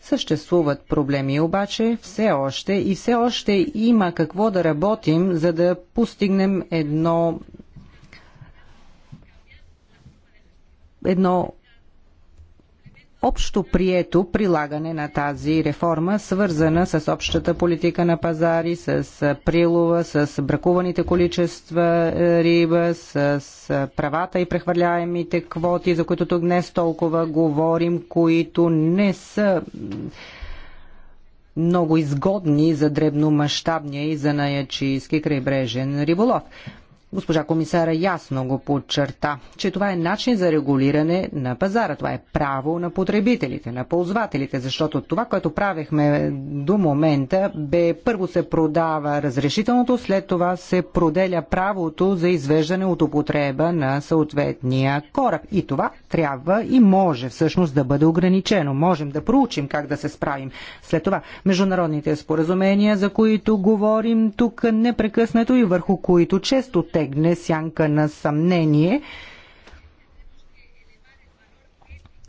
Съществуват проблеми обаче все още и все още има какво да работим, за да постигнем едно едно общо прието прилагане на тази реформа, свързана с общата политика на пазари, с прилова, с бракуваните количества е, риба, с правата и прехвърляемите квоти, за които тук днес толкова говорим, които не са много изгодни за дребномащабния и за наячийски крайбрежен риболов. Госпожа комисара ясно го подчерта, че това е начин за регулиране на пазара. Това е право на потребителите, на ползвателите, защото това, което правехме до момента, бе първо се продава разрешителното, след това се проделя правото за извеждане от употреба на съответния кораб. И това трябва и може всъщност да бъде ограничено. Можем да проучим как да се справим. След това международните споразумения, за които говорим тук непрекъснато и върху които често те избегне сянка на съмнение.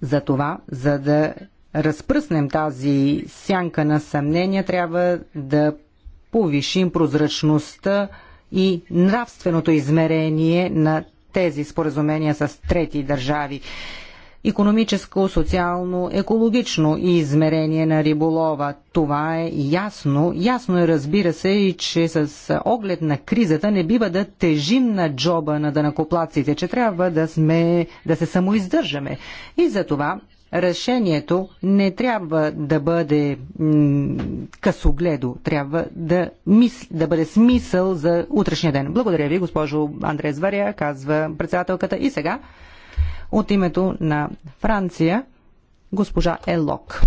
За това, за да разпръснем тази сянка на съмнение, трябва да повишим прозрачността и нравственото измерение на тези споразумения с трети държави економическо, социално, екологично измерение на риболова. Това е ясно. Ясно е, разбира се, и че с оглед на кризата не бива да тежим на джоба на данакоплаците, че трябва да, сме, да се самоиздържаме. И за това решението не трябва да бъде късогледо, трябва да, мис, да бъде смисъл за утрешния ден. Благодаря ви, госпожо Андрес Варя, казва председателката. И сега от името на Франция, госпожа Елок.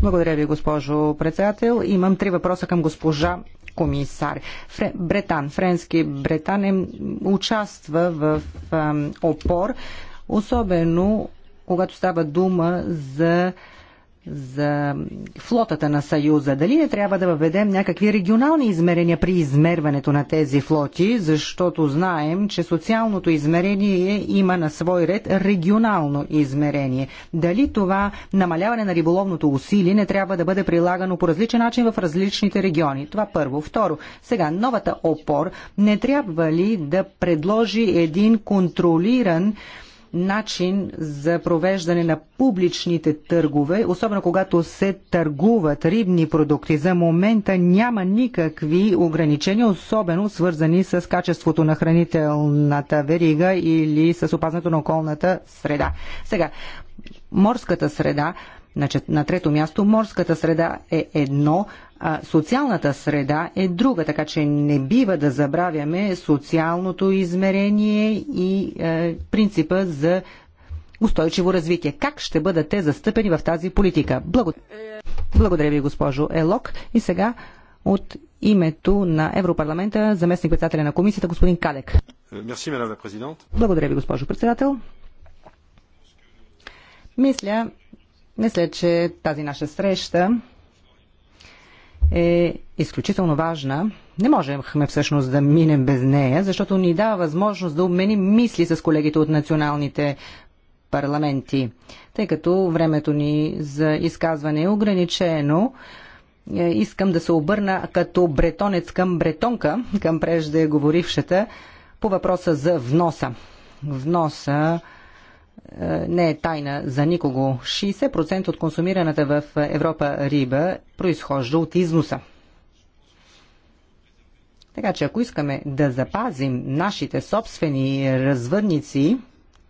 Благодаря ви, госпожо председател. Имам три въпроса към госпожа комисар. Фре, Бретан, френски Бретан е, участва в е, опор, особено когато става дума за е, за флотата на Съюза. Дали не трябва да въведем някакви регионални измерения при измерването на тези флоти, защото знаем, че социалното измерение е, има на свой ред регионално измерение. Дали това намаляване на риболовното усилие не трябва да бъде прилагано по различен начин в различните региони? Това първо. Второ, сега новата опор не трябва ли да предложи един контролиран начин за провеждане на публичните търгове, особено когато се търгуват рибни продукти. За момента няма никакви ограничения, особено свързани с качеството на хранителната верига или с опазването на околната среда. Сега, морската среда, значи, на трето място, морската среда е едно, а социалната среда е друга, така че не бива да забравяме социалното измерение и е, принципа за устойчиво развитие. Как ще бъдат те застъпени в тази политика? Благодаря, Благодаря ви, госпожо Елок. И сега от името на Европарламента, заместник председателя на комисията, господин Калек. Благодаря ви, госпожо председател. Мисля, мисля, че тази наша среща е изключително важна. Не можехме всъщност да минем без нея, защото ни дава възможност да обменим мисли с колегите от националните парламенти, тъй като времето ни за изказване е ограничено е, искам да се обърна като бретонец към бретонка, към преждеговорившата, по въпроса за вноса. Вноса е, не е тайна за никого. 60% от консумираната в Европа риба произхожда от износа. Така че ако искаме да запазим нашите собствени развъдници,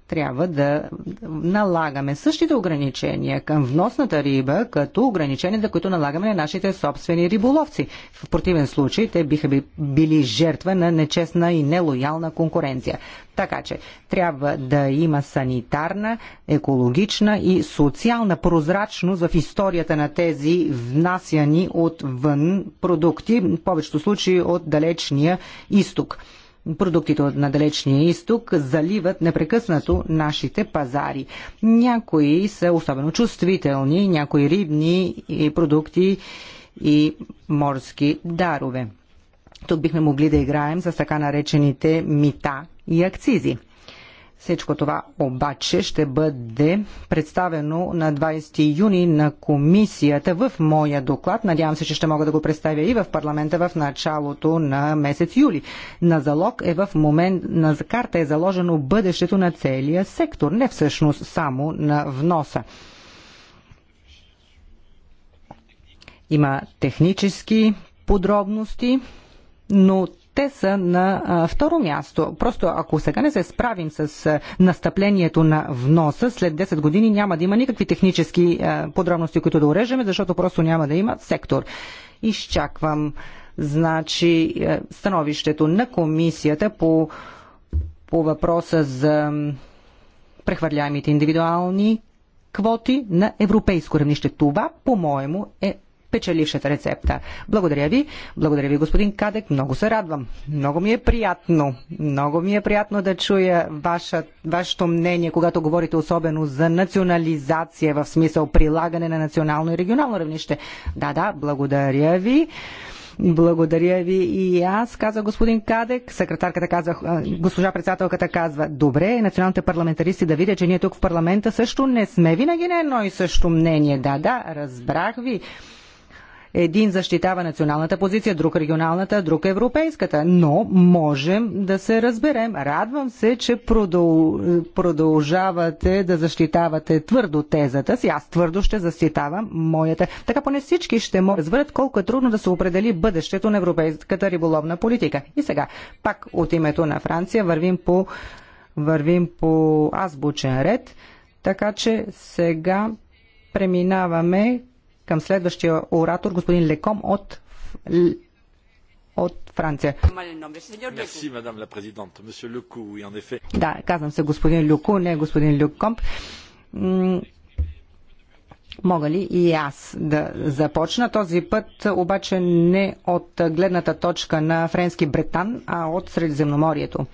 трябва да налагаме същите ограничения към вносната риба, като ограниченията, които налагаме на нашите собствени риболовци. В противен случай те биха би, били жертва на нечестна и нелоялна конкуренция. Така че трябва да има санитарна, екологична и социална прозрачност в историята на тези внасяни отвън продукти, в повечето случаи от далечния изток продуктите на Далечния изток заливат непрекъснато нашите пазари. Някои са особено чувствителни, някои рибни и продукти и морски дарове. Тук бихме могли да играем с така наречените мита и акцизи. Всичко това обаче ще бъде представено на 20 юни на комисията в моя доклад. Надявам се, че ще мога да го представя и в парламента в началото на месец юли. На залог е в момент, на карта е заложено бъдещето на целия сектор, не всъщност само на вноса. Има технически подробности, но те са на второ място. Просто ако сега не се справим с настъплението на вноса, след 10 години няма да има никакви технически подробности, които да урежеме, защото просто няма да има сектор. Изчаквам значи становището на комисията по, по въпроса за прехвърляемите индивидуални квоти на европейско равнище. Това, по-моему, е печелившата рецепта. Благодаря ви. Благодаря ви, господин Кадек. Много се радвам. Много ми е приятно. Много ми е приятно да чуя ваша, вашето мнение, когато говорите особено за национализация в смисъл прилагане на национално и регионално равнище. Да, да, благодаря ви. Благодаря ви и аз, каза господин Кадек. Секретарката каза, госпожа председателката казва, добре, националните парламентаристи да видят, че ние тук в парламента също не сме винаги на едно и също мнение. Да, да, разбрах ви. Един защитава националната позиция, друг регионалната, друг европейската. Но можем да се разберем. Радвам се, че продъл... продължавате да защитавате твърдо тезата си. Аз твърдо ще защитавам моята. Така поне всички ще могат да разберат колко е трудно да се определи бъдещето на европейската риболовна политика. И сега, пак от името на Франция, вървим по, вървим по азбучен ред. Така че сега преминаваме към следващия оратор, господин Леком от, от Франция. Да, казвам се господин Люку, не господин Люкомп. Мога ли и аз да започна? Този път обаче не от гледната точка на френски Бретан, а от Средиземноморието.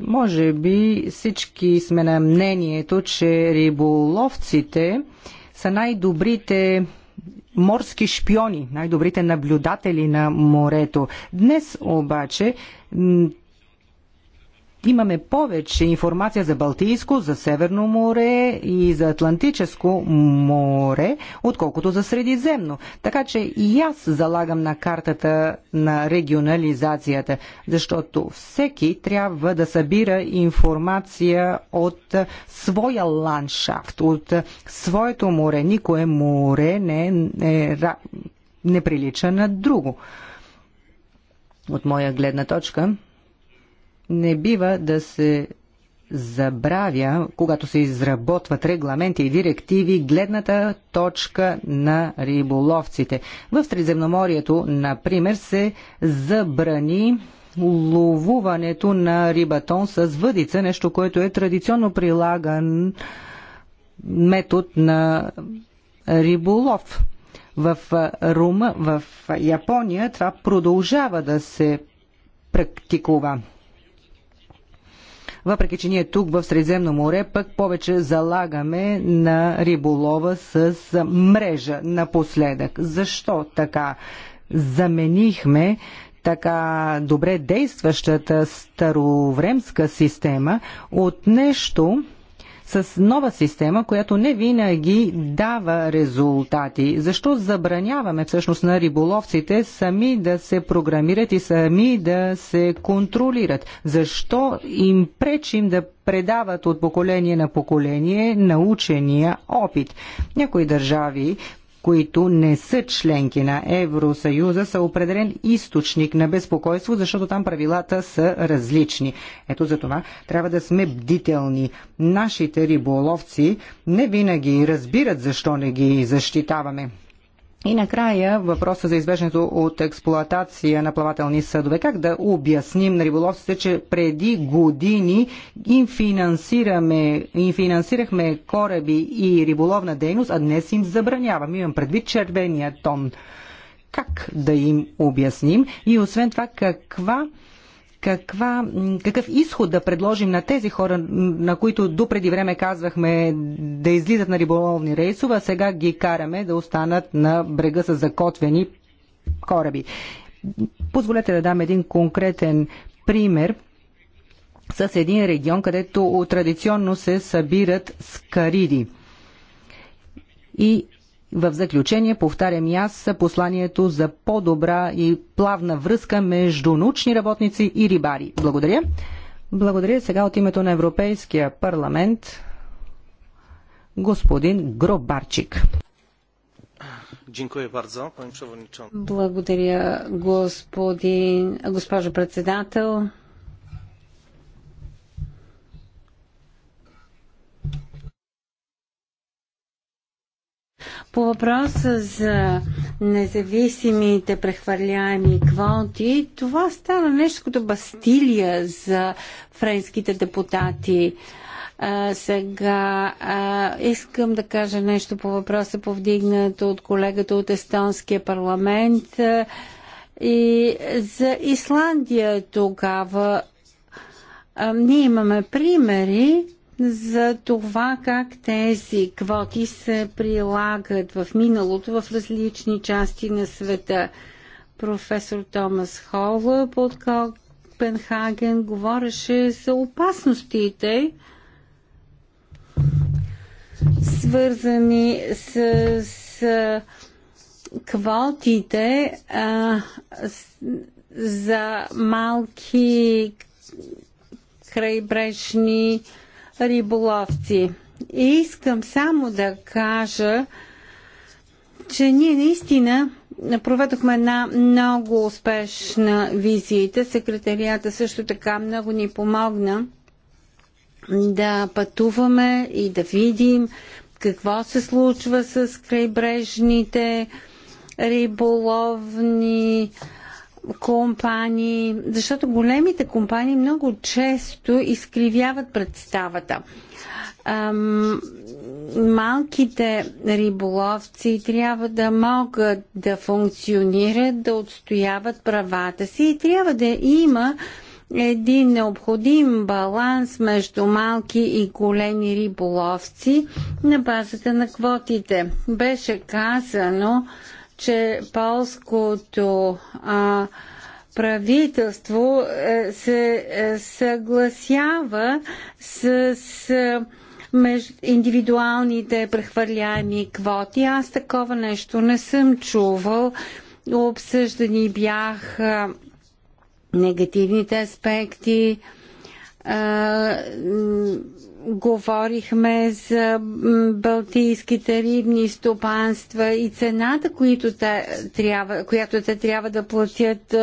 Може би всички сме на мнението, че риболовците са най-добрите морски шпиони, най-добрите наблюдатели на морето. Днес обаче имаме повече информация за Балтийско, за Северно море и за Атлантическо море, отколкото за Средиземно. Така че и аз залагам на картата на регионализацията, защото всеки трябва да събира информация от своя ландшафт, от своето море. Никое море не, не, не прилича на друго. От моя гледна точка, не бива да се забравя, когато се изработват регламенти и директиви, гледната точка на риболовците. В Средиземноморието, например, се забрани ловуването на рибатон с въдица, нещо, което е традиционно прилаган метод на риболов. В Рума, в Япония това продължава да се практикува. Въпреки, че ние тук в Средиземно море пък повече залагаме на риболова с мрежа напоследък. Защо така? Заменихме така добре действащата старовремска система от нещо, с нова система, която не винаги дава резултати. Защо забраняваме всъщност на риболовците сами да се програмират и сами да се контролират? Защо им пречим да предават от поколение на поколение научения опит? Някои държави които не са членки на Евросъюза, са определен източник на безпокойство, защото там правилата са различни. Ето за това трябва да сме бдителни. Нашите риболовци не винаги разбират защо не ги защитаваме. И накрая въпроса за извеждането от експлоатация на плавателни съдове. Как да обясним на риболовците, че преди години им, финансираме, им финансирахме кораби и риболовна дейност, а днес им забранявам. Имам предвид червения тон. Как да им обясним? И освен това, каква каква, какъв изход да предложим на тези хора, на които допреди време казвахме да излизат на риболовни рейсове, а сега ги караме да останат на брега с закотвени кораби. Позволете да дам един конкретен пример с един регион, където традиционно се събират скариди. И в заключение повтарям и аз посланието за по-добра и плавна връзка между научни работници и рибари. Благодаря. Благодаря сега от името на Европейския парламент господин Гробарчик. Благодаря, господин, госпожо председател. По въпроса за независимите прехвърляеми квоти, това стана нещо като бастилия за френските депутати. А, сега а, искам да кажа нещо по въпроса, повдигнато от колегата от Естонския парламент. А, и за Исландия тогава а, ние имаме примери за това как тези квоти се прилагат в миналото в различни части на света. Професор Томас Хола под Копенхаген говореше за опасностите, свързани с, с квотите а, с, за малки крайбрежни риболовци. И искам само да кажа, че ние наистина проведохме една много успешна визита. Секретарията също така много ни помогна да пътуваме и да видим какво се случва с крайбрежните риболовни компании, защото големите компании много често изкривяват представата. Ам, малките риболовци трябва да могат да функционират, да отстояват правата си и трябва да има един необходим баланс между малки и големи риболовци на базата на квотите. Беше казано, че полското а, правителство а, е, се а, е, съгласява с. с между индивидуалните прехвърляеми квоти. Аз такова нещо не съм чувал. Обсъждани бяха негативните аспекти говорихме за балтийските рибни стопанства и цената, които те трябва, която те трябва да платят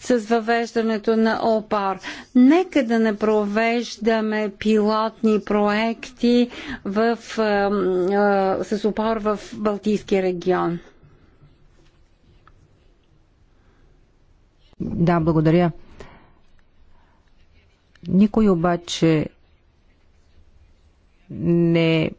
с въвеждането на ОПАР. Нека да не провеждаме пилотни проекти в, е, е, с опор в Балтийския регион. Да, благодаря. Никой обаче не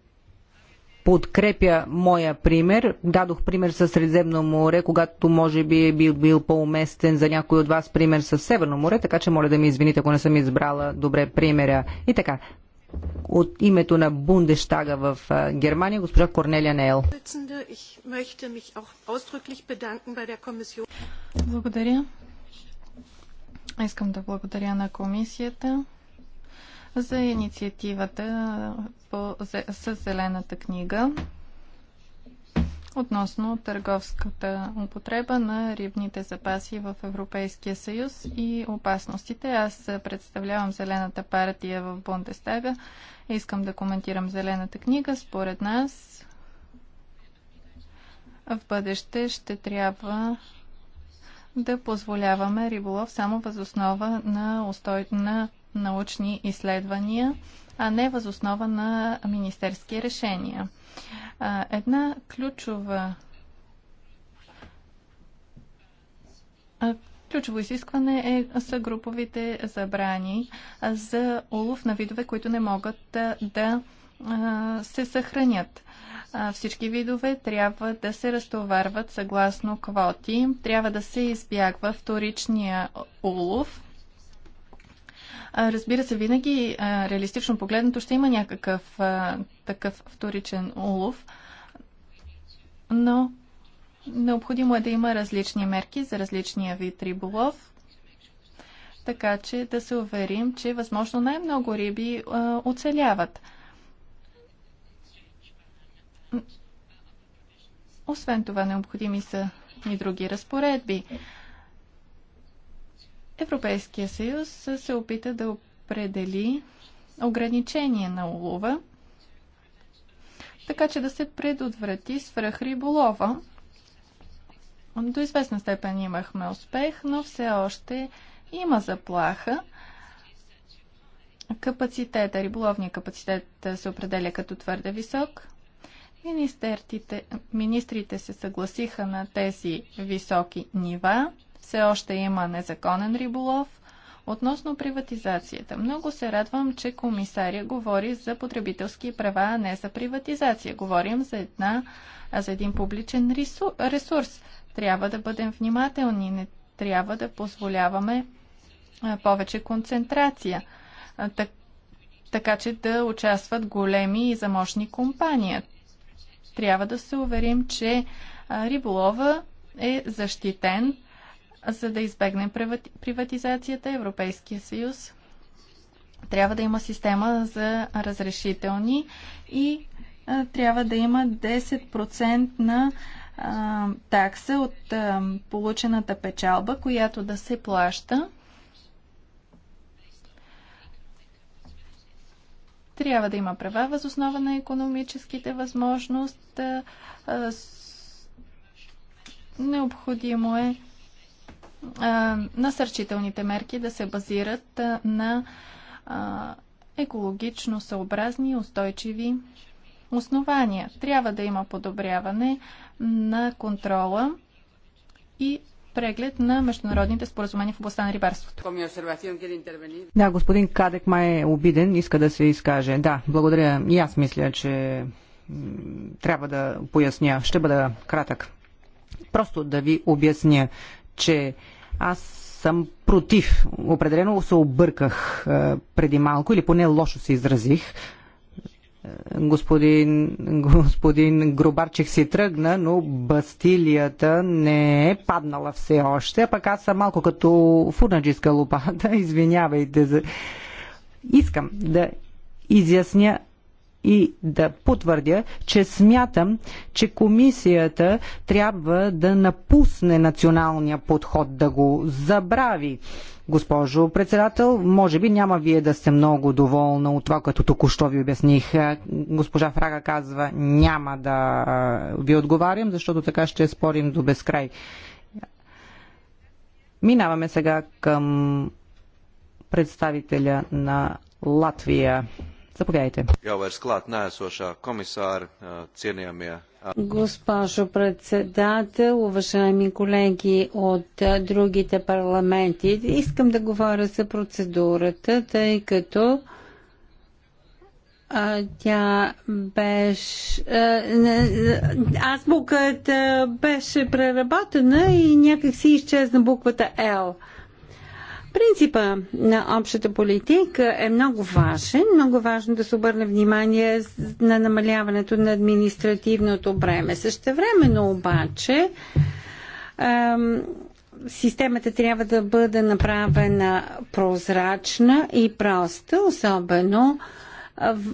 подкрепя моя пример. Дадох пример с Средземно море, когато може би е бил, бил по-уместен за някой от вас пример с Северно море, така че моля да ми извините, ако не съм избрала добре примера. И така, от името на Бундештага в Германия, госпожа Корнелия Нейл. Благодаря. Искам да благодаря на комисията за инициативата по, с Зелената книга относно търговската употреба на рибните запаси в Европейския съюз и опасностите. Аз представлявам Зелената партия в Бундестага. Искам да коментирам Зелената книга. Според нас в бъдеще ще трябва да позволяваме риболов само възоснова на, устой... на научни изследвания, а не възоснова на министерски решения. Една ключова Ключово изискване е, са груповите забрани за улов на видове, които не могат да, да се съхранят. Всички видове трябва да се разтоварват съгласно квоти, трябва да се избягва вторичния улов Разбира се, винаги реалистично погледнато ще има някакъв такъв вторичен улов, но необходимо е да има различни мерки за различния вид риболов, така че да се уверим, че възможно най-много риби оцеляват. Освен това, необходими са и други разпоредби. Европейския съюз се опита да определи ограничение на улова, така че да се предотврати свръхриболова. До известна степен имахме успех, но все още има заплаха. Капацитета, риболовния капацитет се определя като твърде висок. Министрите, министрите се съгласиха на тези високи нива все още има незаконен риболов. Относно приватизацията, много се радвам, че комисаря говори за потребителски права, а не за приватизация. Говорим за, една, за един публичен ресурс. Трябва да бъдем внимателни, не трябва да позволяваме повече концентрация, така че да участват големи и замощни компании. Трябва да се уверим, че риболова е защитен за да избегнем приватизацията, Европейския съюз трябва да има система за разрешителни и а, трябва да има 10% на а, такса от а, получената печалба, която да се плаща. Трябва да има права възоснова на економическите възможности. Необходимо е насърчителните мерки да се базират на екологично съобразни и устойчиви основания. Трябва да има подобряване на контрола и преглед на международните споразумения в областта на рибарството. Да, господин Кадек май е обиден, иска да се изкаже. Да, благодаря. И аз мисля, че трябва да поясня. Ще бъда кратък. Просто да ви обясня, че аз съм против. Определено се обърках е, преди малко или поне лошо се изразих е, господин, господин Грубарчик си тръгна, но бастилията не е паднала все още, а пък аз съм малко като фурнаджиска лопата, извинявайте за... Искам да изясня и да потвърдя, че смятам, че комисията трябва да напусне националния подход, да го забрави. Госпожо председател, може би няма вие да сте много доволна от това, като току-що ви обясних. Госпожа Фрага казва, няма да ви отговарям, защото така ще спорим до безкрай. Минаваме сега към представителя на Латвия. Заповядайте. Госпожо председател, уважаеми колеги от другите парламенти, искам да говоря за процедурата, тъй като а, тя беше. Азбуката беше преработена и някак си изчезна буквата Ел. Принципа на общата политика е много важен. Много важно да се обърне внимание на намаляването на административното бреме. Същевременно обаче системата трябва да бъде направена прозрачна и проста, особено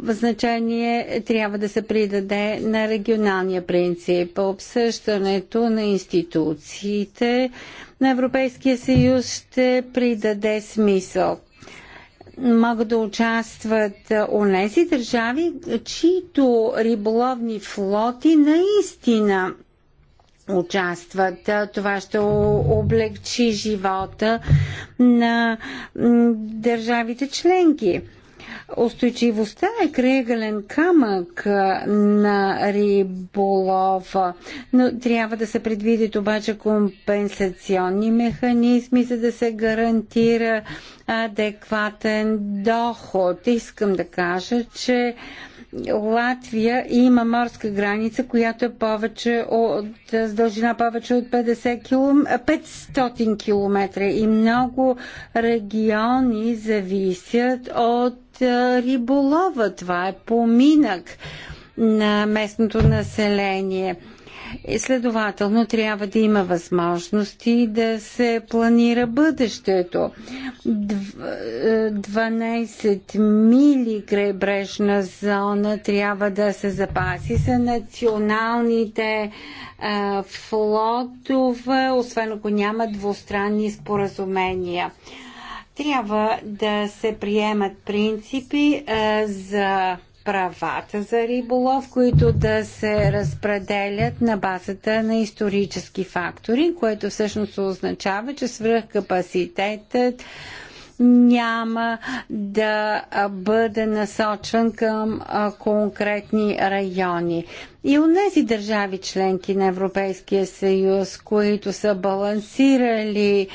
значение трябва да се придаде на регионалния принцип. Обсъждането на институциите на Европейския съюз ще придаде смисъл. Могат да участват унези държави, чието риболовни флоти наистина участват. Това ще облегчи живота на държавите членки. Устойчивостта е кръгален камък на риболова, но трябва да се предвидят обаче компенсационни механизми, за да се гарантира адекватен доход. Искам да кажа, че Латвия има морска граница, която е повече от, с дължина повече от 50 км, 500 км и много региони зависят от риболова. Това е поминък на местното население. И следователно трябва да има възможности да се планира бъдещето. 12 е, мили крайбрежна зона трябва да се запаси са националните а, е, флотове, освен ако няма двустранни споразумения трябва да се приемат принципи а, е, за правата за риболов, които да се разпределят на базата на исторически фактори, което всъщност означава, че свръхкапаситетът няма да бъде насочен към конкретни райони. И у нези държави членки на Европейския съюз, които са балансирали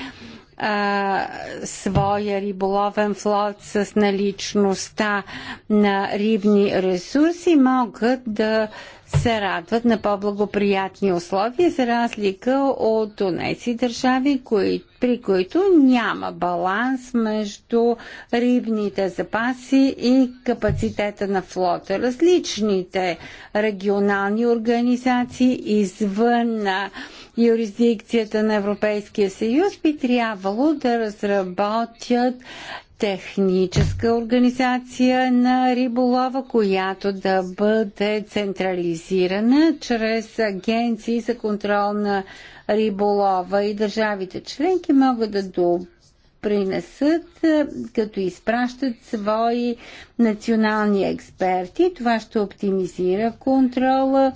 а, своя риболовен флот с наличността на рибни ресурси, могат да се радват на по-благоприятни условия, за разлика от тези държави, кои, при които няма баланс между рибните запаси и капацитета на флота. Различните регионални организации извън на юрисдикцията на Европейския съюз би трябвало да разработят техническа организация на риболова, която да бъде централизирана чрез агенции за контрол на риболова и държавите членки могат да допринесат, е, като изпращат свои национални експерти. Това ще оптимизира контрола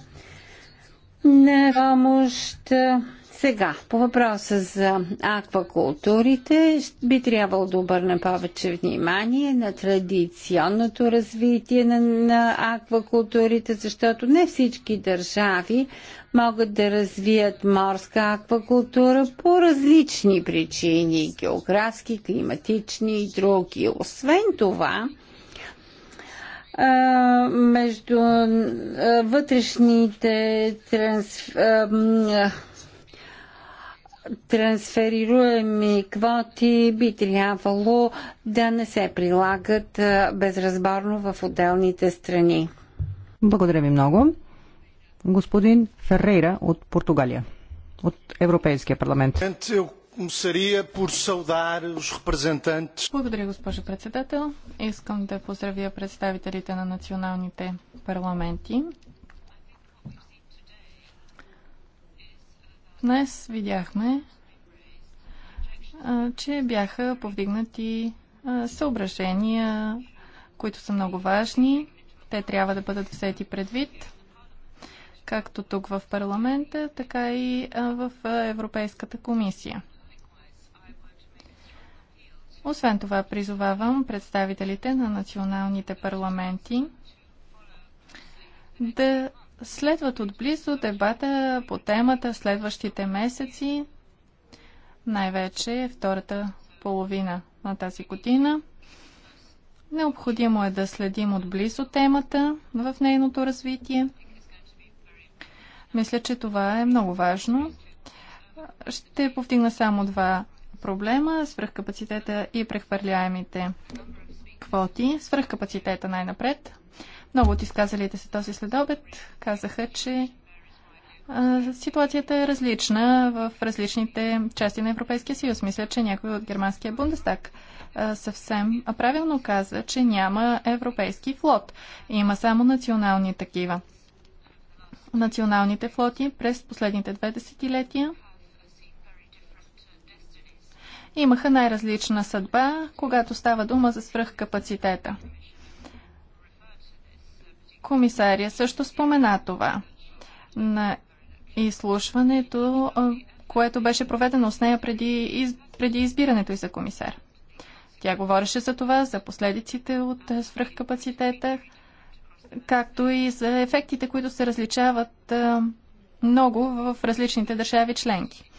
на помощ е, сега, по въпроса за аквакултурите, би трябвало да обърна повече внимание на традиционното развитие на, на аквакултурите, защото не всички държави могат да развият морска аквакултура по различни причини географски, климатични и други. Освен това, между вътрешните трансфер трансферируеми квоти би трябвало да не се прилагат безразборно в отделните страни. Благодаря ви много. Господин Феррейра от Португалия, от Европейския парламент. Благодаря, госпожо председател. Искам да поздравя представителите на националните парламенти Днес видяхме, че бяха повдигнати съображения, които са много важни. Те трябва да бъдат взети предвид, както тук в парламента, така и в Европейската комисия. Освен това, призовавам представителите на националните парламенти да следват отблизо дебата по темата следващите месеци, най-вече втората половина на тази година. Необходимо е да следим отблизо темата в нейното развитие. Мисля, че това е много важно. Ще повдигна само два проблема свръхкапацитета и прехвърляемите квоти. Свръхкапацитета най-напред. Много от изказалите се този следобед казаха, че ситуацията е различна в различните части на Европейския съюз. Мисля, че някой от германския Бундестаг съвсем правилно каза, че няма европейски флот. Има само национални такива. Националните флоти през последните две десетилетия имаха най-различна съдба, когато става дума за свръхкапацитета. Комисария също спомена това. На изслушването, което беше проведено с нея преди, из, преди избирането й за комисар. Тя говореше за това, за последиците от свръхкапацитета, както и за ефектите, които се различават много в различните държави членки.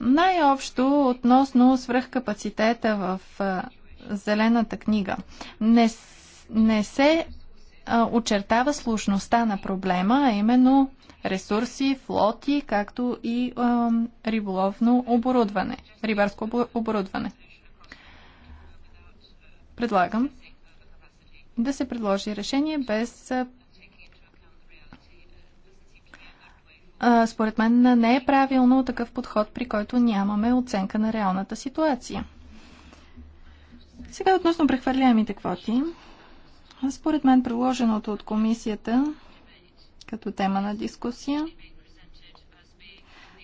Най-общо относно свръхкапацитета в Зелената книга. Не, не се очертава сложността на проблема, а именно ресурси, флоти, както и а, риболовно оборудване, рибарско оборудване. Предлагам да се предложи решение без според мен не е правилно такъв подход, при който нямаме оценка на реалната ситуация. Сега относно прехвърляемите квоти. Според мен предложеното от комисията като тема на дискусия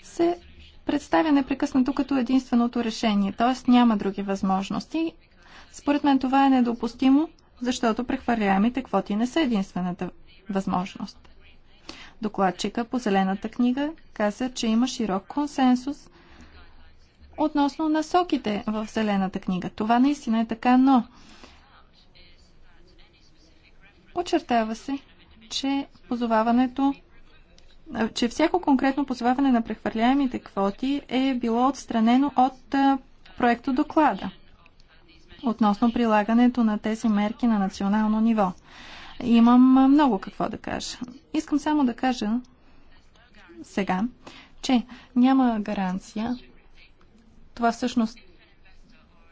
се представя непрекъснато като единственото решение, т.е. няма други възможности. Според мен това е недопустимо, защото прехвърляемите квоти не са единствената възможност. Докладчика по Зелената книга каза, че има широк консенсус относно насоките в Зелената книга. Това наистина е така, но Очертава се, че позоваването че всяко конкретно позоваване на прехвърляемите квоти е било отстранено от проекто доклада относно прилагането на тези мерки на национално ниво. Имам много какво да кажа. Искам само да кажа сега, че няма гаранция. Това всъщност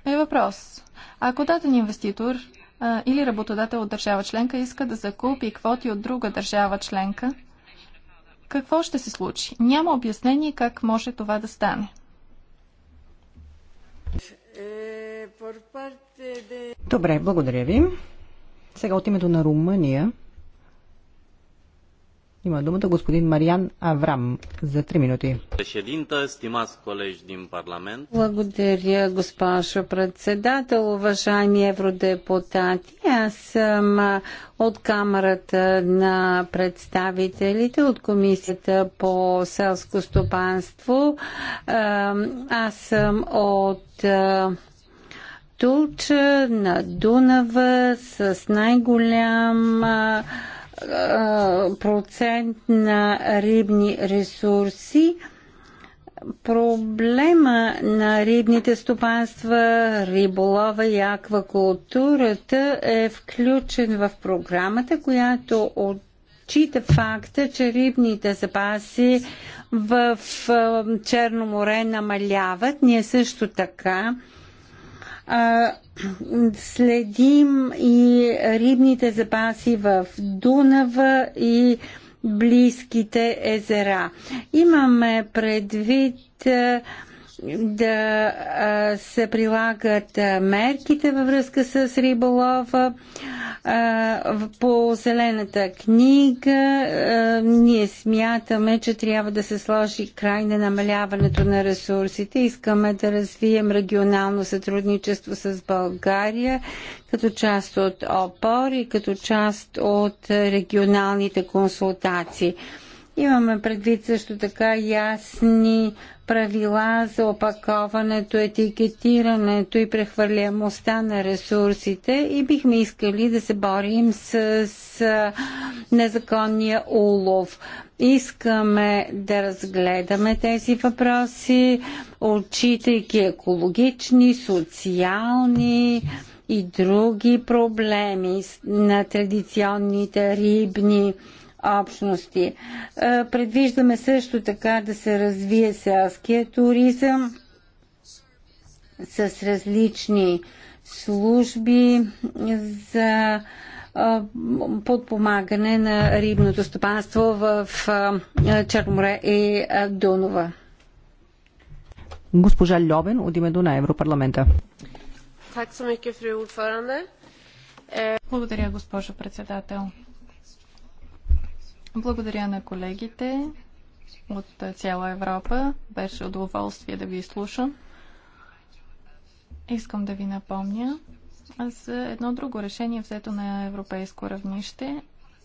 е въпрос. Ако даден инвеститор а, или работодател от държава членка иска да закупи квоти от друга държава членка, какво ще се случи? Няма обяснение как може това да стане. Добре, благодаря ви. Сега от името на Румъния има думата господин Мариан Аврам за 3 минути. Благодаря, госпожо председател, уважаеми евродепутати. Аз съм от Камерата на представителите от Комисията по селско стопанство. Аз съм от Тулча на Дунава с най-голям процент на рибни ресурси. Проблема на рибните стопанства, риболова и аквакултурата е включен в програмата, която отчита факта, че рибните запаси в Черно море намаляват. Ние също така Следим и рибните запаси в Дунава и близките езера. Имаме предвид да се прилагат мерките във връзка с риболова. По зелената книга ние смятаме, че трябва да се сложи край на намаляването на ресурсите. Искаме да развием регионално сътрудничество с България като част от ОПОР и като част от регионалните консултации. Имаме предвид също така ясни правила за опаковането, етикетирането и прехвърлямостта на ресурсите и бихме искали да се борим с, с незаконния улов. Искаме да разгледаме тези въпроси, отчитайки екологични, социални, и други проблеми на традиционните рибни общности. Е, предвиждаме също така да се развие селския туризъм с различни служби за подпомагане на рибното стопанство в Черноморе и Дунова. Госпожа Льовен от името на Европарламента. Е, Благодаря, госпожо председател. Благодаря на колегите от цяла Европа. Беше удоволствие да ви слушам. Искам да ви напомня за едно друго решение взето на европейско равнище,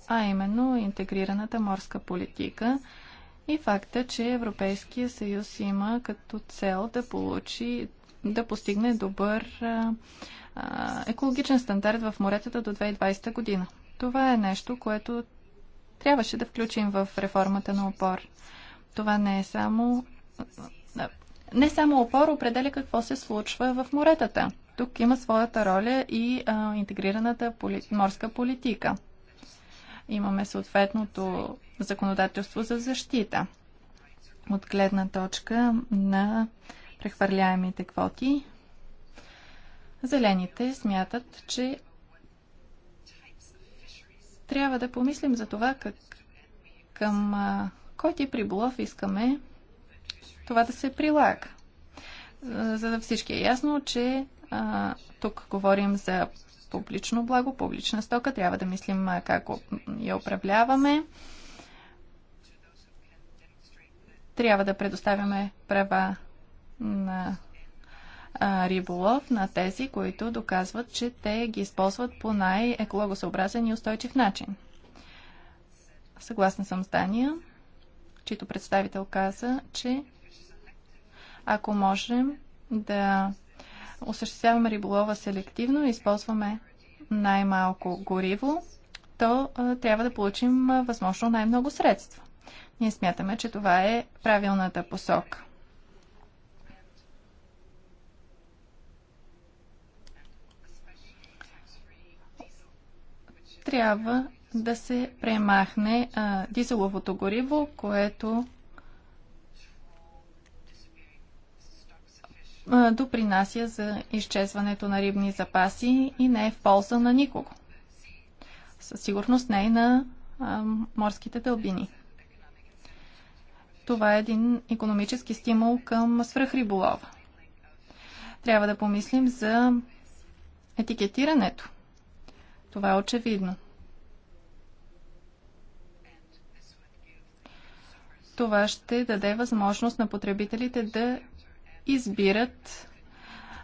а именно интегрираната морска политика и факта, че Европейския съюз има като цел да получи да постигне добър а, екологичен стандарт в моретата до 2020 година. Това е нещо, което трябваше да включим в реформата на опор. Това не е само. Не само опор определя какво се случва в моретата. Тук има своята роля и а, интегрираната поли... морска политика. Имаме съответното законодателство за защита от гледна точка на прехвърляемите квоти. Зелените смятат, че трябва да помислим за това как, към а, кой тип риболов искаме това да се прилага. За да всички е ясно, че а, тук говорим за публично благо, публична стока. Трябва да мислим а, как я управляваме. Трябва да предоставяме права на риболов на тези, които доказват, че те ги използват по най-екологосъобразен и устойчив начин. Съгласна съм с Дания, чието представител каза, че ако можем да осъществяваме риболова селективно и използваме най-малко гориво, то а, трябва да получим а, възможно най-много средства. Ние смятаме, че това е правилната посока. трябва да се премахне а, дизеловото гориво, което а, допринася за изчезването на рибни запаси и не е в полза на никого. Със сигурност не и на а, морските дълбини. Това е един економически стимул към свръхриболова. Трябва да помислим за етикетирането това е очевидно. Това ще даде възможност на потребителите да избират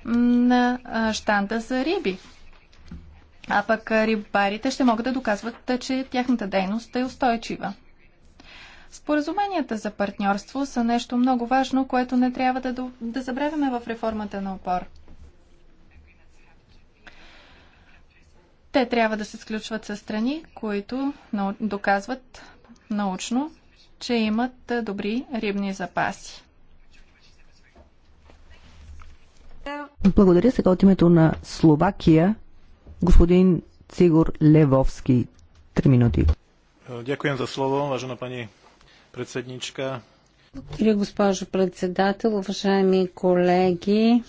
на штанда за риби. А пък рибарите ще могат да доказват, че тяхната дейност е устойчива. Споразуменията за партньорство са нещо много важно, което не трябва да, да забравяме в реформата на опор. Те трябва да се сключват с страни, които доказват научно, че имат добри рибни запаси. Благодаря сега от името на Словакия, господин Цигур Левовски. Три минути. Дякуем за слово, уважена пани председничка. Благодаря, госпожо председател, уважаеми колеги.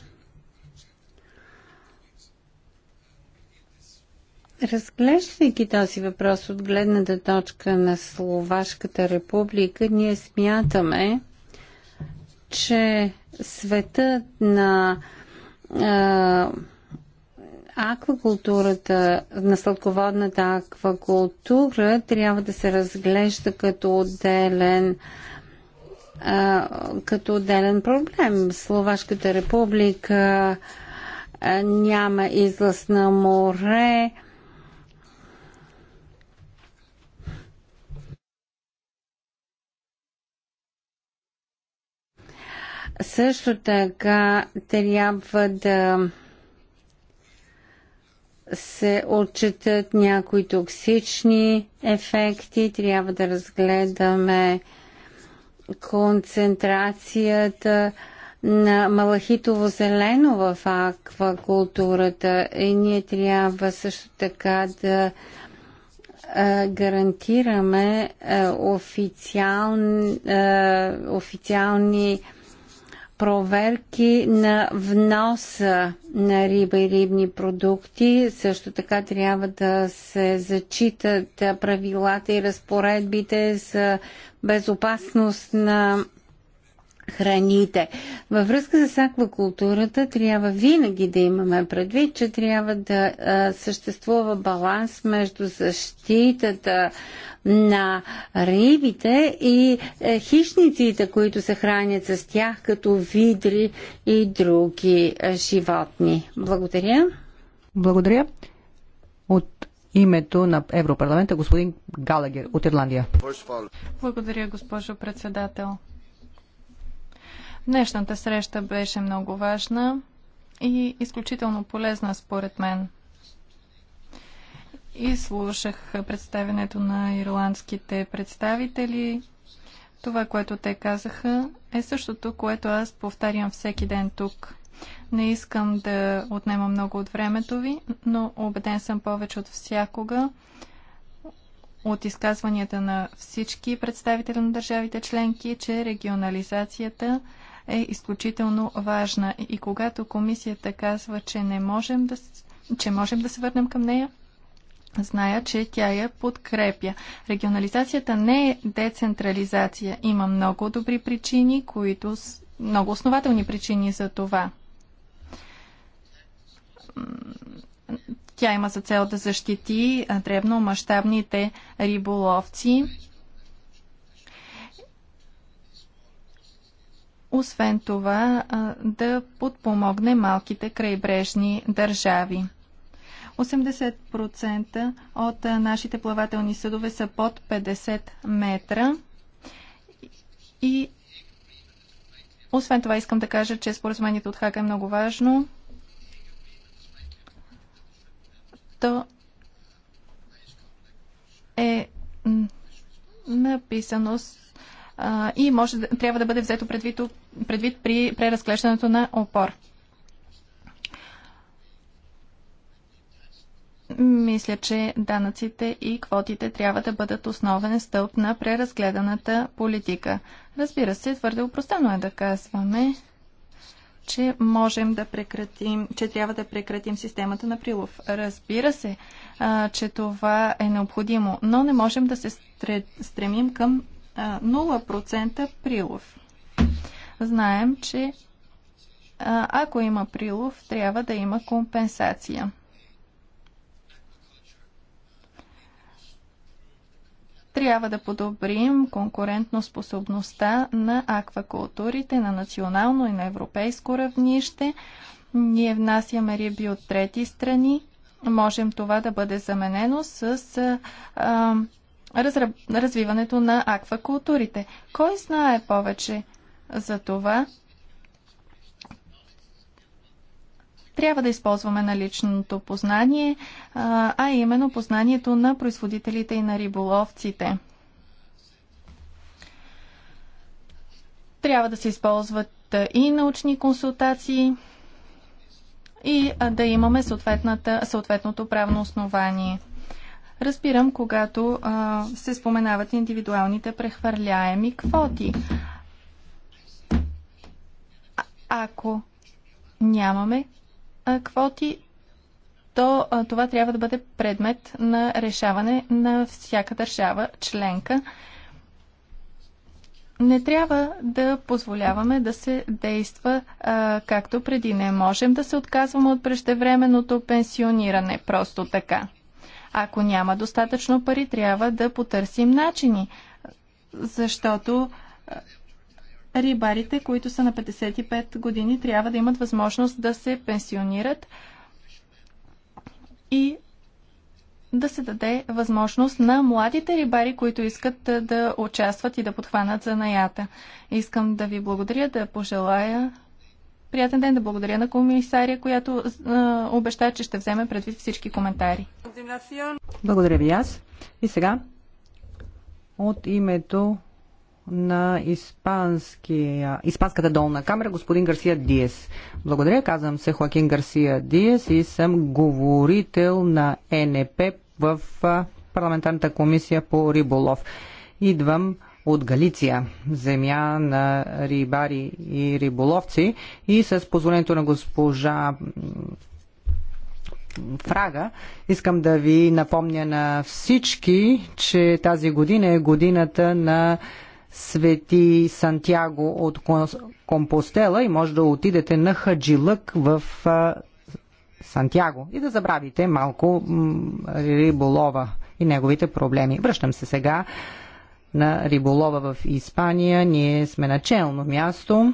Разглеждайки този въпрос от гледната точка на Словашката република, ние смятаме, че светът на а, аквакултурата, на сладководната аквакултура трябва да се разглежда като отделен а, като отделен проблем. Словашката република а, няма излъз на море, а, Също така трябва да се отчитат някои токсични ефекти, трябва да разгледаме концентрацията на малахитово зелено в аквакултурата и ние трябва също така да гарантираме официални, официални проверки на вноса на риба и рибни продукти. Също така трябва да се зачитат правилата и разпоредбите за безопасност на храните. Във връзка с аквакултурата трябва винаги да имаме предвид, че трябва да а, съществува баланс между защитата на рибите и е, хищниците, които се хранят с тях, като видри и други е, животни. Благодаря. Благодаря. От името на Европарламента господин Галагер от Ирландия. Благодаря, госпожо председател. Днешната среща беше много важна и изключително полезна според мен и слушах представенето на ирландските представители. Това, което те казаха, е същото, което аз повтарям всеки ден тук. Не искам да отнема много от времето ви, но убеден съм повече от всякога от изказванията на всички представители на държавите членки, че регионализацията е изключително важна. И когато комисията казва, че не можем да, че можем да се върнем към нея, зная, че тя я подкрепя. Регионализацията не е децентрализация. Има много добри причини, които много основателни причини за това. Тя има за цел да защити дребномащабните риболовци. Освен това, да подпомогне малките крайбрежни държави. 80% от нашите плавателни съдове са под 50 метра. И освен това искам да кажа, че споразумението от Хага е много важно. То е написано с, и може, трябва да бъде взето предвид, предвид при преразглеждането на опор. Мисля, че данъците и квотите трябва да бъдат основен стълб на преразгледаната политика. Разбира се, твърде упростено е да казваме, че можем да прекратим, че трябва да прекратим системата на прилов. Разбира се, а, че това е необходимо, но не можем да се стремим към а, 0% прилов. Знаем, че а, ако има прилов, трябва да има компенсация. Трябва да подобрим конкурентно способността на аквакултурите на национално и на европейско равнище. Ние внасяме риби от трети страни. Можем това да бъде заменено с а, разра... развиването на аквакултурите. Кой знае повече за това? трябва да използваме наличното познание, а именно познанието на производителите и на риболовците. Трябва да се използват и научни консултации и да имаме съответното правно основание. Разбирам, когато а, се споменават индивидуалните прехвърляеми квоти. А, ако нямаме квоти, то това трябва да бъде предмет на решаване на всяка държава членка. Не трябва да позволяваме да се действа а, както преди. Не можем да се отказваме от преждевременното пенсиониране просто така. Ако няма достатъчно пари, трябва да потърсим начини, защото рибарите, които са на 55 години, трябва да имат възможност да се пенсионират и да се даде възможност на младите рибари, които искат да участват и да подхванат занаята. Искам да ви благодаря, да пожелая приятен ден, да благодаря на комисария, която а, обеща, че ще вземе предвид всички коментари. Благодаря ви аз. И сега от името на Испанската долна камера, господин Гарсия Диес. Благодаря, казвам се Хоакин Гарсия Диес и съм говорител на НП е в парламентарната комисия по риболов. Идвам от Галиция, земя на рибари и риболовци и с позволението на госпожа Фрага, искам да ви напомня на всички, че тази година е годината на Свети Сантьяго от Компостела и може да отидете на Хаджилък в Сантьяго и да забравите малко риболова и неговите проблеми. Връщам се сега на риболова в Испания. Ние сме начално място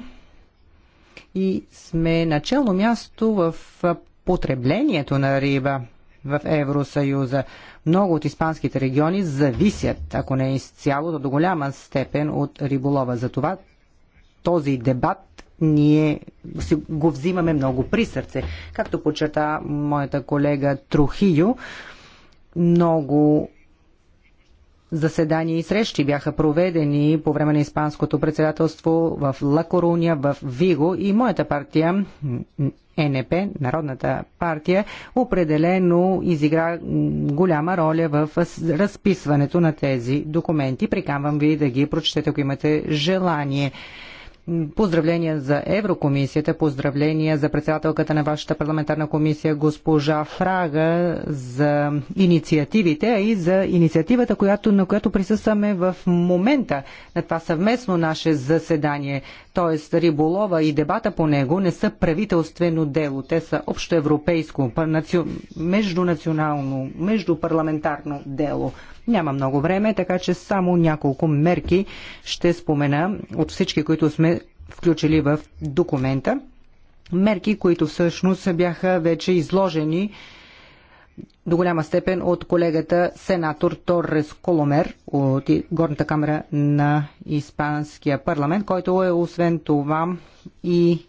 и сме начално място в потреблението на риба в Евросъюза. Много от испанските региони зависят, ако не изцяло, до голяма степен от риболова. Затова този дебат ние го взимаме много при сърце. Както почета моята колега Трухио, много заседания и срещи бяха проведени по време на Испанското председателство в Ла Коруня, в Виго и моята партия ЕНП, Народната партия, определено изигра голяма роля в разписването на тези документи. Приканвам ви да ги прочетете, ако имате желание. Поздравления за Еврокомисията, поздравления за председателката на вашата парламентарна комисия госпожа Фрага за инициативите, а и за инициативата, която, на която присъстваме в момента на това съвместно наше заседание. Тоест риболова и дебата по него не са правителствено дело, те са общоевропейско, междунационално, междупарламентарно дело. Няма много време, така че само няколко мерки ще спомена от всички, които сме включили в документа. Мерки, които всъщност бяха вече изложени до голяма степен от колегата сенатор Торрес Коломер от Горната камера на Испанския парламент, който е освен това и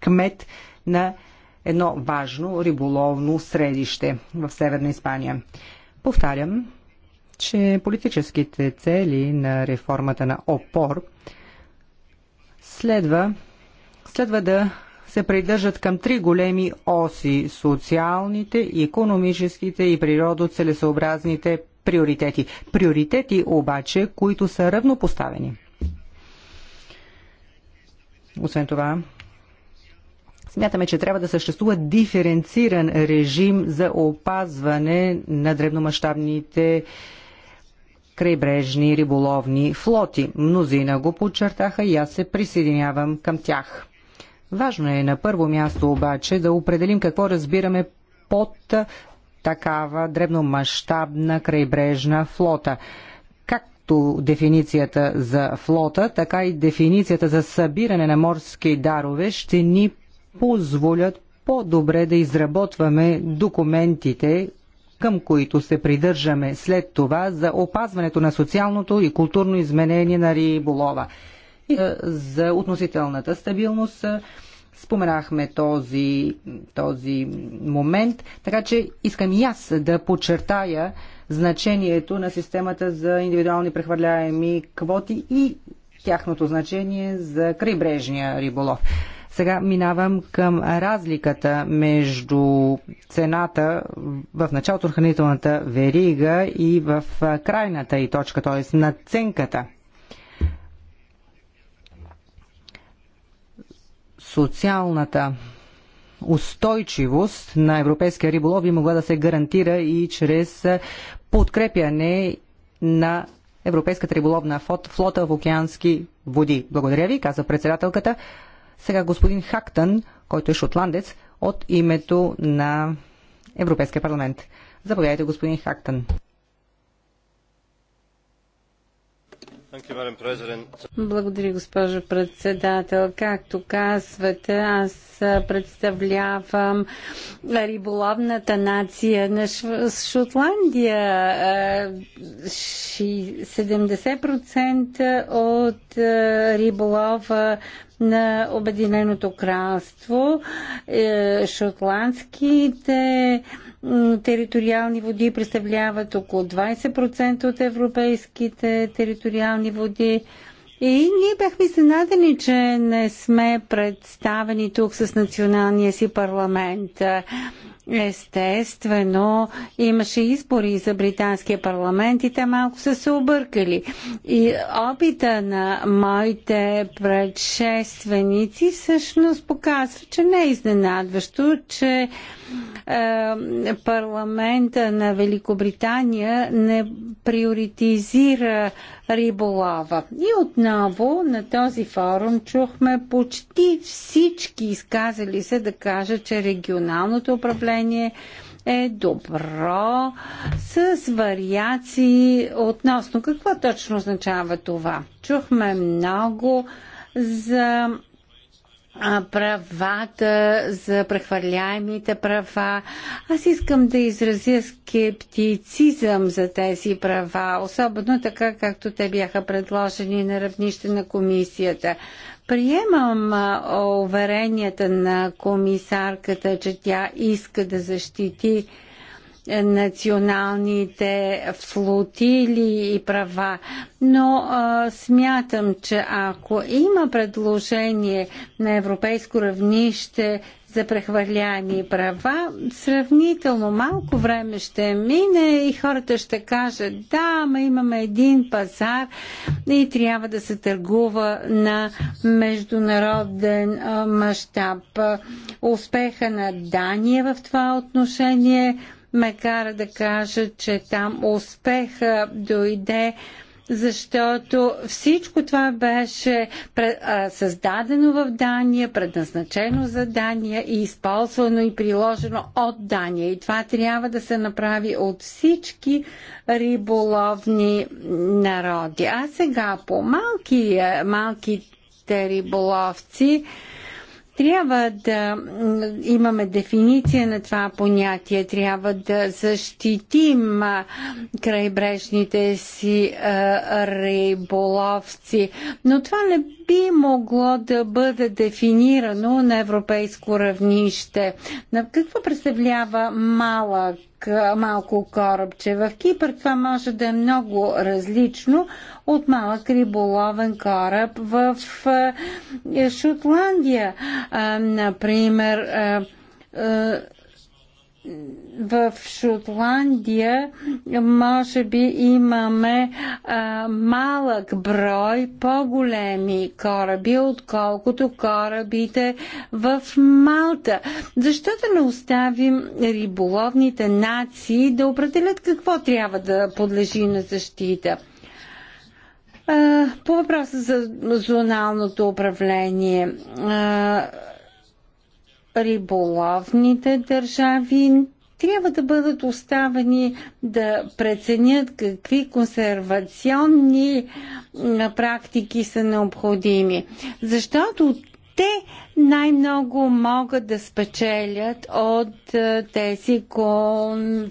кмет на едно важно риболовно средище в Северна Испания. Повтарям, че политическите цели на реформата на ОПОР следва, следва да се придържат към три големи оси – социалните, економическите и природоцелесообразните приоритети. Приоритети обаче, които са равнопоставени. Освен това, смятаме, че трябва да съществува диференциран режим за опазване на древномащабните крайбрежни риболовни флоти. Мнозина го подчертаха и аз се присъединявам към тях. Важно е на първо място обаче да определим какво разбираме под такава дребномащабна крайбрежна флота. Както дефиницията за флота, така и дефиницията за събиране на морски дарове ще ни позволят по-добре да изработваме документите, към които се придържаме след това за опазването на социалното и културно изменение на риболова. И е, за относителната стабилност е, споменахме този, този момент, така че искам и аз да подчертая значението на системата за индивидуални прехвърляеми квоти и тяхното значение за крайбрежния риболов. Сега минавам към разликата между цената в началото на хранителната верига и в крайната и точка, т.е. наценката. Социалната устойчивост на европейския риболов би могла да се гарантира и чрез подкрепяне на Европейската риболовна флота в океански води. Благодаря ви, каза председателката. Сега господин Хактън, който е шотландец, от името на Европейския парламент. Заповядайте, господин Хактън. Благодаря, госпожо председател. Както казвате, аз представлявам риболовната нация на Шотландия. 70% е, от е, риболова на Обединеното кралство. Е, шотландските териториални води представляват около 20% от европейските териториални води. И ние бяхме изненадани, че не сме представени тук с националния си парламент. Естествено, имаше избори за британския парламент и те малко са се объркали. И опита на моите предшественици всъщност показва, че не е изненадващо, че е, парламента на Великобритания не приоритизира риболова. И отново на този форум чухме почти всички изказали се да кажат, че регионалното управление е добро с вариации относно какво точно означава това. Чухме много за правата, за прехвърляемите права. Аз искам да изразя скептицизъм за тези права, особено така, както те бяха предложени на равнище на комисията. Приемам уверенията на комисарката, че тя иска да защити националните флотили и права. Но а, смятам, че ако има предложение на европейско равнище за прехвърляни права, сравнително малко време ще мине и хората ще кажат, да, ма имаме един пазар и трябва да се търгува на международен мащаб. Успеха на Дания в това отношение – ме кара да кажа, че там успеха дойде защото всичко това беше създадено в Дания, предназначено за Дания и използвано и приложено от Дания. И това трябва да се направи от всички риболовни народи. А сега по малки, малките риболовци трябва да имаме дефиниция на това понятие, трябва да защитим крайбрежните си риболовци, но това не би могло да бъде дефинирано на европейско равнище. На какво представлява малък малко корабче. В Кипър това може да е много различно от малък риболовен кораб в е, Шотландия. Например, е, е, в Шотландия може би имаме а, малък брой по-големи кораби, отколкото корабите в Малта. Защо да не оставим риболовните нации да определят какво трябва да подлежи на защита? А, по въпроса за зоналното управление. А, риболовните държави трябва да бъдат оставени да преценят какви консервационни практики са необходими. Защото те най-много могат да спечелят от тези кон...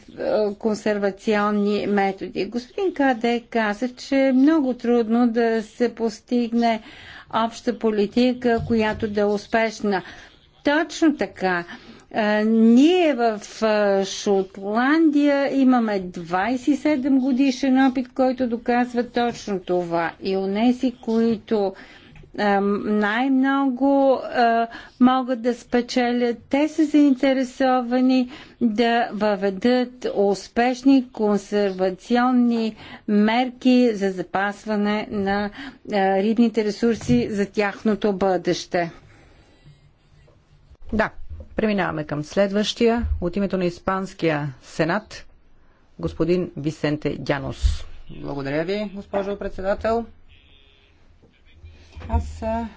консервационни методи. Господин Каде каза, че е много трудно да се постигне обща политика, която да е успешна. Точно така. Ние в Шотландия имаме 27 годишен опит, който доказва точно това. И онези, които най-много могат да спечелят. Те са заинтересовани да въведат успешни консервационни мерки за запасване на рибните ресурси за тяхното бъдеще. Да, преминаваме към следващия. От името на Испанския сенат, господин Висенте Дянос. Благодаря ви, госпожо председател. Аз а,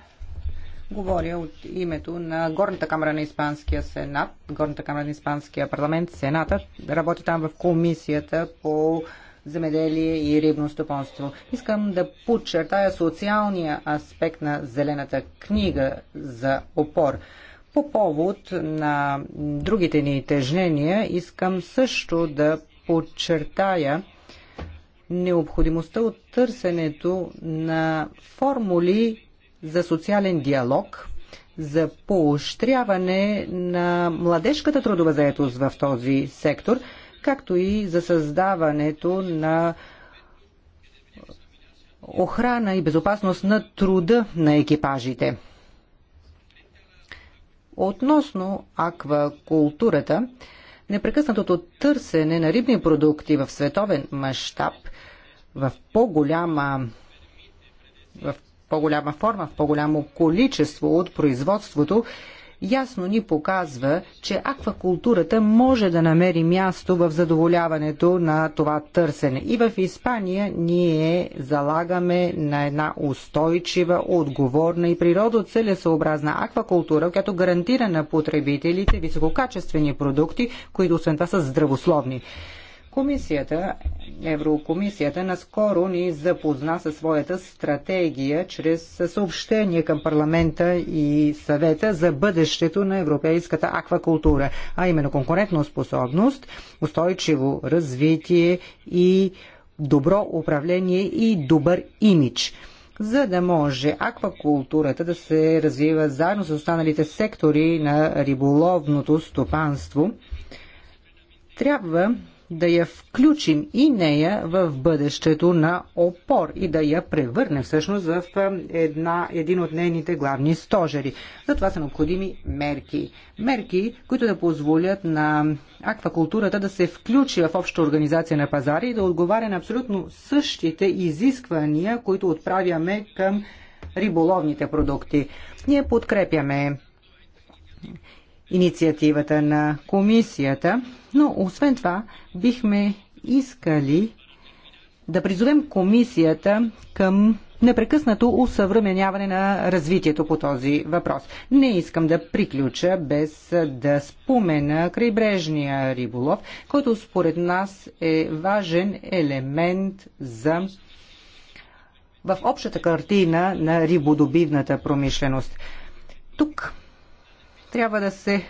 говоря от името на Горната камера на Испанския сенат, Горната камера на Испанския парламент, сената. Работи там в комисията по земеделие и рибно стопанство. Искам да подчертая социалния аспект на Зелената книга за опор. По повод на другите ни тежнения искам също да подчертая необходимостта от търсенето на формули за социален диалог, за поощряване на младежката трудова заетост в този сектор, както и за създаването на охрана и безопасност на труда на екипажите. Относно аквакултурата, непрекъснатото търсене на рибни продукти в световен мащаб в по-голяма в по-голяма форма, в по-голямо количество от производството ясно ни показва, че аквакултурата може да намери място в задоволяването на това търсене. И в Испания ние залагаме на една устойчива, отговорна и природоцелесообразна аквакултура, която гарантира на потребителите висококачествени продукти, които освен това са здравословни. Комисията, Еврокомисията наскоро ни запозна със своята стратегия чрез съобщение към парламента и съвета за бъдещето на европейската аквакултура, а именно конкурентна способност, устойчиво развитие и добро управление и добър имидж за да може аквакултурата да се развива заедно с останалите сектори на риболовното стопанство, трябва да я включим и нея в бъдещето на опор и да я превърне всъщност в една, един от нейните главни стожери. Затова са необходими мерки. Мерки, които да позволят на аквакултурата да се включи в обща организация на пазари и да отговаря на абсолютно същите изисквания, които отправяме към риболовните продукти. Ние подкрепяме инициативата на комисията но освен това, бихме искали да призовем комисията към непрекъснато усъвременяване на развитието по този въпрос. Не искам да приключа без да спомена крайбрежния риболов, който според нас е важен елемент за в общата картина на рибодобивната промишленост. Тук трябва да се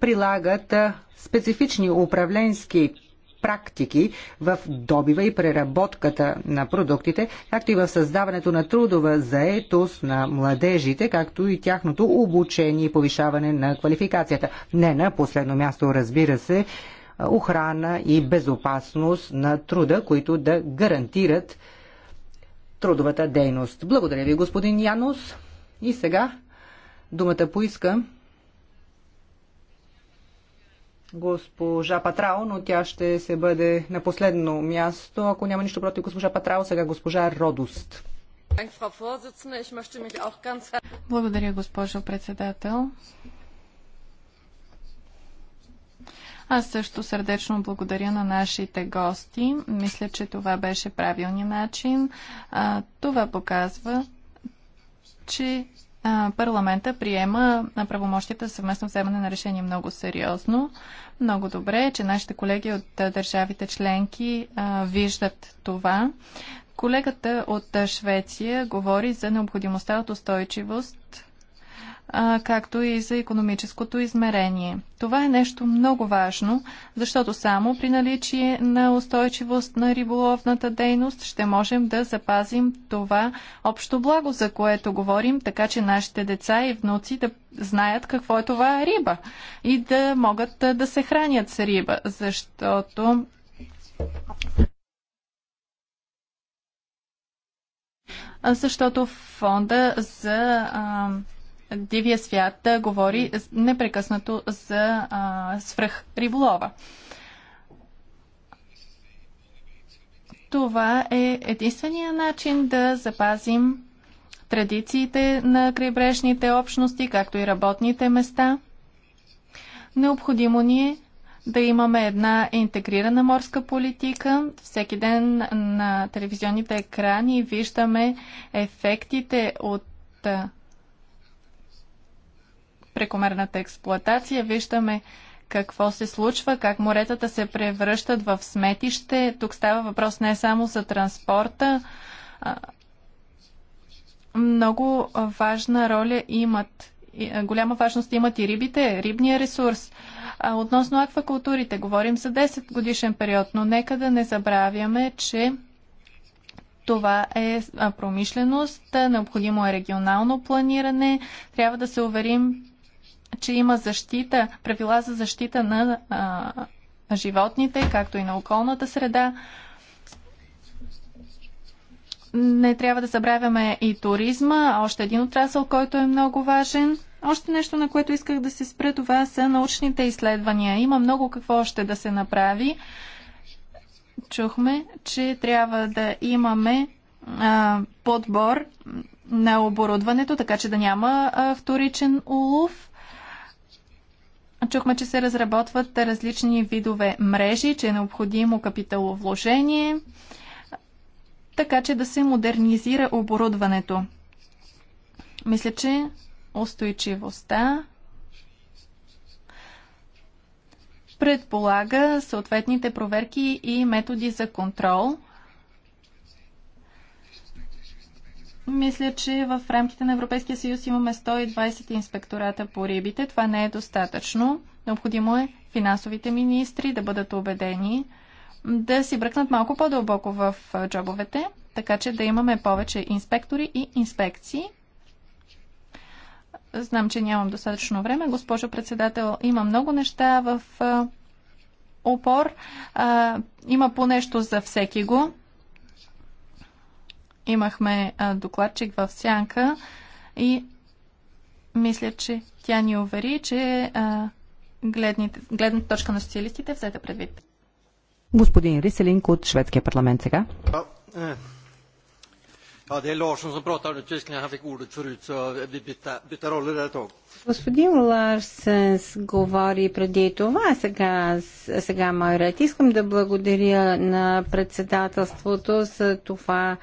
прилагат специфични управленски практики в добива и преработката на продуктите, както и в създаването на трудова заетост на младежите, както и тяхното обучение и повишаване на квалификацията. Не на последно място, разбира се, охрана и безопасност на труда, които да гарантират трудовата дейност. Благодаря ви, господин Янус. И сега думата поиска госпожа Патрао, но тя ще се бъде на последно място. Ако няма нищо против госпожа Патрао, сега госпожа Родост. Благодаря, госпожо председател. Аз също сърдечно благодаря на нашите гости. Мисля, че това беше правилният начин. А, това показва, че парламента приема правомощията за съвместно вземане на решение много сериозно. Много добре, че нашите колеги от държавите членки виждат това. Колегата от Швеция говори за необходимостта от устойчивост а, както и за економическото измерение. Това е нещо много важно, защото само при наличие на устойчивост на риболовната дейност ще можем да запазим това общо благо, за което говорим, така че нашите деца и внуци да знаят какво е това риба и да могат да се хранят с риба, защото защото фонда за дивия свят говори непрекъснато за а, свръх риболова. Това е единствения начин да запазим традициите на крайбрежните общности, както и работните места. Необходимо ни е да имаме една интегрирана морска политика. Всеки ден на телевизионните екрани виждаме ефектите от прекомерната експлоатация. Виждаме какво се случва, как моретата се превръщат в сметище. Тук става въпрос не само за транспорта. Много важна роля имат, голяма важност имат и рибите, рибния ресурс. Относно аквакултурите, говорим за 10 годишен период, но нека да не забравяме, че това е промишленост, необходимо е регионално планиране. Трябва да се уверим, че има защита, правила за защита на а, животните, както и на околната среда. Не трябва да забравяме и туризма, още един отрасъл, който е много важен. Още нещо, на което исках да се спре, това са научните изследвания. Има много какво още да се направи. Чухме, че трябва да имаме а, подбор на оборудването, така че да няма а, вторичен улов. Чухме, че се разработват различни видове мрежи, че е необходимо капиталовложение, така че да се модернизира оборудването. Мисля, че устойчивостта предполага съответните проверки и методи за контрол. Мисля, че в рамките на Европейския съюз имаме 120 инспектората по рибите. Това не е достатъчно. Необходимо е финансовите министри да бъдат убедени да си бръкнат малко по-дълбоко в джобовете, така че да имаме повече инспектори и инспекции. Знам, че нямам достатъчно време. Госпожо председател, има много неща в опор. Има по нещо за всеки го. Имахме докладчик в Сянка и мисля, че тя ни увери, че гледните, гледната точка на социалистите е взета предвид. Господин Риселинко от Шведския парламент сега. Господин Ларсенс говори преди това, сега, сега мой ред. Искам да благодаря на председателството за това,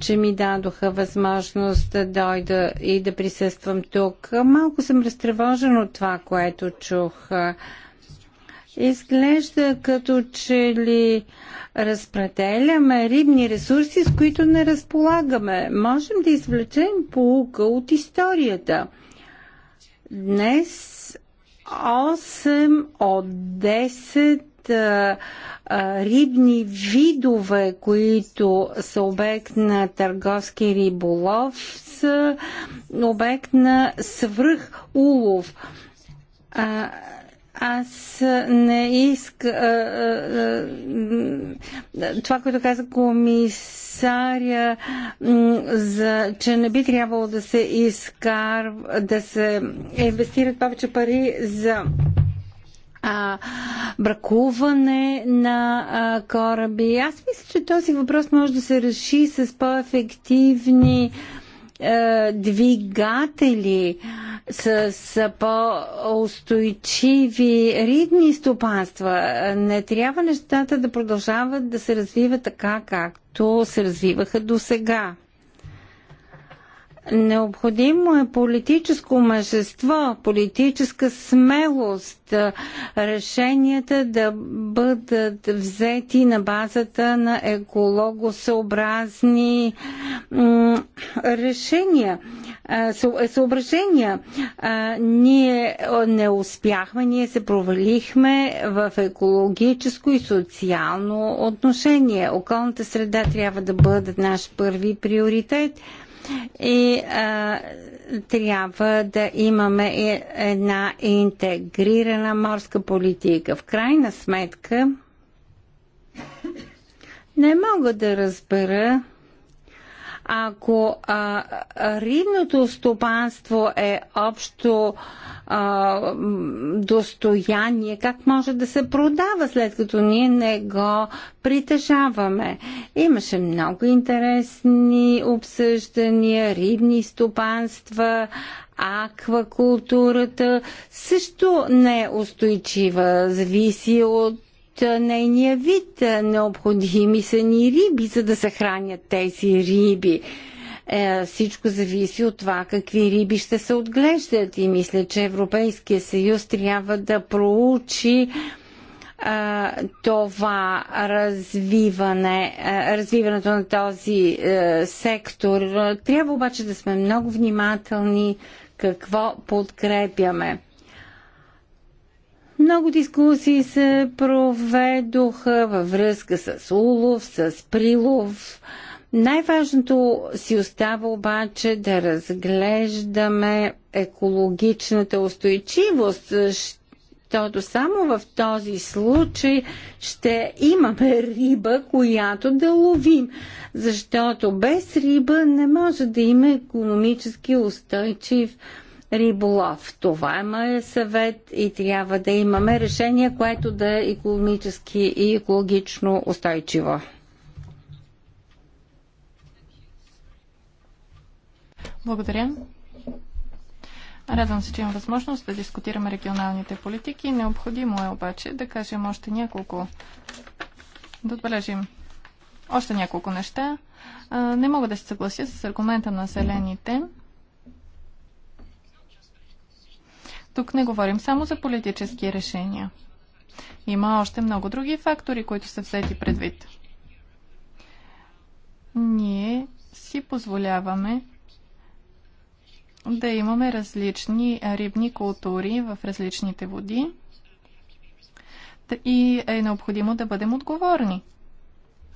че ми дадоха възможност да дойда и да присъствам тук. Малко съм разтревожен от това, което чух Изглежда като че ли разпределяме рибни ресурси, с които не разполагаме. Можем да извлечем полука от историята. Днес 8 от 10 а, а, рибни видове, които са обект на търговски риболов, са обект на свръхулов. А, аз не искам. Това, което каза комисаря, за, че не би трябвало да се изкар, да се инвестират повече пари за а, бракуване на а, кораби. Аз мисля, че този въпрос може да се реши с по-ефективни а, е, двигатели с по-устойчиви ридни стопанства. Не трябва нещата да продължават да се развиват така, както се развиваха до сега. Необходимо е политическо мъжество, политическа смелост, решенията да бъдат взети на базата на екологосъобразни решения, съображения. Ние не успяхме, ние се провалихме в екологическо и социално отношение. Околната среда трябва да бъде наш първи приоритет и а, трябва да имаме една интегрирана морска политика. В крайна сметка, не мога да разбера ако а, рибното стопанство е общо а, достояние, как може да се продава след като ние не го притежаваме. Имаше много интересни обсъждания, рибни стопанства, аквакултурата също не е устойчива, зависи от нейния вид. Необходими са ни риби, за да се хранят тези риби е, всичко зависи от това какви риби ще се отглеждат и мисля, че Европейския съюз трябва да проучи е, това развиване, е, развиването на този е, сектор. Трябва обаче да сме много внимателни какво подкрепяме. Много дискусии се проведоха във връзка с улов, с прилов. А, най-важното си остава обаче да разглеждаме екологичната устойчивост, защото само в този случай ще имаме риба, която да ловим, защото без риба не може да има економически устойчив риболов. Това е моят съвет и трябва да имаме решение, което да е економически и екологично устойчиво. Благодаря. Радвам се, че имам възможност да дискутираме регионалните политики. Необходимо е обаче да кажем още няколко, да отбележим още няколко неща. Не мога да се съглася с аргумента на зелените. Тук не говорим само за политически решения. Има още много други фактори, които са взети предвид. Ние си позволяваме да имаме различни рибни култури в различните води и е необходимо да бъдем отговорни.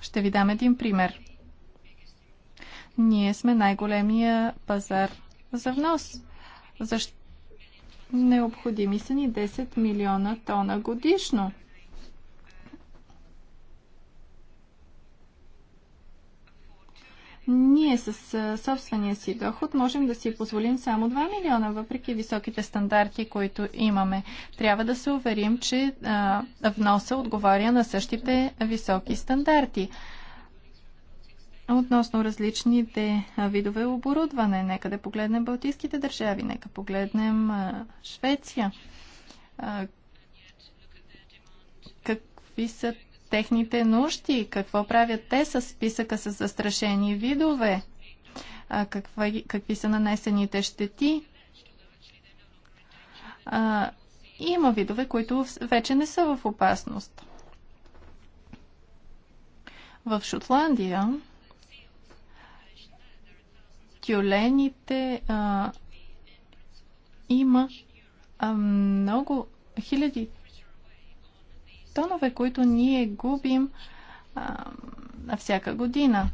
Ще ви дам един пример. Ние сме най-големия пазар за внос. Защо? Необходими са ни 10 милиона тона годишно. Ние с собствения си доход можем да си позволим само 2 милиона, въпреки високите стандарти, които имаме. Трябва да се уверим, че а, вноса отговаря на същите високи стандарти. Относно различните видове оборудване, нека да погледнем Балтийските държави, нека погледнем а, Швеция. А, какви са техните нужди, какво правят те с списъка с застрашени видове, какви, какви са нанесените щети. А, има видове, които вече не са в опасност. В Шотландия тюлените а, има а, много хиляди тонове, които ние губим а, всяка година.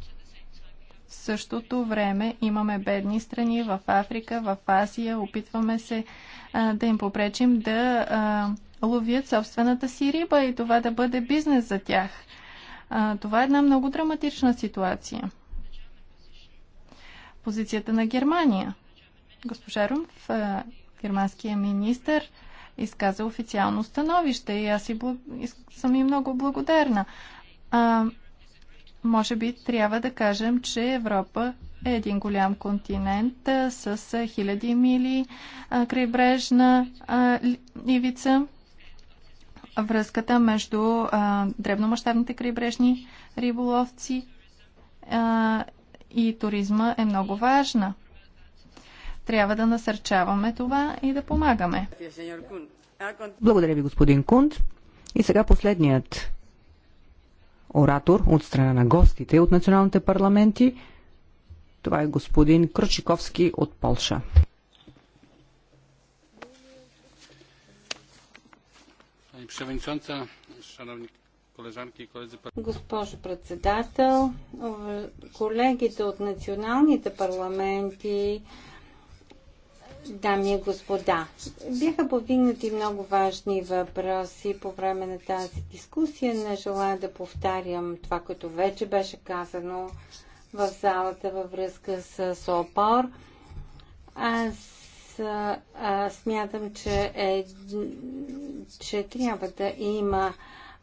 В същото време имаме бедни страни в Африка, в Азия. Опитваме се а, да им попречим да а, ловят собствената си риба и това да бъде бизнес за тях. А, това е една много драматична ситуация. Позицията на Германия. Госпожа Румф, германския министр, изказа официално становище и аз и бл... съм и много благодарна. А, може би трябва да кажем, че Европа е един голям континент а, с а, хиляди мили а, крайбрежна а, ивица. Връзката между а, дребномащабните крайбрежни риболовци а, и туризма е много важна. Трябва да насърчаваме това и да помагаме. Благодаря ви, господин Кунт. И сега последният оратор от страна на гостите от националните парламенти. Това е господин Крочиковски от Полша. Госпожо председател, колегите от националните парламенти дами и господа. Бяха повдигнати много важни въпроси по време на тази дискусия. Не желая да повтарям това, което вече беше казано в залата във връзка с ОПОР. Аз а, смятам, че, е, че трябва да има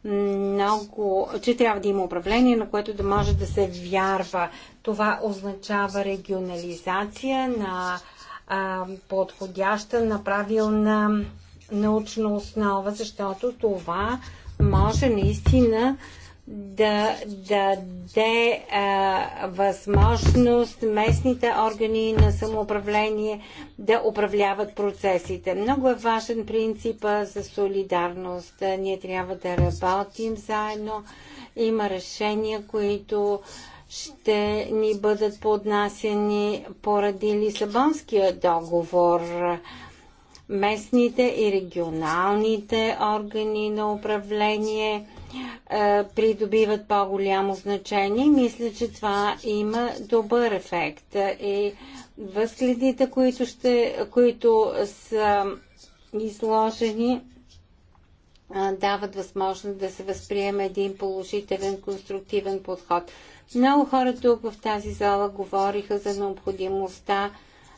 много, че трябва да има управление, на което да може да се вярва. Това означава регионализация на а, подходяща на правилна научна основа, защото това може наистина да даде а, възможност местните органи на самоуправление да управляват процесите. Много е важен принцип за солидарност. Ние трябва да работим заедно. Има решения, които а, ще ни бъдат поднасени поради Лисабонския договор. Местните и регионалните органи на управление е, придобиват по-голямо значение. Мисля, че това има добър ефект. И възгледите, които, ще, които са изложени, е, дават възможност да се възприеме един положителен, конструктивен подход. Много хора тук в тази зала говориха за необходимостта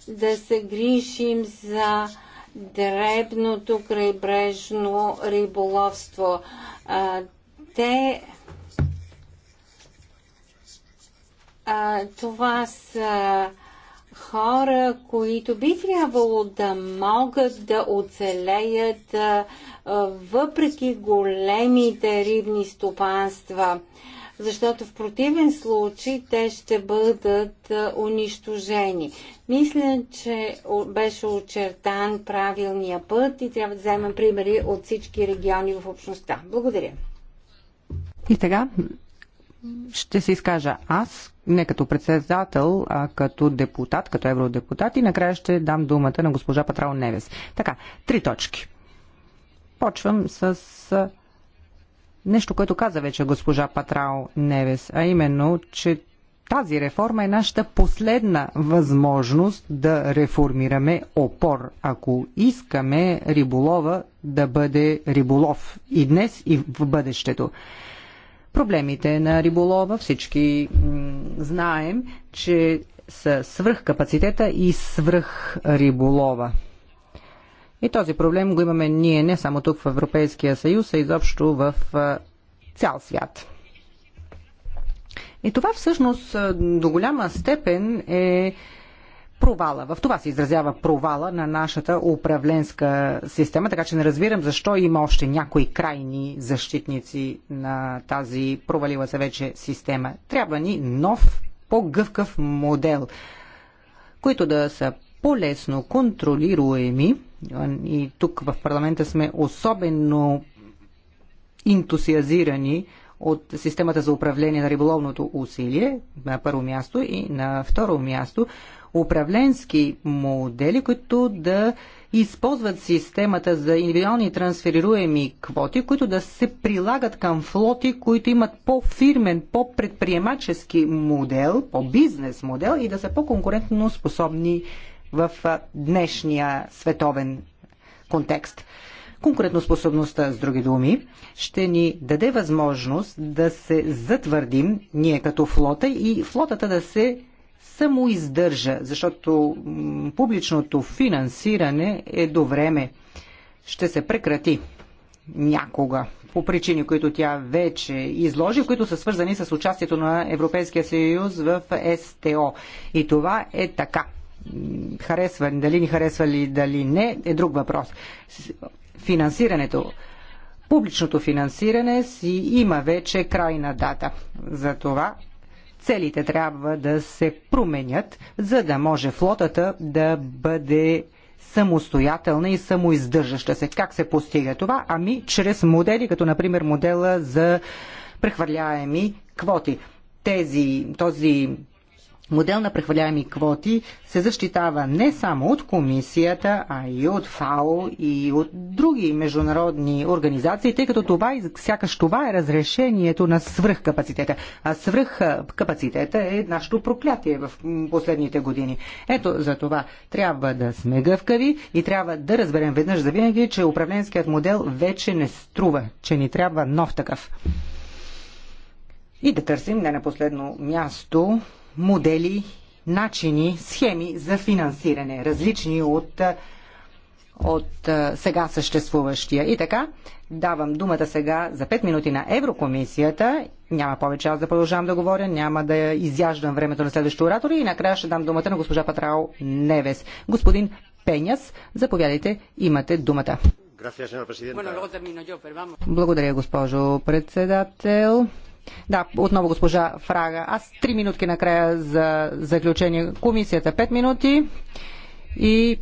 да се грижим за дребното крайбрежно риболовство. А, те а, това са хора, които би трябвало да могат да оцелеят а, въпреки големите рибни стопанства. А, защото в противен случай те ще бъдат унищожени. Мисля, че беше очертан правилния път и трябва да вземем примери от всички региони в общността. Благодаря. И сега ще се изкажа аз, не като председател, а като депутат, като евродепутат и накрая ще дам думата на госпожа Патрал Невес. Така, три точки. Почвам с нещо, което каза вече госпожа Патрао Невес, а именно, че тази реформа е нашата последна възможност да реформираме опор, ако искаме риболова да бъде риболов и днес, и в бъдещето. Проблемите на риболова всички знаем, че са свръхкапацитета и свръхриболова. И този проблем го имаме ние не само тук в Европейския съюз, а изобщо в цял свят. И това всъщност до голяма степен е провала. В това се изразява провала на нашата управленска система, така че не разбирам защо има още някои крайни защитници на тази провалила се вече система. Трябва ни нов, по-гъвкав модел, които да са по-лесно контролируеми. И тук в парламента сме особено ентусиазирани от системата за управление на риболовното усилие на първо място и на второ място управленски модели, които да използват системата за индивидуални трансферируеми квоти, които да се прилагат към флоти, които имат по-фирмен, по-предприемачески модел, по-бизнес модел и да са по-конкурентно способни в днешния световен контекст. Конкретно способността, с други думи, ще ни даде възможност да се затвърдим ние като флота и флотата да се самоиздържа, защото публичното финансиране е до време. Ще се прекрати някога по причини, които тя вече изложи, които са свързани с участието на Европейския съюз в СТО. И това е така харесва, дали ни харесва или дали не, е друг въпрос. Финансирането публичното финансиране си има вече крайна дата. За това целите трябва да се променят, за да може флотата да бъде самостоятелна и самоиздържаща се. Как се постига това? Ами чрез модели, като например модела за прехвърляеми квоти. Тези, този модел на прехвърляеми квоти се защитава не само от комисията, а и от ФАО и от други международни организации, тъй като това сякаш това е разрешението на свръхкапацитета. А свръхкапацитета е нашето проклятие в последните години. Ето за това трябва да сме гъвкави и трябва да разберем веднъж за винаги, че управленският модел вече не струва, че ни трябва нов такъв. И да търсим не на последно място модели, начини, схеми за финансиране, различни от, от сега съществуващия. И така, давам думата сега за 5 минути на Еврокомисията. Няма повече аз да продължавам да говоря, няма да изяждам времето на следващите оратори, и накрая ще дам думата на госпожа Патрао Невес. Господин Пеняс, заповядайте, имате думата. Благодаря, госпожо председател. Да, отново госпожа Фрага. Аз три минутки накрая за заключение. Комисията пет минути и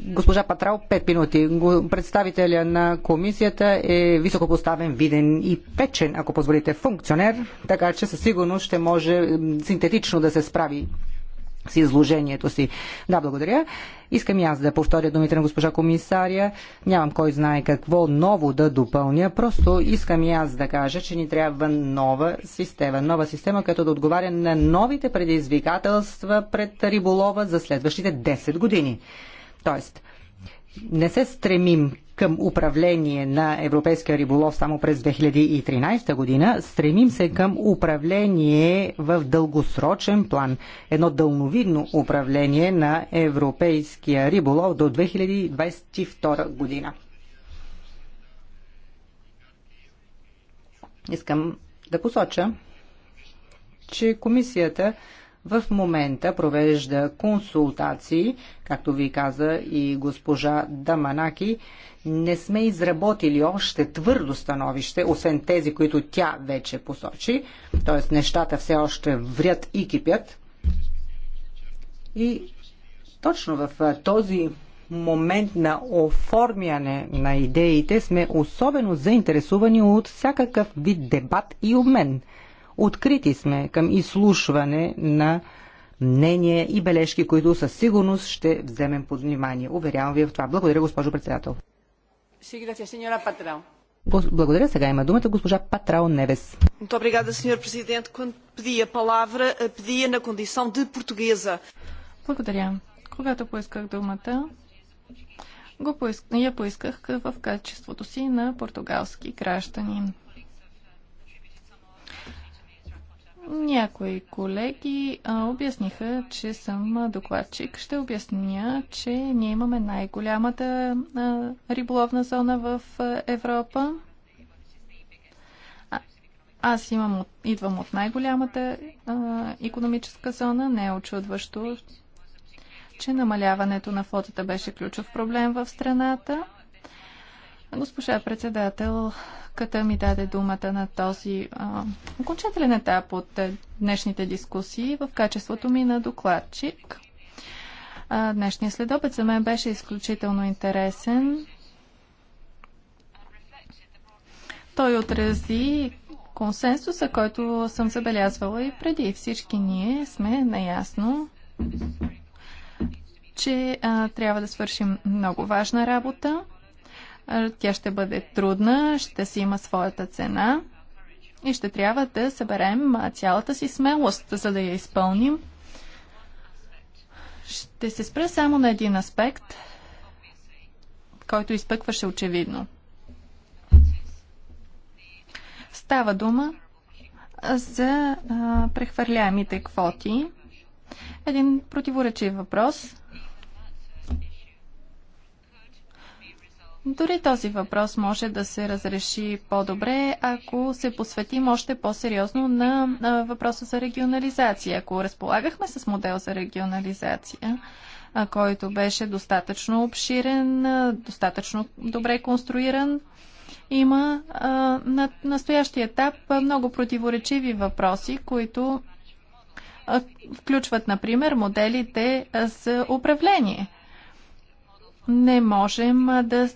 госпожа Патрал пет минути. Представителя на комисията е високопоставен, виден и печен, ако позволите, функционер, така че със сигурност ще може синтетично да се справи с изложението си. Да, благодаря. Искам и аз да повторя думите на госпожа комисаря. Нямам кой знае какво ново да допълня. Просто искам и аз да кажа, че ни трябва нова система. Нова система, като да отговаря на новите предизвикателства пред риболова за следващите 10 години. Тоест, не се стремим към управление на европейския риболов само през 2013 година, стремим се към управление в дългосрочен план. Едно дълновидно управление на европейския риболов до 2022 година. Искам да посоча, че комисията в момента провежда консултации, както ви каза и госпожа Даманаки. Не сме изработили още твърдо становище, освен тези, които тя вече посочи, т.е. нещата все още врят и кипят. И точно в този момент на оформяне на идеите сме особено заинтересувани от всякакъв вид дебат и обмен. Открити сме към изслушване на мнение и бележки, които със сигурност ще вземем под внимание. Уверявам ви в това. Благодаря, госпожо председател. Благодаря. Сега има думата госпожа Патрао Невес. Eh, Благодаря. Когато поисках думата, го я поисках в качеството си на португалски гражданин. Някои колеги а, обясниха, че съм докладчик. Ще обясня, че ние имаме най-голямата риболовна зона в а, Европа. А, аз имам, идвам от най-голямата економическа зона. Не е очудващо, че намаляването на флотата беше ключов проблем в страната. Госпожа председател, Докладчиката ми даде думата на този а, окончателен етап от е, днешните дискусии в качеството ми на докладчик. А, днешният следобед за мен беше изключително интересен. Той отрази консенсуса, който съм забелязвала и преди. Всички ние сме наясно, че а, трябва да свършим много важна работа тя ще бъде трудна, ще си има своята цена и ще трябва да съберем цялата си смелост, за да я изпълним. Ще се спра само на един аспект, който изпъкваше очевидно. Става дума за а, прехвърляемите квоти. Един противоречив въпрос – Дори този въпрос може да се разреши по-добре, ако се посветим още по-сериозно на, на въпроса за регионализация. Ако разполагахме с модел за регионализация, който беше достатъчно обширен, достатъчно добре конструиран, има а, на настоящия етап много противоречиви въпроси, които а, включват, например, моделите за управление – не можем да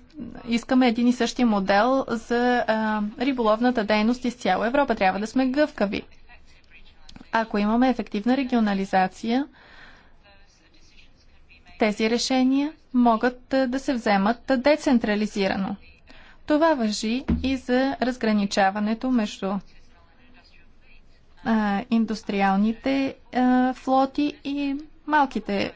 искаме един и същи модел за а, риболовната дейност из цяла Европа. Трябва да сме гъвкави. Ако имаме ефективна регионализация, тези решения могат да се вземат децентрализирано. Това въжи и за разграничаването между а, индустриалните а, флоти и малките